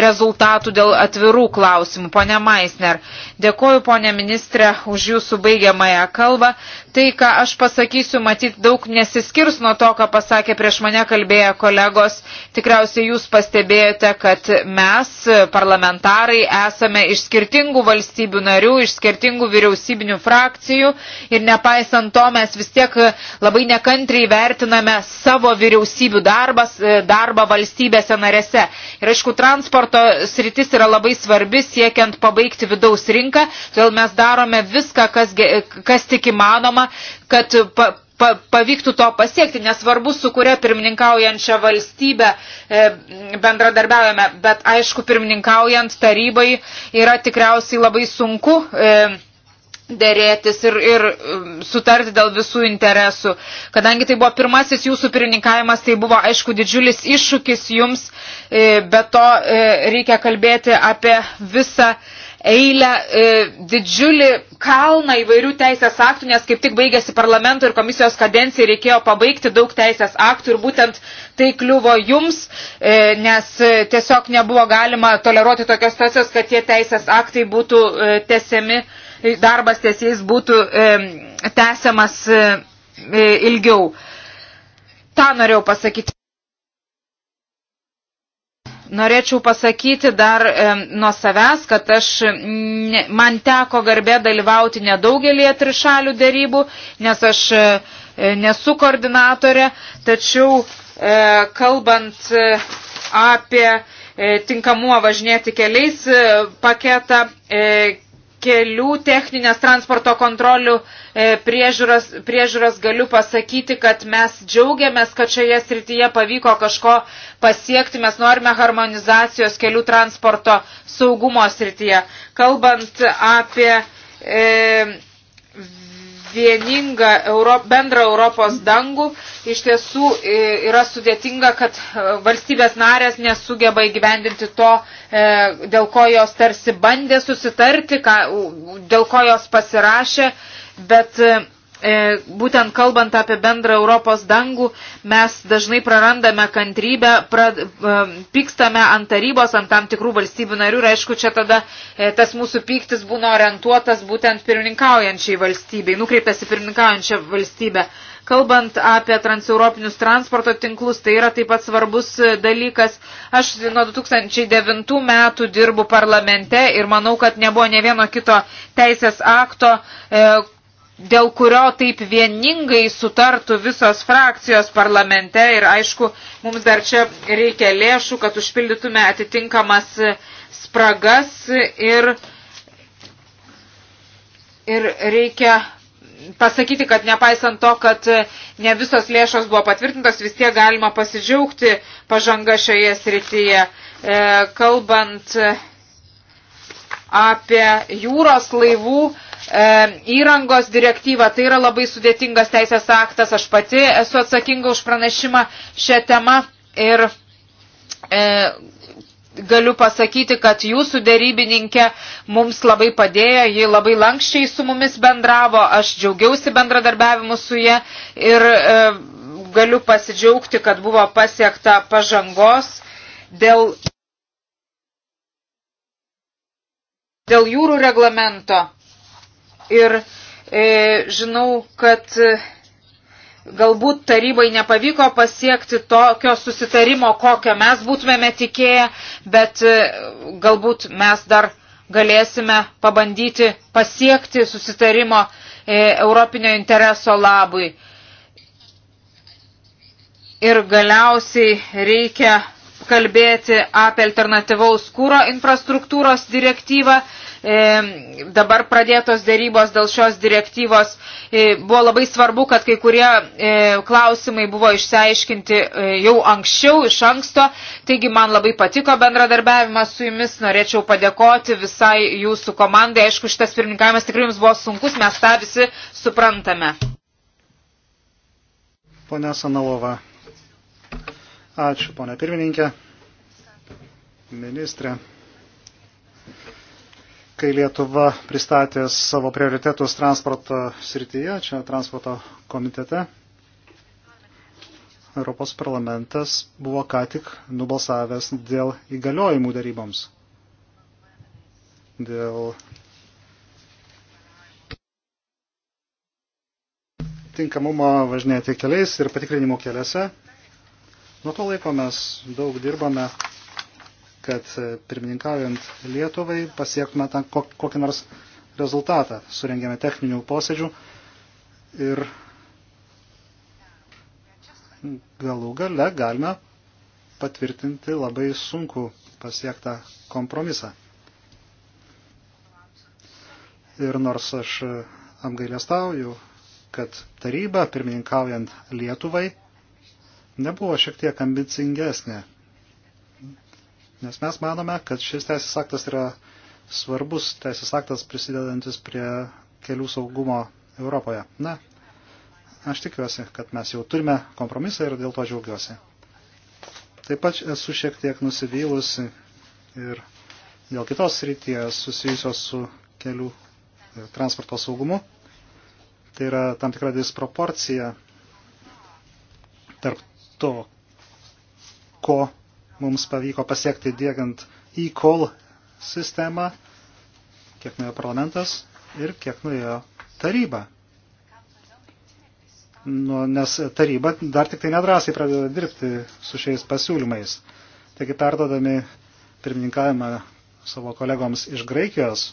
rezultatų dėl atvirų klausimų. Pone Maisner, dėkoju, pone ministrė, už jūsų baigiamąją kalbą tai, ką aš pasakysiu, matyt, daug nesiskirs nuo to, ką pasakė prieš mane kalbėję kolegos. Tikriausiai jūs pastebėjote, kad mes, parlamentarai, esame iš skirtingų valstybių narių, iš skirtingų vyriausybinių frakcijų ir nepaisant to mes vis tiek labai nekantriai vertiname savo vyriausybių darbas, darbą valstybėse narėse. Ir aišku, transporto sritis yra labai svarbi siekiant pabaigti vidaus rinką, todėl mes darome viską, kas, kas tik įmanoma, sistemą, kad pa, pa, pavyktų to pasiekti, nesvarbu, su kuria pirmininkaujančia valstybė e, bendradarbiaujame, bet aišku, pirmininkaujant tarybai yra tikriausiai labai sunku. E, dėrėtis ir, ir um, sutarti dėl visų interesų. Kadangi tai buvo pirmasis jūsų pirmininkavimas, tai buvo aišku didžiulis iššūkis jums, e, bet to e, reikia kalbėti apie visą eilę e, didžiulį kalną įvairių teisės aktų, nes kaip tik baigėsi parlamento ir komisijos kadencijai reikėjo pabaigti daug teisės aktų ir būtent tai kliuvo jums, e, nes e, tiesiog nebuvo galima toleruoti tokios situacijos, kad tie teisės aktai būtų e, tesiami, darbas tiesiais būtų e, tesiamas e, e, ilgiau. Ta norėjau pasakyti. Norėčiau pasakyti dar e, nuo savęs, kad aš, ne, man teko garbė dalyvauti nedaugelį trišalių dėrybų, nes aš e, e, nesu koordinatorė, tačiau e, kalbant e, apie e, tinkamuo važinėti keliais e, paketą, e, kelių techninės transporto kontrolių e, priežiūros, priežiūros galiu pasakyti, kad mes džiaugiamės, kad šioje srityje pavyko kažko pasiekti, mes norime harmonizacijos kelių transporto saugumo srityje. Kalbant apie e, vieningą Euro, bendrą Europos dangų iš tiesų e, yra sudėtinga, kad e, valstybės narės nesugeba įgyvendinti to, e, dėl ko jos tarsi bandė susitarti, dėl ko jos pasirašė, bet E, būtent kalbant apie bendrą Europos dangų, mes dažnai prarandame kantrybę, pra, e, pykstame ant tarybos, ant tam tikrų valstybių narių ir aišku, čia tada e, tas mūsų pyktis būna orientuotas būtent pirmininkaujančiai valstybei, nukreiptas į pirmininkaujančią valstybę. Kalbant apie transeuropinius transporto tinklus, tai yra taip pat svarbus dalykas. Aš nuo 2009 metų dirbu parlamente ir manau, kad nebuvo ne vieno kito teisės akto, dėl kurio taip vieningai sutartų visos frakcijos parlamente ir aišku, mums dar čia reikia lėšų, kad užpildytume atitinkamas spragas ir, ir reikia pasakyti, kad nepaisant to, kad ne visos lėšos buvo patvirtintos, vis tiek galima pasidžiaugti pažanga šioje srityje. E, kalbant apie jūros laivų E, įrangos direktyvą. Tai yra labai sudėtingas teisės aktas. Aš pati esu atsakinga už pranešimą šią temą ir e, galiu pasakyti, kad jūsų dėrybininkė mums labai padėjo, ji labai lankščiai su mumis bendravo, aš džiaugiausi bendradarbiavimu su jie ir e, galiu pasidžiaugti, kad buvo pasiekta pažangos dėl, dėl jūrų reglamento ir e, žinau, kad e, galbūt tarybai nepavyko pasiekti tokio susitarimo, kokio mes būtumėme tikėję, bet e, galbūt mes dar galėsime pabandyti pasiekti susitarimo e, europinio intereso labui. Ir galiausiai reikia kalbėti apie alternatyvaus kūro infrastruktūros direktyvą. E, dabar pradėtos dėrybos dėl šios direktyvos. E, buvo labai svarbu, kad kai kurie e, klausimai buvo išsiaiškinti jau anksčiau, iš anksto. Taigi man labai patiko bendradarbiavimas su jumis. Norėčiau padėkoti visai jūsų komandai. Aišku, šitas pirmininkavimas tikrai jums buvo sunkus, mes tą visi suprantame. Pone Sanalova. Ačiū, ponė pirmininkė. Ministrė kai Lietuva pristatė savo prioritetus transporto srityje, čia transporto komitete, Europos parlamentas buvo ką tik nubalsavęs dėl įgaliojimų daryboms. Dėl tinkamumo važinėti keliais ir patikrinimo keliuose. Nuo to laiko mes daug dirbame kad e, pirmininkaujant Lietuvai pasiektume kokį nors rezultatą. Surengėme techninių posėdžių ir galų gale galime patvirtinti labai sunku pasiektą kompromisą. Ir nors aš apgailestauju, kad taryba, pirmininkaujant Lietuvai, nebuvo šiek tiek ambicingesnė Nes mes manome, kad šis teisės aktas yra svarbus teisės aktas prisidedantis prie kelių saugumo Europoje. Na, aš tikiuosi, kad mes jau turime kompromisą ir dėl to džiaugiuosi. Taip pat esu šiek tiek nusivylusi ir dėl kitos srities susijusios su kelių e, transporto saugumu. Tai yra tam tikra disproporcija tarp to, ko mums pavyko pasiekti dėgiant e-call sistemą, kiek nuėjo parlamentas ir kiek nuėjo taryba. Nu, nes taryba dar tik tai nedrasiai pradeda dirbti su šiais pasiūlymais. Taigi perdodami pirmininkavimą savo kolegoms iš Graikijos,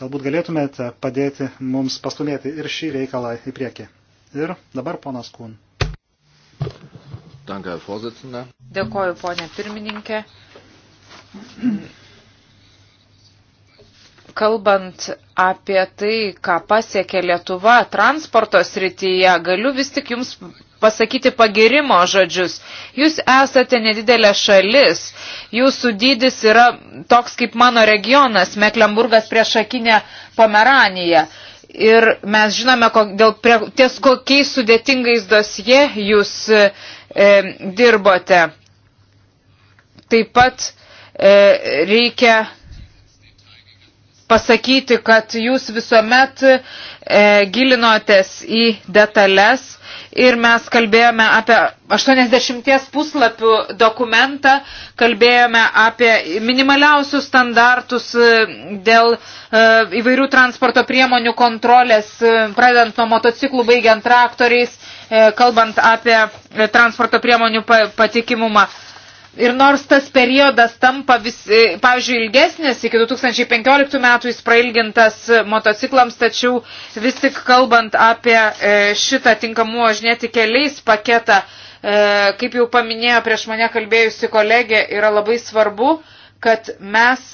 galbūt galėtumėte padėti mums pastumėti ir šį reikalą į priekį. Ir dabar ponas Kūn. Danke, Herr Vorsitzender. Dėkoju, ponė pirmininkė. Kalbant apie tai, ką pasiekė Lietuva transporto srityje, galiu vis tik jums pasakyti pagirimo žodžius. Jūs esate nedidelė šalis, jūsų dydis yra toks kaip mano regionas, Meklemburgas prie šakinę Pomeraniją. Ir mes žinome, dėl prie, ties kokiais sudėtingais dosie jūs E, dirbote. Taip pat e, reikia pasakyti, kad jūs visuomet e, gilinotės į detalės ir mes kalbėjome apie 80 puslapių dokumentą, kalbėjome apie minimaliausius standartus e, dėl e, įvairių transporto priemonių kontrolės, e, pradedant nuo motociklų, baigiant traktoriais, e, kalbant apie e, transporto priemonių patikimumą. Ir nors tas periodas tampa vis, e, pavyzdžiui, ilgesnis, iki 2015 metų jis prailgintas motociklams, tačiau vis tik kalbant apie e, šitą tinkamų važinėti keliais paketą, e, kaip jau paminėjo prieš mane kalbėjusi kolegė, yra labai svarbu, kad mes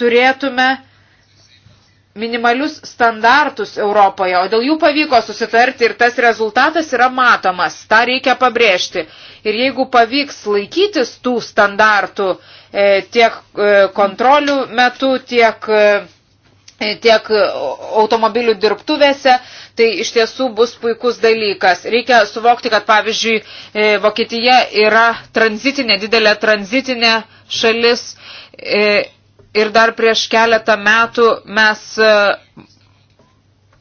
turėtume minimalius standartus Europoje, o dėl jų pavyko susitarti ir tas rezultatas yra matomas, tą reikia pabrėžti. Ir jeigu pavyks laikytis tų standartų e, tiek e, kontrolių metu, tiek, e, tiek automobilių dirbtuvėse, tai iš tiesų bus puikus dalykas. Reikia suvokti, kad pavyzdžiui e, Vokietija yra tranzitinė, didelė tranzitinė šalis. E, ir dar prieš keletą metų mes e,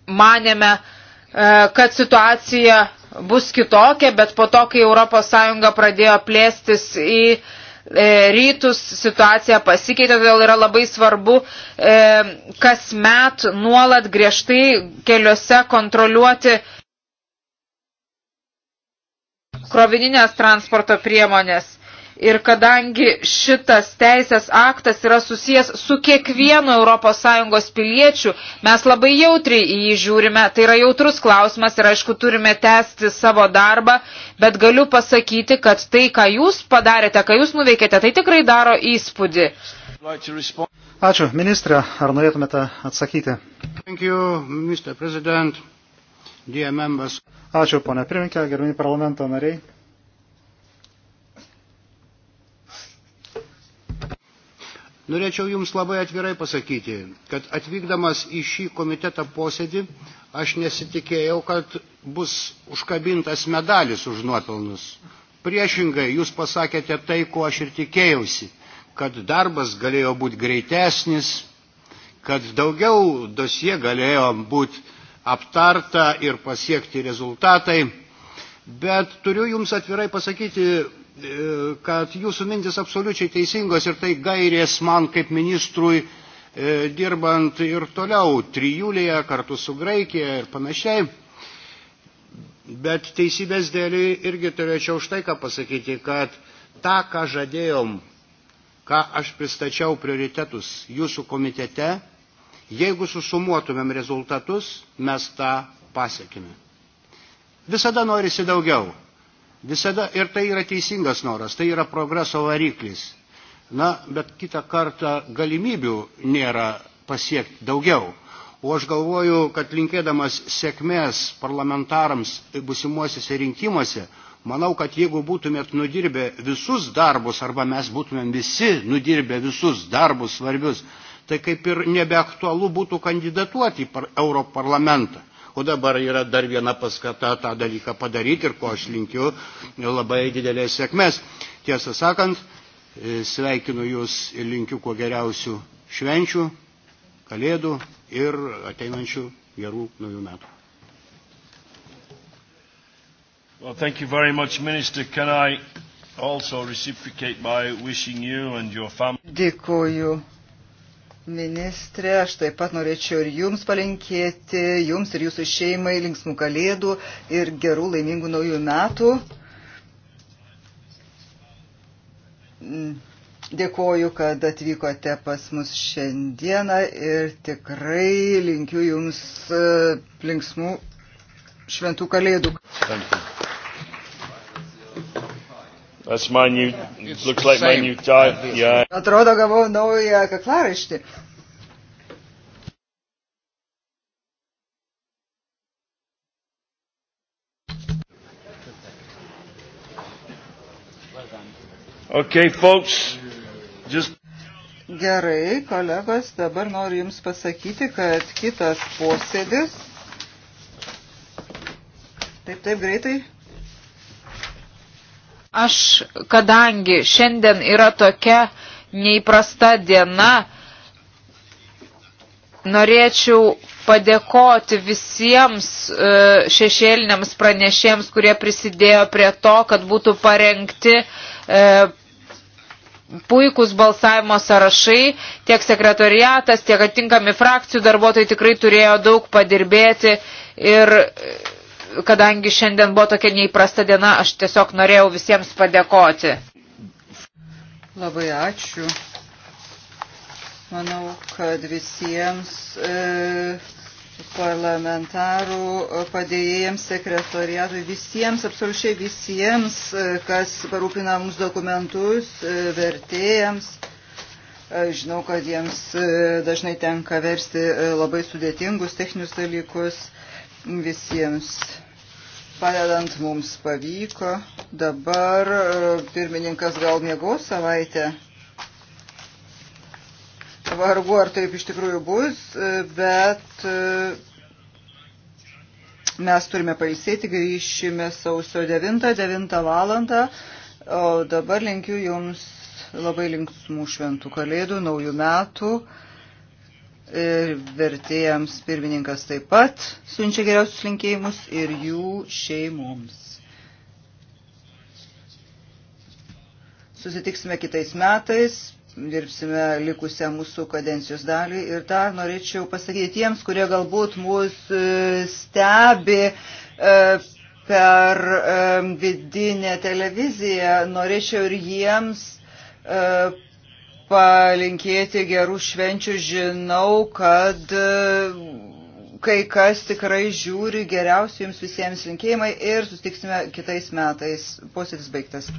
manėme, e, kad situacija bus kitokia, bet po to, kai ES pradėjo plėstis į e, rytus, situacija pasikeitė, todėl yra labai svarbu kasmet nuolat griežtai keliuose kontroliuoti krovininės transporto priemonės. Ir kadangi šitas teisės aktas yra susijęs su kiekvienu ES piliečiu, mes labai jautriai į jį žiūrime. Tai yra jautrus klausimas ir aišku turime tęsti savo darbą, bet galiu pasakyti, kad tai, ką jūs padarėte, ką jūs nuveikėte, tai tikrai daro įspūdį. Ačiū, ministrė, ar norėtumėte atsakyti? Thank you, Mr. President, dear members. Ačiū, ponė pirminkė, gerbimi parlamento nariai. Norėčiau Jums labai atvirai pasakyti, kad atvykdamas į šį komitetą posėdį, aš nesitikėjau, kad bus užkabintas medalis už nuopelnus. Priešingai, Jūs pasakėte tai, ko aš ir tikėjausi, kad darbas galėjo būti greitesnis, kad daugiau dosie galėjo būti aptarta ir pasiekti rezultatai. Bet turiu Jums atvirai pasakyti, kad jūsų mintis absoliučiai teisingos ir tai gairės man kaip ministrui e, dirbant ir toliau trijulėje kartu su Graikija ir panašiai. Bet teisybės dėlį irgi turėčiau štai ką pasakyti, kad tą, ką žadėjom, ką aš pristačiau prioritetus jūsų komitete, jeigu susumuotumėm rezultatus, mes tą pasiekime. Visada norisi daugiau. Visada ir tai yra teisingas noras, tai yra progreso variklis. Na, bet kitą kartą galimybių nėra pasiekti daugiau. O aš galvoju, kad linkėdamas sėkmės parlamentarams busimuosiuose rinkimuose, manau, kad jeigu būtumėt nudirbę visus darbus, arba mes būtumėm visi nudirbę visus darbus svarbius, tai kaip ir nebeaktualu būtų kandidatuoti į Europarlamentą. O dabar yra dar viena paskata tą dalyką padaryti ir ko aš linkiu labai didelės sėkmės. Tiesą sakant, e, sveikinu Jūs ir linkiu kuo geriausių švenčių, kalėdų ir ateinančių gerų naujų metų. Well, thank you very much, Minister. Can I also reciprocate by wishing you and your family? Dėkoju Ministrė, aš taip pat norėčiau ir jums palinkėti, jums ir jūsų šeimai linksmų kalėdų ir gerų laimingų naujų metų. Mm, dėkoju, kad atvykote pas mus šiandieną ir tikrai linkiu jums e, linksmų šventų kalėdų. Dėkui. That's my new, It's looks like my new tie. Yeah. Atrodo, gavau naują kaklaraštį. Okay, folks, just... Gerai, kolegos, dabar noriu Jums pasakyti, kad kitas posėdis. Taip, taip, greitai. Aš, kadangi šiandien yra tokia neįprasta diena, norėčiau padėkoti visiems e, šešėliniams pranešėjams, kurie prisidėjo prie to, kad būtų parengti e, puikūs balsavimo sąrašai, tiek sekretoriatas, tiek atinkami frakcijų darbuotojai tikrai turėjo daug padirbėti ir kadangi šiandien buvo tokia neįprasta diena, aš tiesiog norėjau visiems padėkoti. Labai ačiū. Manau, kad visiems e, parlamentarų e, padėjėjams, sekretoriatui, visiems, absoliučiai visiems, e, kas parūpina mums dokumentus, e, vertėjams. Žinau, kad jiems dažnai tenka versti labai sudėtingus techninius dalykus visiems padedant mums pavyko. Dabar e, pirmininkas gal mėgos savaitę. Vargu ar taip iš tikrųjų bus, e, bet e, mes turime pailsėti, grįšime sausio 9, 9 valandą. O dabar linkiu jums labai linksmų šventų kalėdų, naujų metų. Ir vertėjams pirmininkas taip pat siunčia geriausius linkėjimus ir jų šeimoms. Susitiksime kitais metais, dirbsime likusią mūsų kadencijos dalį ir dar norėčiau pasakyti tiems, kurie galbūt mus e, stebi e, per e, vidinę televiziją, norėčiau ir jiems palinkėti gerų švenčių. Žinau, kad e, kai kas tikrai žiūri geriausių jums visiems linkėjimai ir sustiksime kitais metais. Posėdis baigtas.